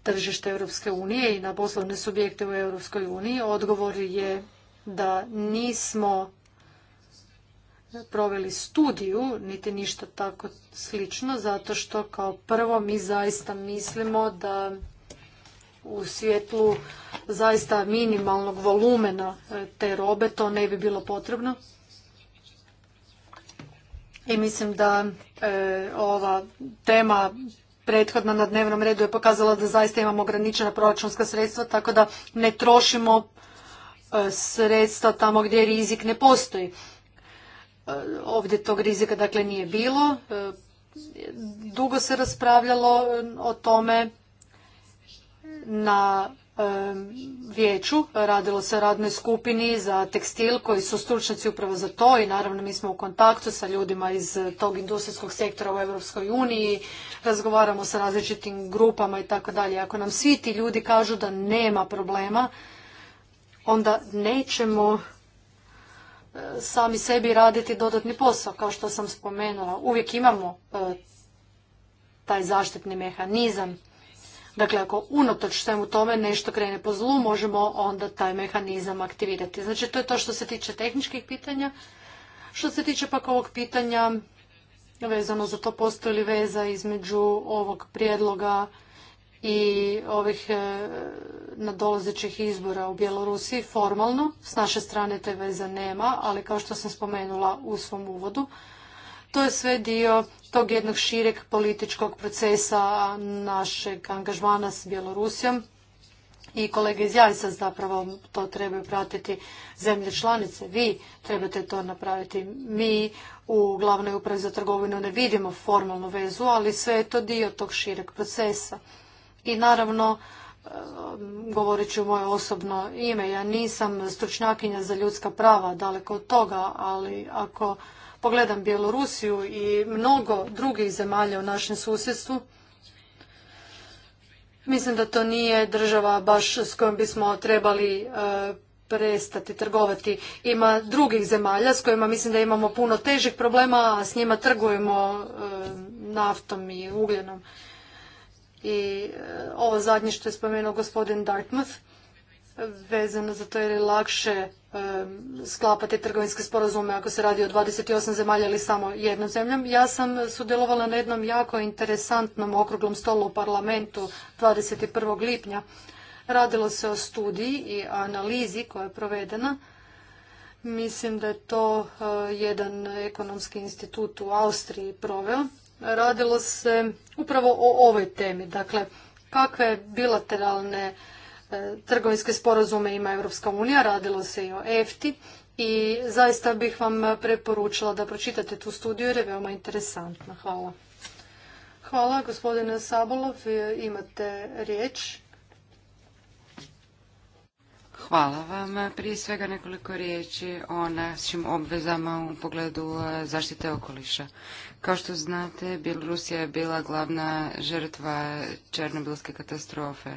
tržište Europske unije i na poslovne subjekte u Europskoj uniji. Odgovor je da nismo proveli studiju, niti ništa tako slično, zato što kao prvo mi zaista mislimo da u svjetlu zaista minimalnog volumena e, te robe to ne bi bilo potrebno i mislim da e, ova tema prethodna na dnevnom redu je pokazala da zaista imamo ograničena proračunska sredstva, tako da ne trošimo e, sredstva tamo gdje rizik ne postoji. E, ovdje tog rizika dakle nije bilo. Dugo se raspravljalo o tome na vijeću, radilo se o radnoj skupini za tekstil koji su stručnjaci upravo za to i naravno mi smo u kontaktu sa ljudima iz tog industrijskog sektora u Europskoj uniji, razgovaramo sa različitim grupama i tako dalje. Ako nam svi ti ljudi kažu da nema problema, onda nećemo e, sami sebi raditi dodatni posao, kao što sam spomenula. Uvijek imamo e, taj zaštitni mehanizam Dakle, ako unatoč svemu tome nešto krene po zlu, možemo onda taj mehanizam aktivirati. Znači, to je to što se tiče tehničkih pitanja. Što se tiče pak ovog pitanja, vezano za to postoji li veza između ovog prijedloga i ovih e, nadolazećih izbora u Bjelorusiji formalno. S naše strane te veze nema, ali kao što sam spomenula u svom uvodu, to je sve dio tog jednog šireg političkog procesa našeg angažmana s Bjelorusijom i kolege iz Jajsa zapravo to trebaju pratiti zemlje članice. Vi trebate to napraviti. Mi u glavnoj upravi za trgovinu ne vidimo formalnu vezu, ali sve je to dio tog šireg procesa. I naravno, eh, govorit ću moje osobno ime, ja nisam stručnjakinja za ljudska prava, daleko od toga, ali ako pogledam Bjelorusiju i mnogo drugih zemalja u našem susjedstvu, mislim da to nije država baš s kojom bismo trebali e, prestati trgovati. Ima drugih zemalja s kojima mislim da imamo puno težih problema, a s njima trgujemo e, naftom i ugljenom. I e, ovo zadnje što je spomenuo gospodin Dartmouth, vezano za to je lakše sklapati trgovinske sporazume ako se radi o 28 zemalja ili samo jednom zemljom. Ja sam sudjelovala na jednom jako interesantnom okruglom stolu u parlamentu 21. lipnja. Radilo se o studiji i analizi koja je provedena. Mislim da je to e, jedan ekonomski institut u Austriji proveo. Radilo se upravo o ovoj temi. Dakle, kakve bilateralne E, trgovinske sporazume ima Europska unija, radilo se i o EFTI i zaista bih vam preporučila da pročitate tu studiju jer je veoma interesantna. Hvala. Hvala gospodine Sabolov, e, imate riječ. Hvala vam. Prije svega nekoliko riječi o našim obvezama u pogledu e, zaštite okoliša. Kao što znate, Bjelorusija je bila glavna žrtva černobilske katastrofe.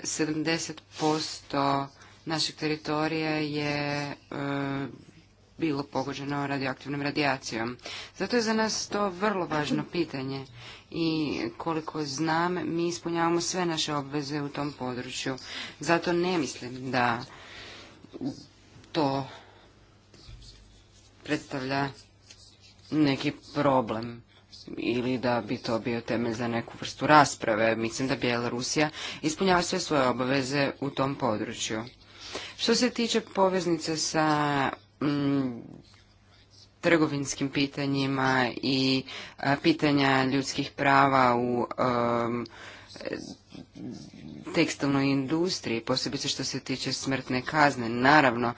70% našeg teritorija je e, bilo pogođeno radioaktivnom radijacijom. Zato je za nas to vrlo važno pitanje i koliko znam mi ispunjavamo sve naše obveze u tom području. Zato ne mislim da to predstavlja neki problem ili da bi to bio temelj za neku vrstu rasprave. Mislim da Bjelorusija ispunjava sve svoje obaveze u tom području. Što se tiče poveznice sa mm, trgovinskim pitanjima i pitanja ljudskih prava u tekstilnoj industriji, posebice što se tiče smrtne kazne. Naravno,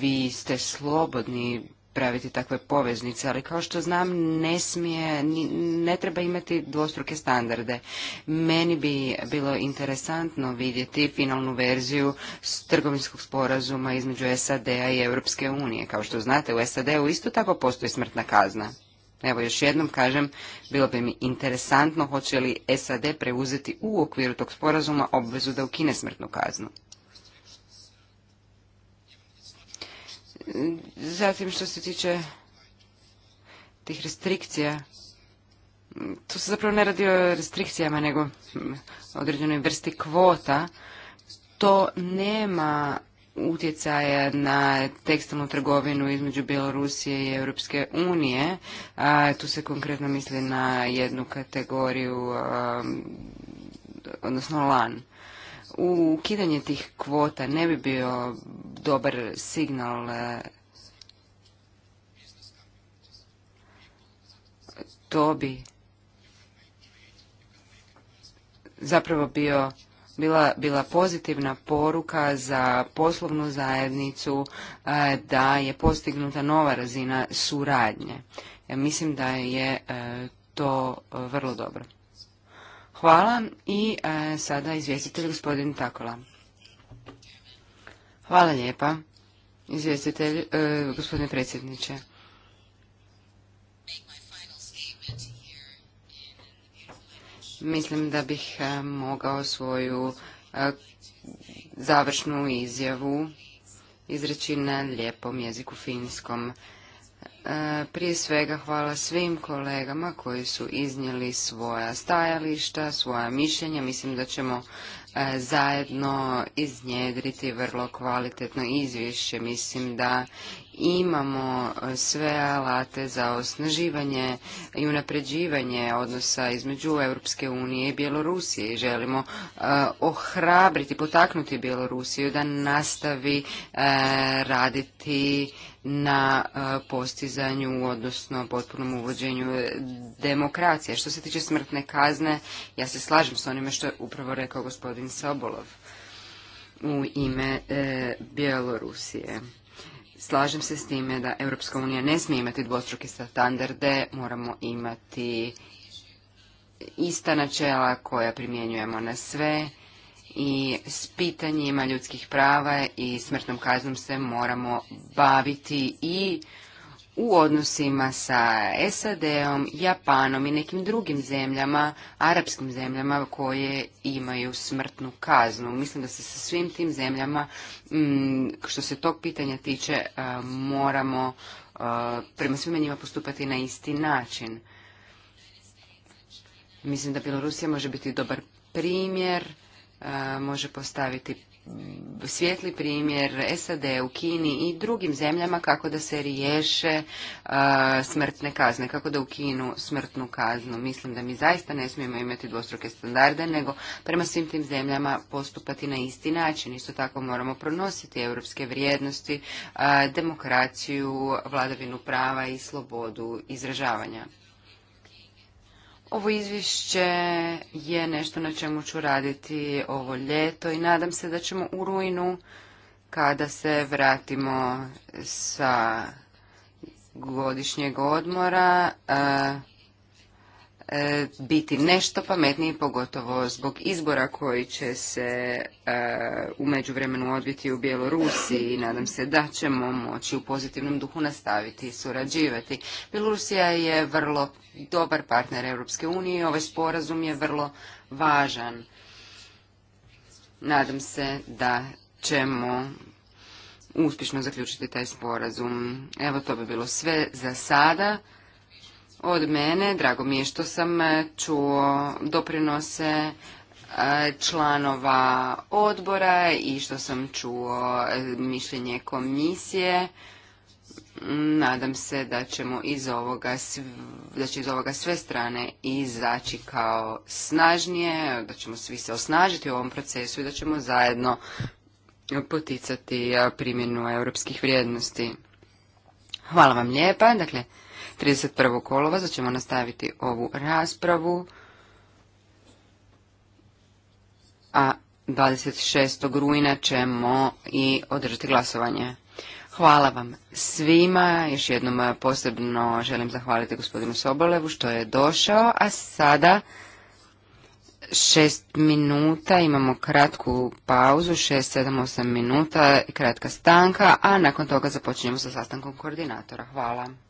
vi ste slobodni praviti takve poveznice, ali kao što znam ne smije, ne treba imati dvostruke standarde. Meni bi bilo interesantno vidjeti finalnu verziju trgovinskog sporazuma između SAD-a i Europske unije. Kao što znate, u SAD-u isto tako postoji smrtna kazna. Evo još jednom kažem, bilo bi mi interesantno hoće li SAD preuzeti u okviru tog sporazuma obvezu da ukine smrtnu kaznu. Zatim što se tiče tih restrikcija, tu se zapravo ne radi o restrikcijama, nego određenoj vrsti kvota, to nema utjecaja na tekstilnu trgovinu između Bjelorusije i Europske unije. A, tu se konkretno misli na jednu kategoriju, odnosno lan ukidanje tih kvota ne bi bio dobar signal e, to bi zapravo bio bila, bila pozitivna poruka za poslovnu zajednicu e, da je postignuta nova razina suradnje. mislim da je e, to vrlo dobro. Hvala i e, sada izvjestitelj gospodin Takola. Hvala lijepa, izvjestitelj, e, gospodine predsjedniče. Mislim da bih e, mogao svoju završnu izjavu izreći na lijepom jeziku finskom. E, prije svega hvala svim kolegama koji su iznijeli svoja stajališta, svoja mišljenja. Mislim da ćemo e, zajedno iznjedriti vrlo kvalitetno izvješće. Mislim da imamo e, sve alate za osnaživanje i unapređivanje odnosa između Europske unije i Bjelorusije i želimo e, ohrabriti, potaknuti Bjelorusiju da nastavi e, raditi na postizanju, odnosno potpunom uvođenju demokracije. Što se tiče smrtne kazne, ja se slažem s onime što je upravo rekao gospodin Sobolov u ime Bjelorusije. Slažem se s time da Europska unija ne smije imati dvostruke standarde, moramo imati ista načela koja primjenjujemo na sve i s pitanjima ljudskih prava i smrtnom kaznom se moramo baviti i u odnosima sa SAD-om, Japanom i nekim drugim zemljama, arapskim zemljama koje imaju smrtnu kaznu. Mislim da se sa svim tim zemljama, mm, što se tog pitanja tiče, e, moramo e, prema svima njima postupati na isti način. Mislim da Bjelorusija može biti dobar primjer, e, može postaviti svijetli primjer SAD u Kini i drugim zemljama kako da se riješe smrtne kazne, kako da ukinu smrtnu kaznu. Mislim da mi zaista ne smijemo imati dvostruke standarde, nego prema svim tim zemljama postupati na isti način. Isto tako moramo pronositi europske vrijednosti, demokraciju, vladavinu prava i slobodu izražavanja. Ovo izvješće je nešto na čemu ću raditi ovo ljeto i nadam se da ćemo u rujnu kada se vratimo sa godišnjeg odmora E, biti nešto pametniji, pogotovo zbog izbora koji će se e, u međuvremenu odbiti u Bjelorusiji i nadam se da ćemo moći u pozitivnom duhu nastaviti i surađivati. Bjelorusija je vrlo dobar partner Europske unije i ovaj sporazum je vrlo važan. Nadam se da ćemo uspješno zaključiti taj sporazum. Evo to bi bilo sve za sada od mene. Drago mi je što sam e, čuo doprinose e, članova odbora i što sam čuo e, mišljenje komisije. Nadam se da ćemo iz ovoga, da će iz ovoga sve strane izaći kao snažnije, da ćemo svi se osnažiti u ovom procesu i da ćemo zajedno poticati primjenu europskih vrijednosti. Hvala vam lijepa. Dakle, 31. kolova, znači ćemo nastaviti ovu raspravu. A 26. rujna ćemo i održati glasovanje. Hvala vam svima, još jednom posebno želim zahvaliti gospodinu Sobolevu što je došao, a sada šest minuta, imamo kratku pauzu, šest, sedam, osam minuta, kratka stanka, a nakon toga započinjemo sa sastankom koordinatora. Hvala.